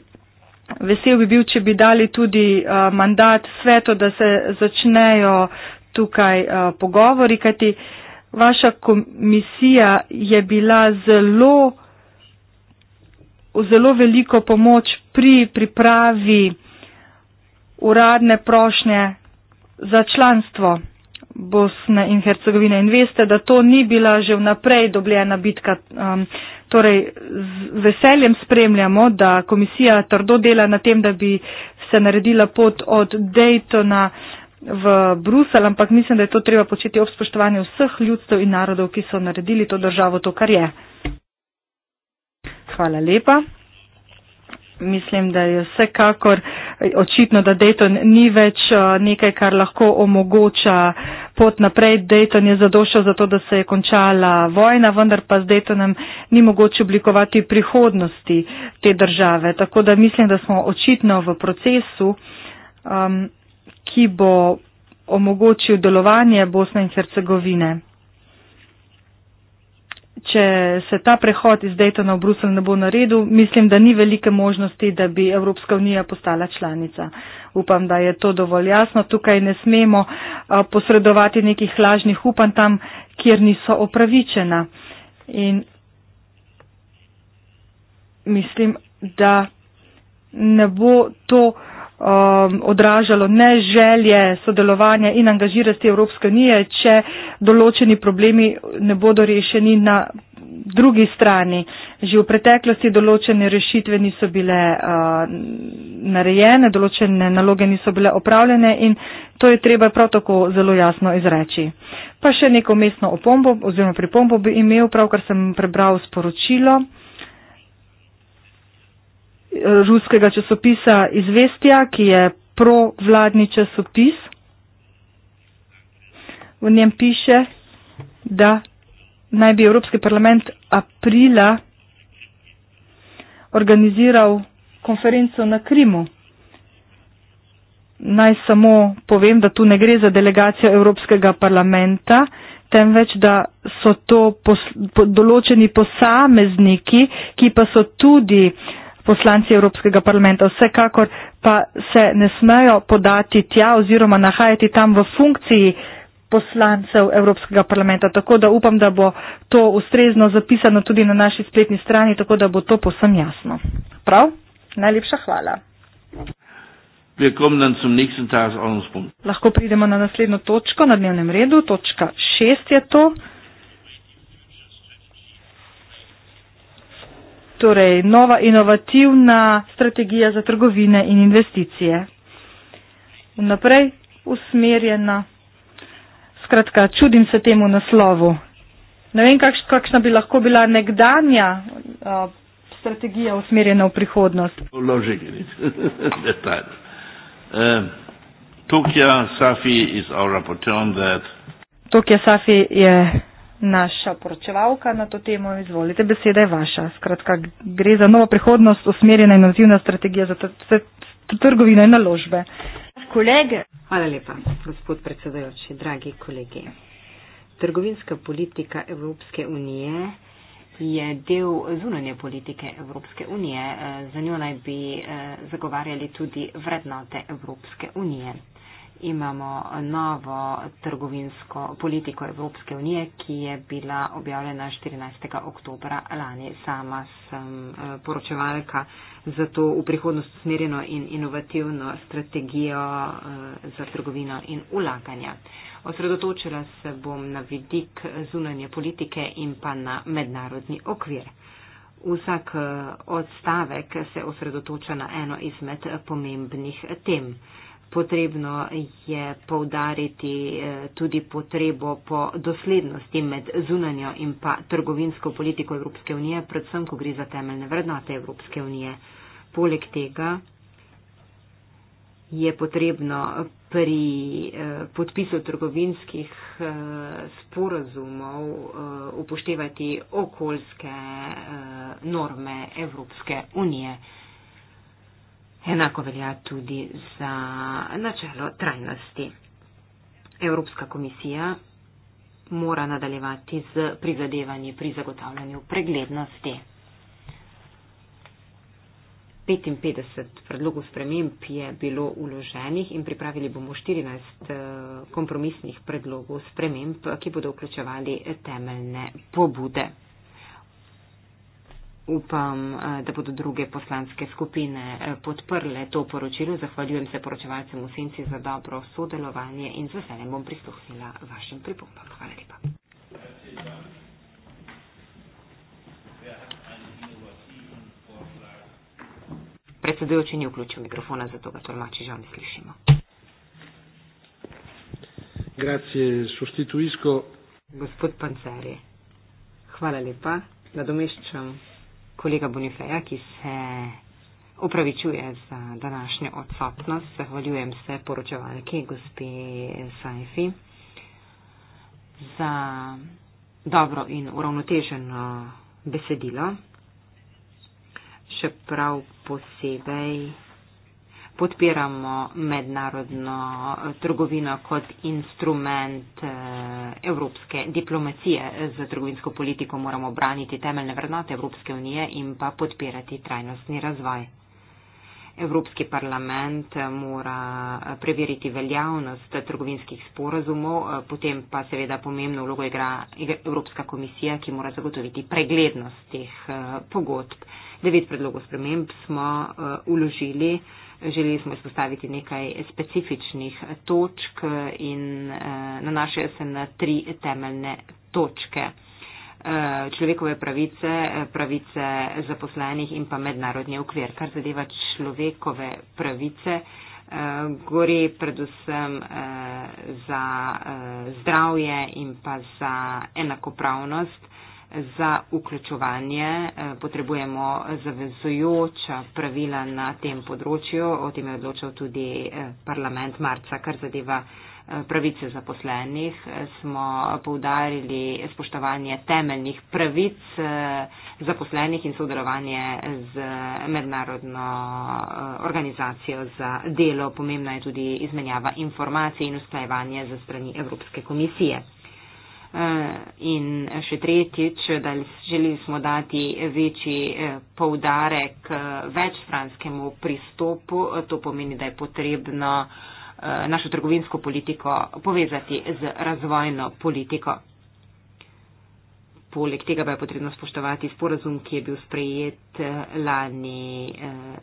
Vesel bi bil, če bi dali tudi uh, mandat svetu, da se začnejo tukaj uh, pogovori, kajti vaša komisija je bila zelo, zelo veliko pomoč pri pripravi uradne prošnje za članstvo. Bosne in Hercegovine in veste, da to ni bila že vnaprej dobljena bitka. Um, torej, z veseljem spremljamo, da komisija trdo dela na tem, da bi se naredila pot od Daytona v Brusel, ampak mislim, da je to treba početi ob spoštovanju vseh ljudstev in narodov, ki so naredili to državo, to kar je. Hvala lepa. Mislim, da je vsekakor eh, očitno, da Dayton ni več eh, nekaj, kar lahko omogoča uh, pot naprej. Dayton je zadošal za to, da se je končala vojna, vendar pa z Daytonem ni mogoče oblikovati prihodnosti te države. Tako da mislim, da smo očitno v procesu, um, ki bo omogočil delovanje Bosne in Hercegovine če se ta prehod iz Daytona v Bruselj ne bo naredil, mislim, da ni velike možnosti, da bi Evropska unija postala članica. Upam, da je to dovolj jasno. Tukaj ne smemo posredovati nekih lažnih upanj tam, kjer niso opravičena. In mislim, da ne bo to um, odražalo ne želje sodelovanja in angažirasti Evropske unije, če določeni problemi ne bodo rešeni na drugi strani. Že v preteklosti določene rešitve niso bile uh, narejene, določene naloge niso bile opravljene in to je treba prav tako zelo jasno izreči. Pa še neko mestno opombo oziroma pripombo bi imel, pravkar sem prebral sporočilo. Eh, ruskega časopisa Izvestja, ki je provladni časopis. V njem piše, da naj bi Evropski parlament aprila organiziral konferenco na Krimu. Naj samo povem, da tu ne gre za delegacijo Evropskega parlamenta, temveč, da so to pos, po, določeni posamezniki, ki pa so tudi uh, poslanci Evropskega parlamenta. Vsekakor pa se ne smejo podati tja oziroma nahajati tam v funkciji poslancev Evropskega parlamenta. Tako da upam, da bo to ustrezno zapisano tudi na naši spletni strani, tako da bo to posem jasno. Prav? Najlepša hvala. Lahko pridemo na naslednjo točko na dnevnem redu. Točka šest je to. torej nova inovativna strategija za trgovine in investicije. Naprej usmerjena. Skratka, čudim se temu naslovu. Ne vem, kakšna bi lahko bila nekdanja uh, strategija usmerjena v prihodnost.
(laughs) Tokija Safi
je naša poročevalka na to temo. Izvolite, beseda je vaša. Skratka, gre za novo prihodnost, usmerjena in odzivna strategija za trgovine in naložbe.
Kolege. Hvala lepa, gospod predsedajoči, dragi kolegi. Trgovinska politika Evropske unije je del zunanje politike Evropske unije. Eh, za njo naj bi eh, zagovarjali tudi vrednote Evropske unije imamo novo trgovinsko politiko Evropske unije, ki je bila objavljena 14. oktober lani. Sama sem eh, poročevalka za to v prihodnost smerjeno in inovativno strategijo eh, za trgovino in ulaganja. Osredotočila se bom na vidik zunanje politike in pa na mednarodni okvir. Vsak eh, odstavek se osredotoča na eno izmed pomembnih tem. Potrebno je povdariti eh, tudi potrebo po doslednosti med zunanjo in pa trgovinsko politiko Evropske unije, predvsem, ko gre za temeljne vrednote Evropske unije. Poleg tega je potrebno pri eh, podpisu trgovinskih eh, sporazumov upoštevati okoljske norme Evropske unije. Enako velja tudi za načelo trajnosti. Evropska komisija mora nadaljevati z prizadevanji pri zagotavljanju preglednosti. 55 predlogov sprememb je bilo uloženih in pripravili bomo 14 eh, kompromisnih predlogov sprememb, ki bodo vključevali temeljne pobude upam, eh, da bodo druge poslanske skupine eh, podprle to poročilo. Zahvaljujem se poročevalcem v Senci za dobro sodelovanje in z veseljem bom prisluhnila vašim
pripombam. Hvala lepa.
Predsedujoči ni vključil mikrofona, zato ga tolmači žal ne slišimo.
Grazie,
sostituisco. Gospod Panceri, hvala lepa, nadomeščam kolega Bonifeja, ki se opravičuje za današnjo odsotnost. Zahvaljujem se poročevalki gospe Saifi za dobro in uravnoteženo besedilo. Še prav posebej podpiramo mednarodno trgovino kot instrument eh, evropske diplomacije. Za trgovinsko politiko moramo braniti temeljne vrednote Evropske unije in pa podpirati trajnostni razvoj. Evropski parlament eh, mora eh, preveriti veljavnost trgovinskih sporazumov, potem pa seveda pomembno vlogo igra Evropska komisija, ki mora zagotoviti preglednost teh pogodb. Devet predlogov sprememb smo uložili. Uh, Želeli smo izpostaviti nekaj specifičnih točk in eh, nanašajo se na tri temeljne točke. Eh, človekove pravice, pravice zaposlenih in pa mednarodni okvir. Kar zadeva človekove pravice, eh, gori predvsem za zdravje in pa za enakopravnost za vključovanje e, potrebujemo zavezujoča pravila na tem področju. O tem je odločal tudi e, parlament marca, kar zadeva e, pravice zaposlenih. Smo poudarili spoštovanje temeljnih pravic zaposlenih in sodelovanje z mednarodno organizacijo za delo. Pomembna je tudi izmenjava informacij in usklajevanje za strani Evropske komisije. Eh, in še tretjič, da želeli smo dati večji eh, poudarek eh, večfranskemu pristopu. To pomeni, da je potrebno našo trgovinsko politiko povezati z razvojno politiko. Poleg tega pa je potrebno spoštovati sporazum, ki je bil sprejet lani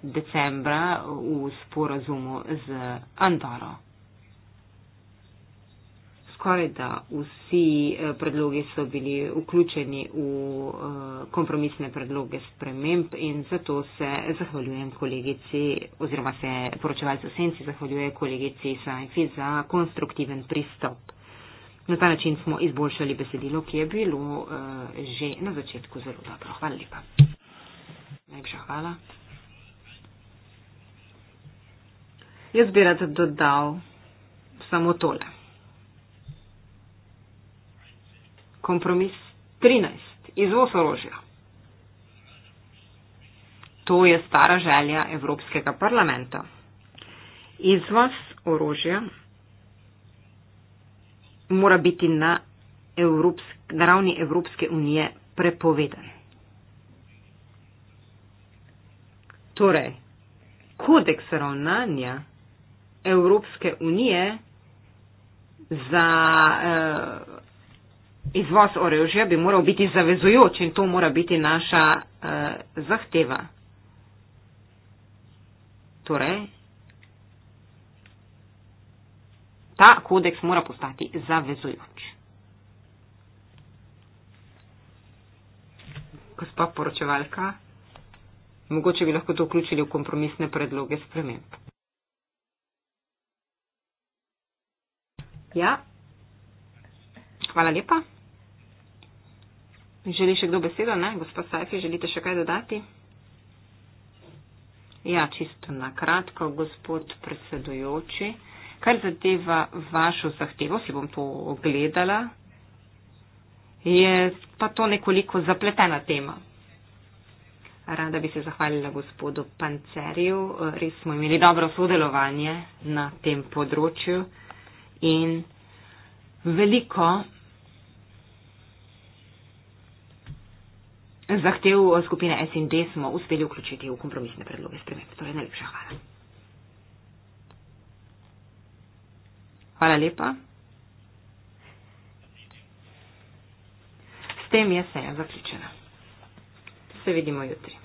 decembra v sporazumu z Andoro skoraj da vsi eh, predlogi so bili vključeni v eh, kompromisne predloge sprememb in zato se zahvaljujem kolegici oziroma se poročevalcu Senci zahvaljuje kolegici Sajfi za konstruktiven pristop. Na ta način smo izboljšali besedilo, ki je bilo eh, že na začetku zelo dobro. Hvala lepa. Najlepša hvala. Jaz bi rad dodal samo tole. kompromis 13. Izvoz orožja. To je stara želja Evropskega parlamenta. Izvoz orožja mora biti na, evropsk, na ravni Evropske unije prepovedan. Torej, kodeks ravnanja Evropske unije za eh, Izvoz orožja bi moral biti zavezujoč in to mora biti naša uh, zahteva. Torej, ta kodeks mora postati zavezujoč. Gospa poročevalka, mogoče bi lahko to vključili v kompromisne predloge sprememb. Ja, hvala lepa. Želi še kdo besedo, ne? Gospod Sajfi, želite še kaj dodati? Ja, čisto na kratko, gospod predsedujoči. Kar zadeva vašo zahtevo, si bom to ogledala, je pa to nekoliko zapletena tema. Rada bi se zahvalila gospodu Panceriju, res smo imeli dobro sodelovanje na tem področju in veliko zahtev skupine SND smo uspeli vključiti v kompromisne predloge sprememb. Torej, najlepša hvala. Hvala lepa. S tem je seja zaključena. Se vidimo
jutri.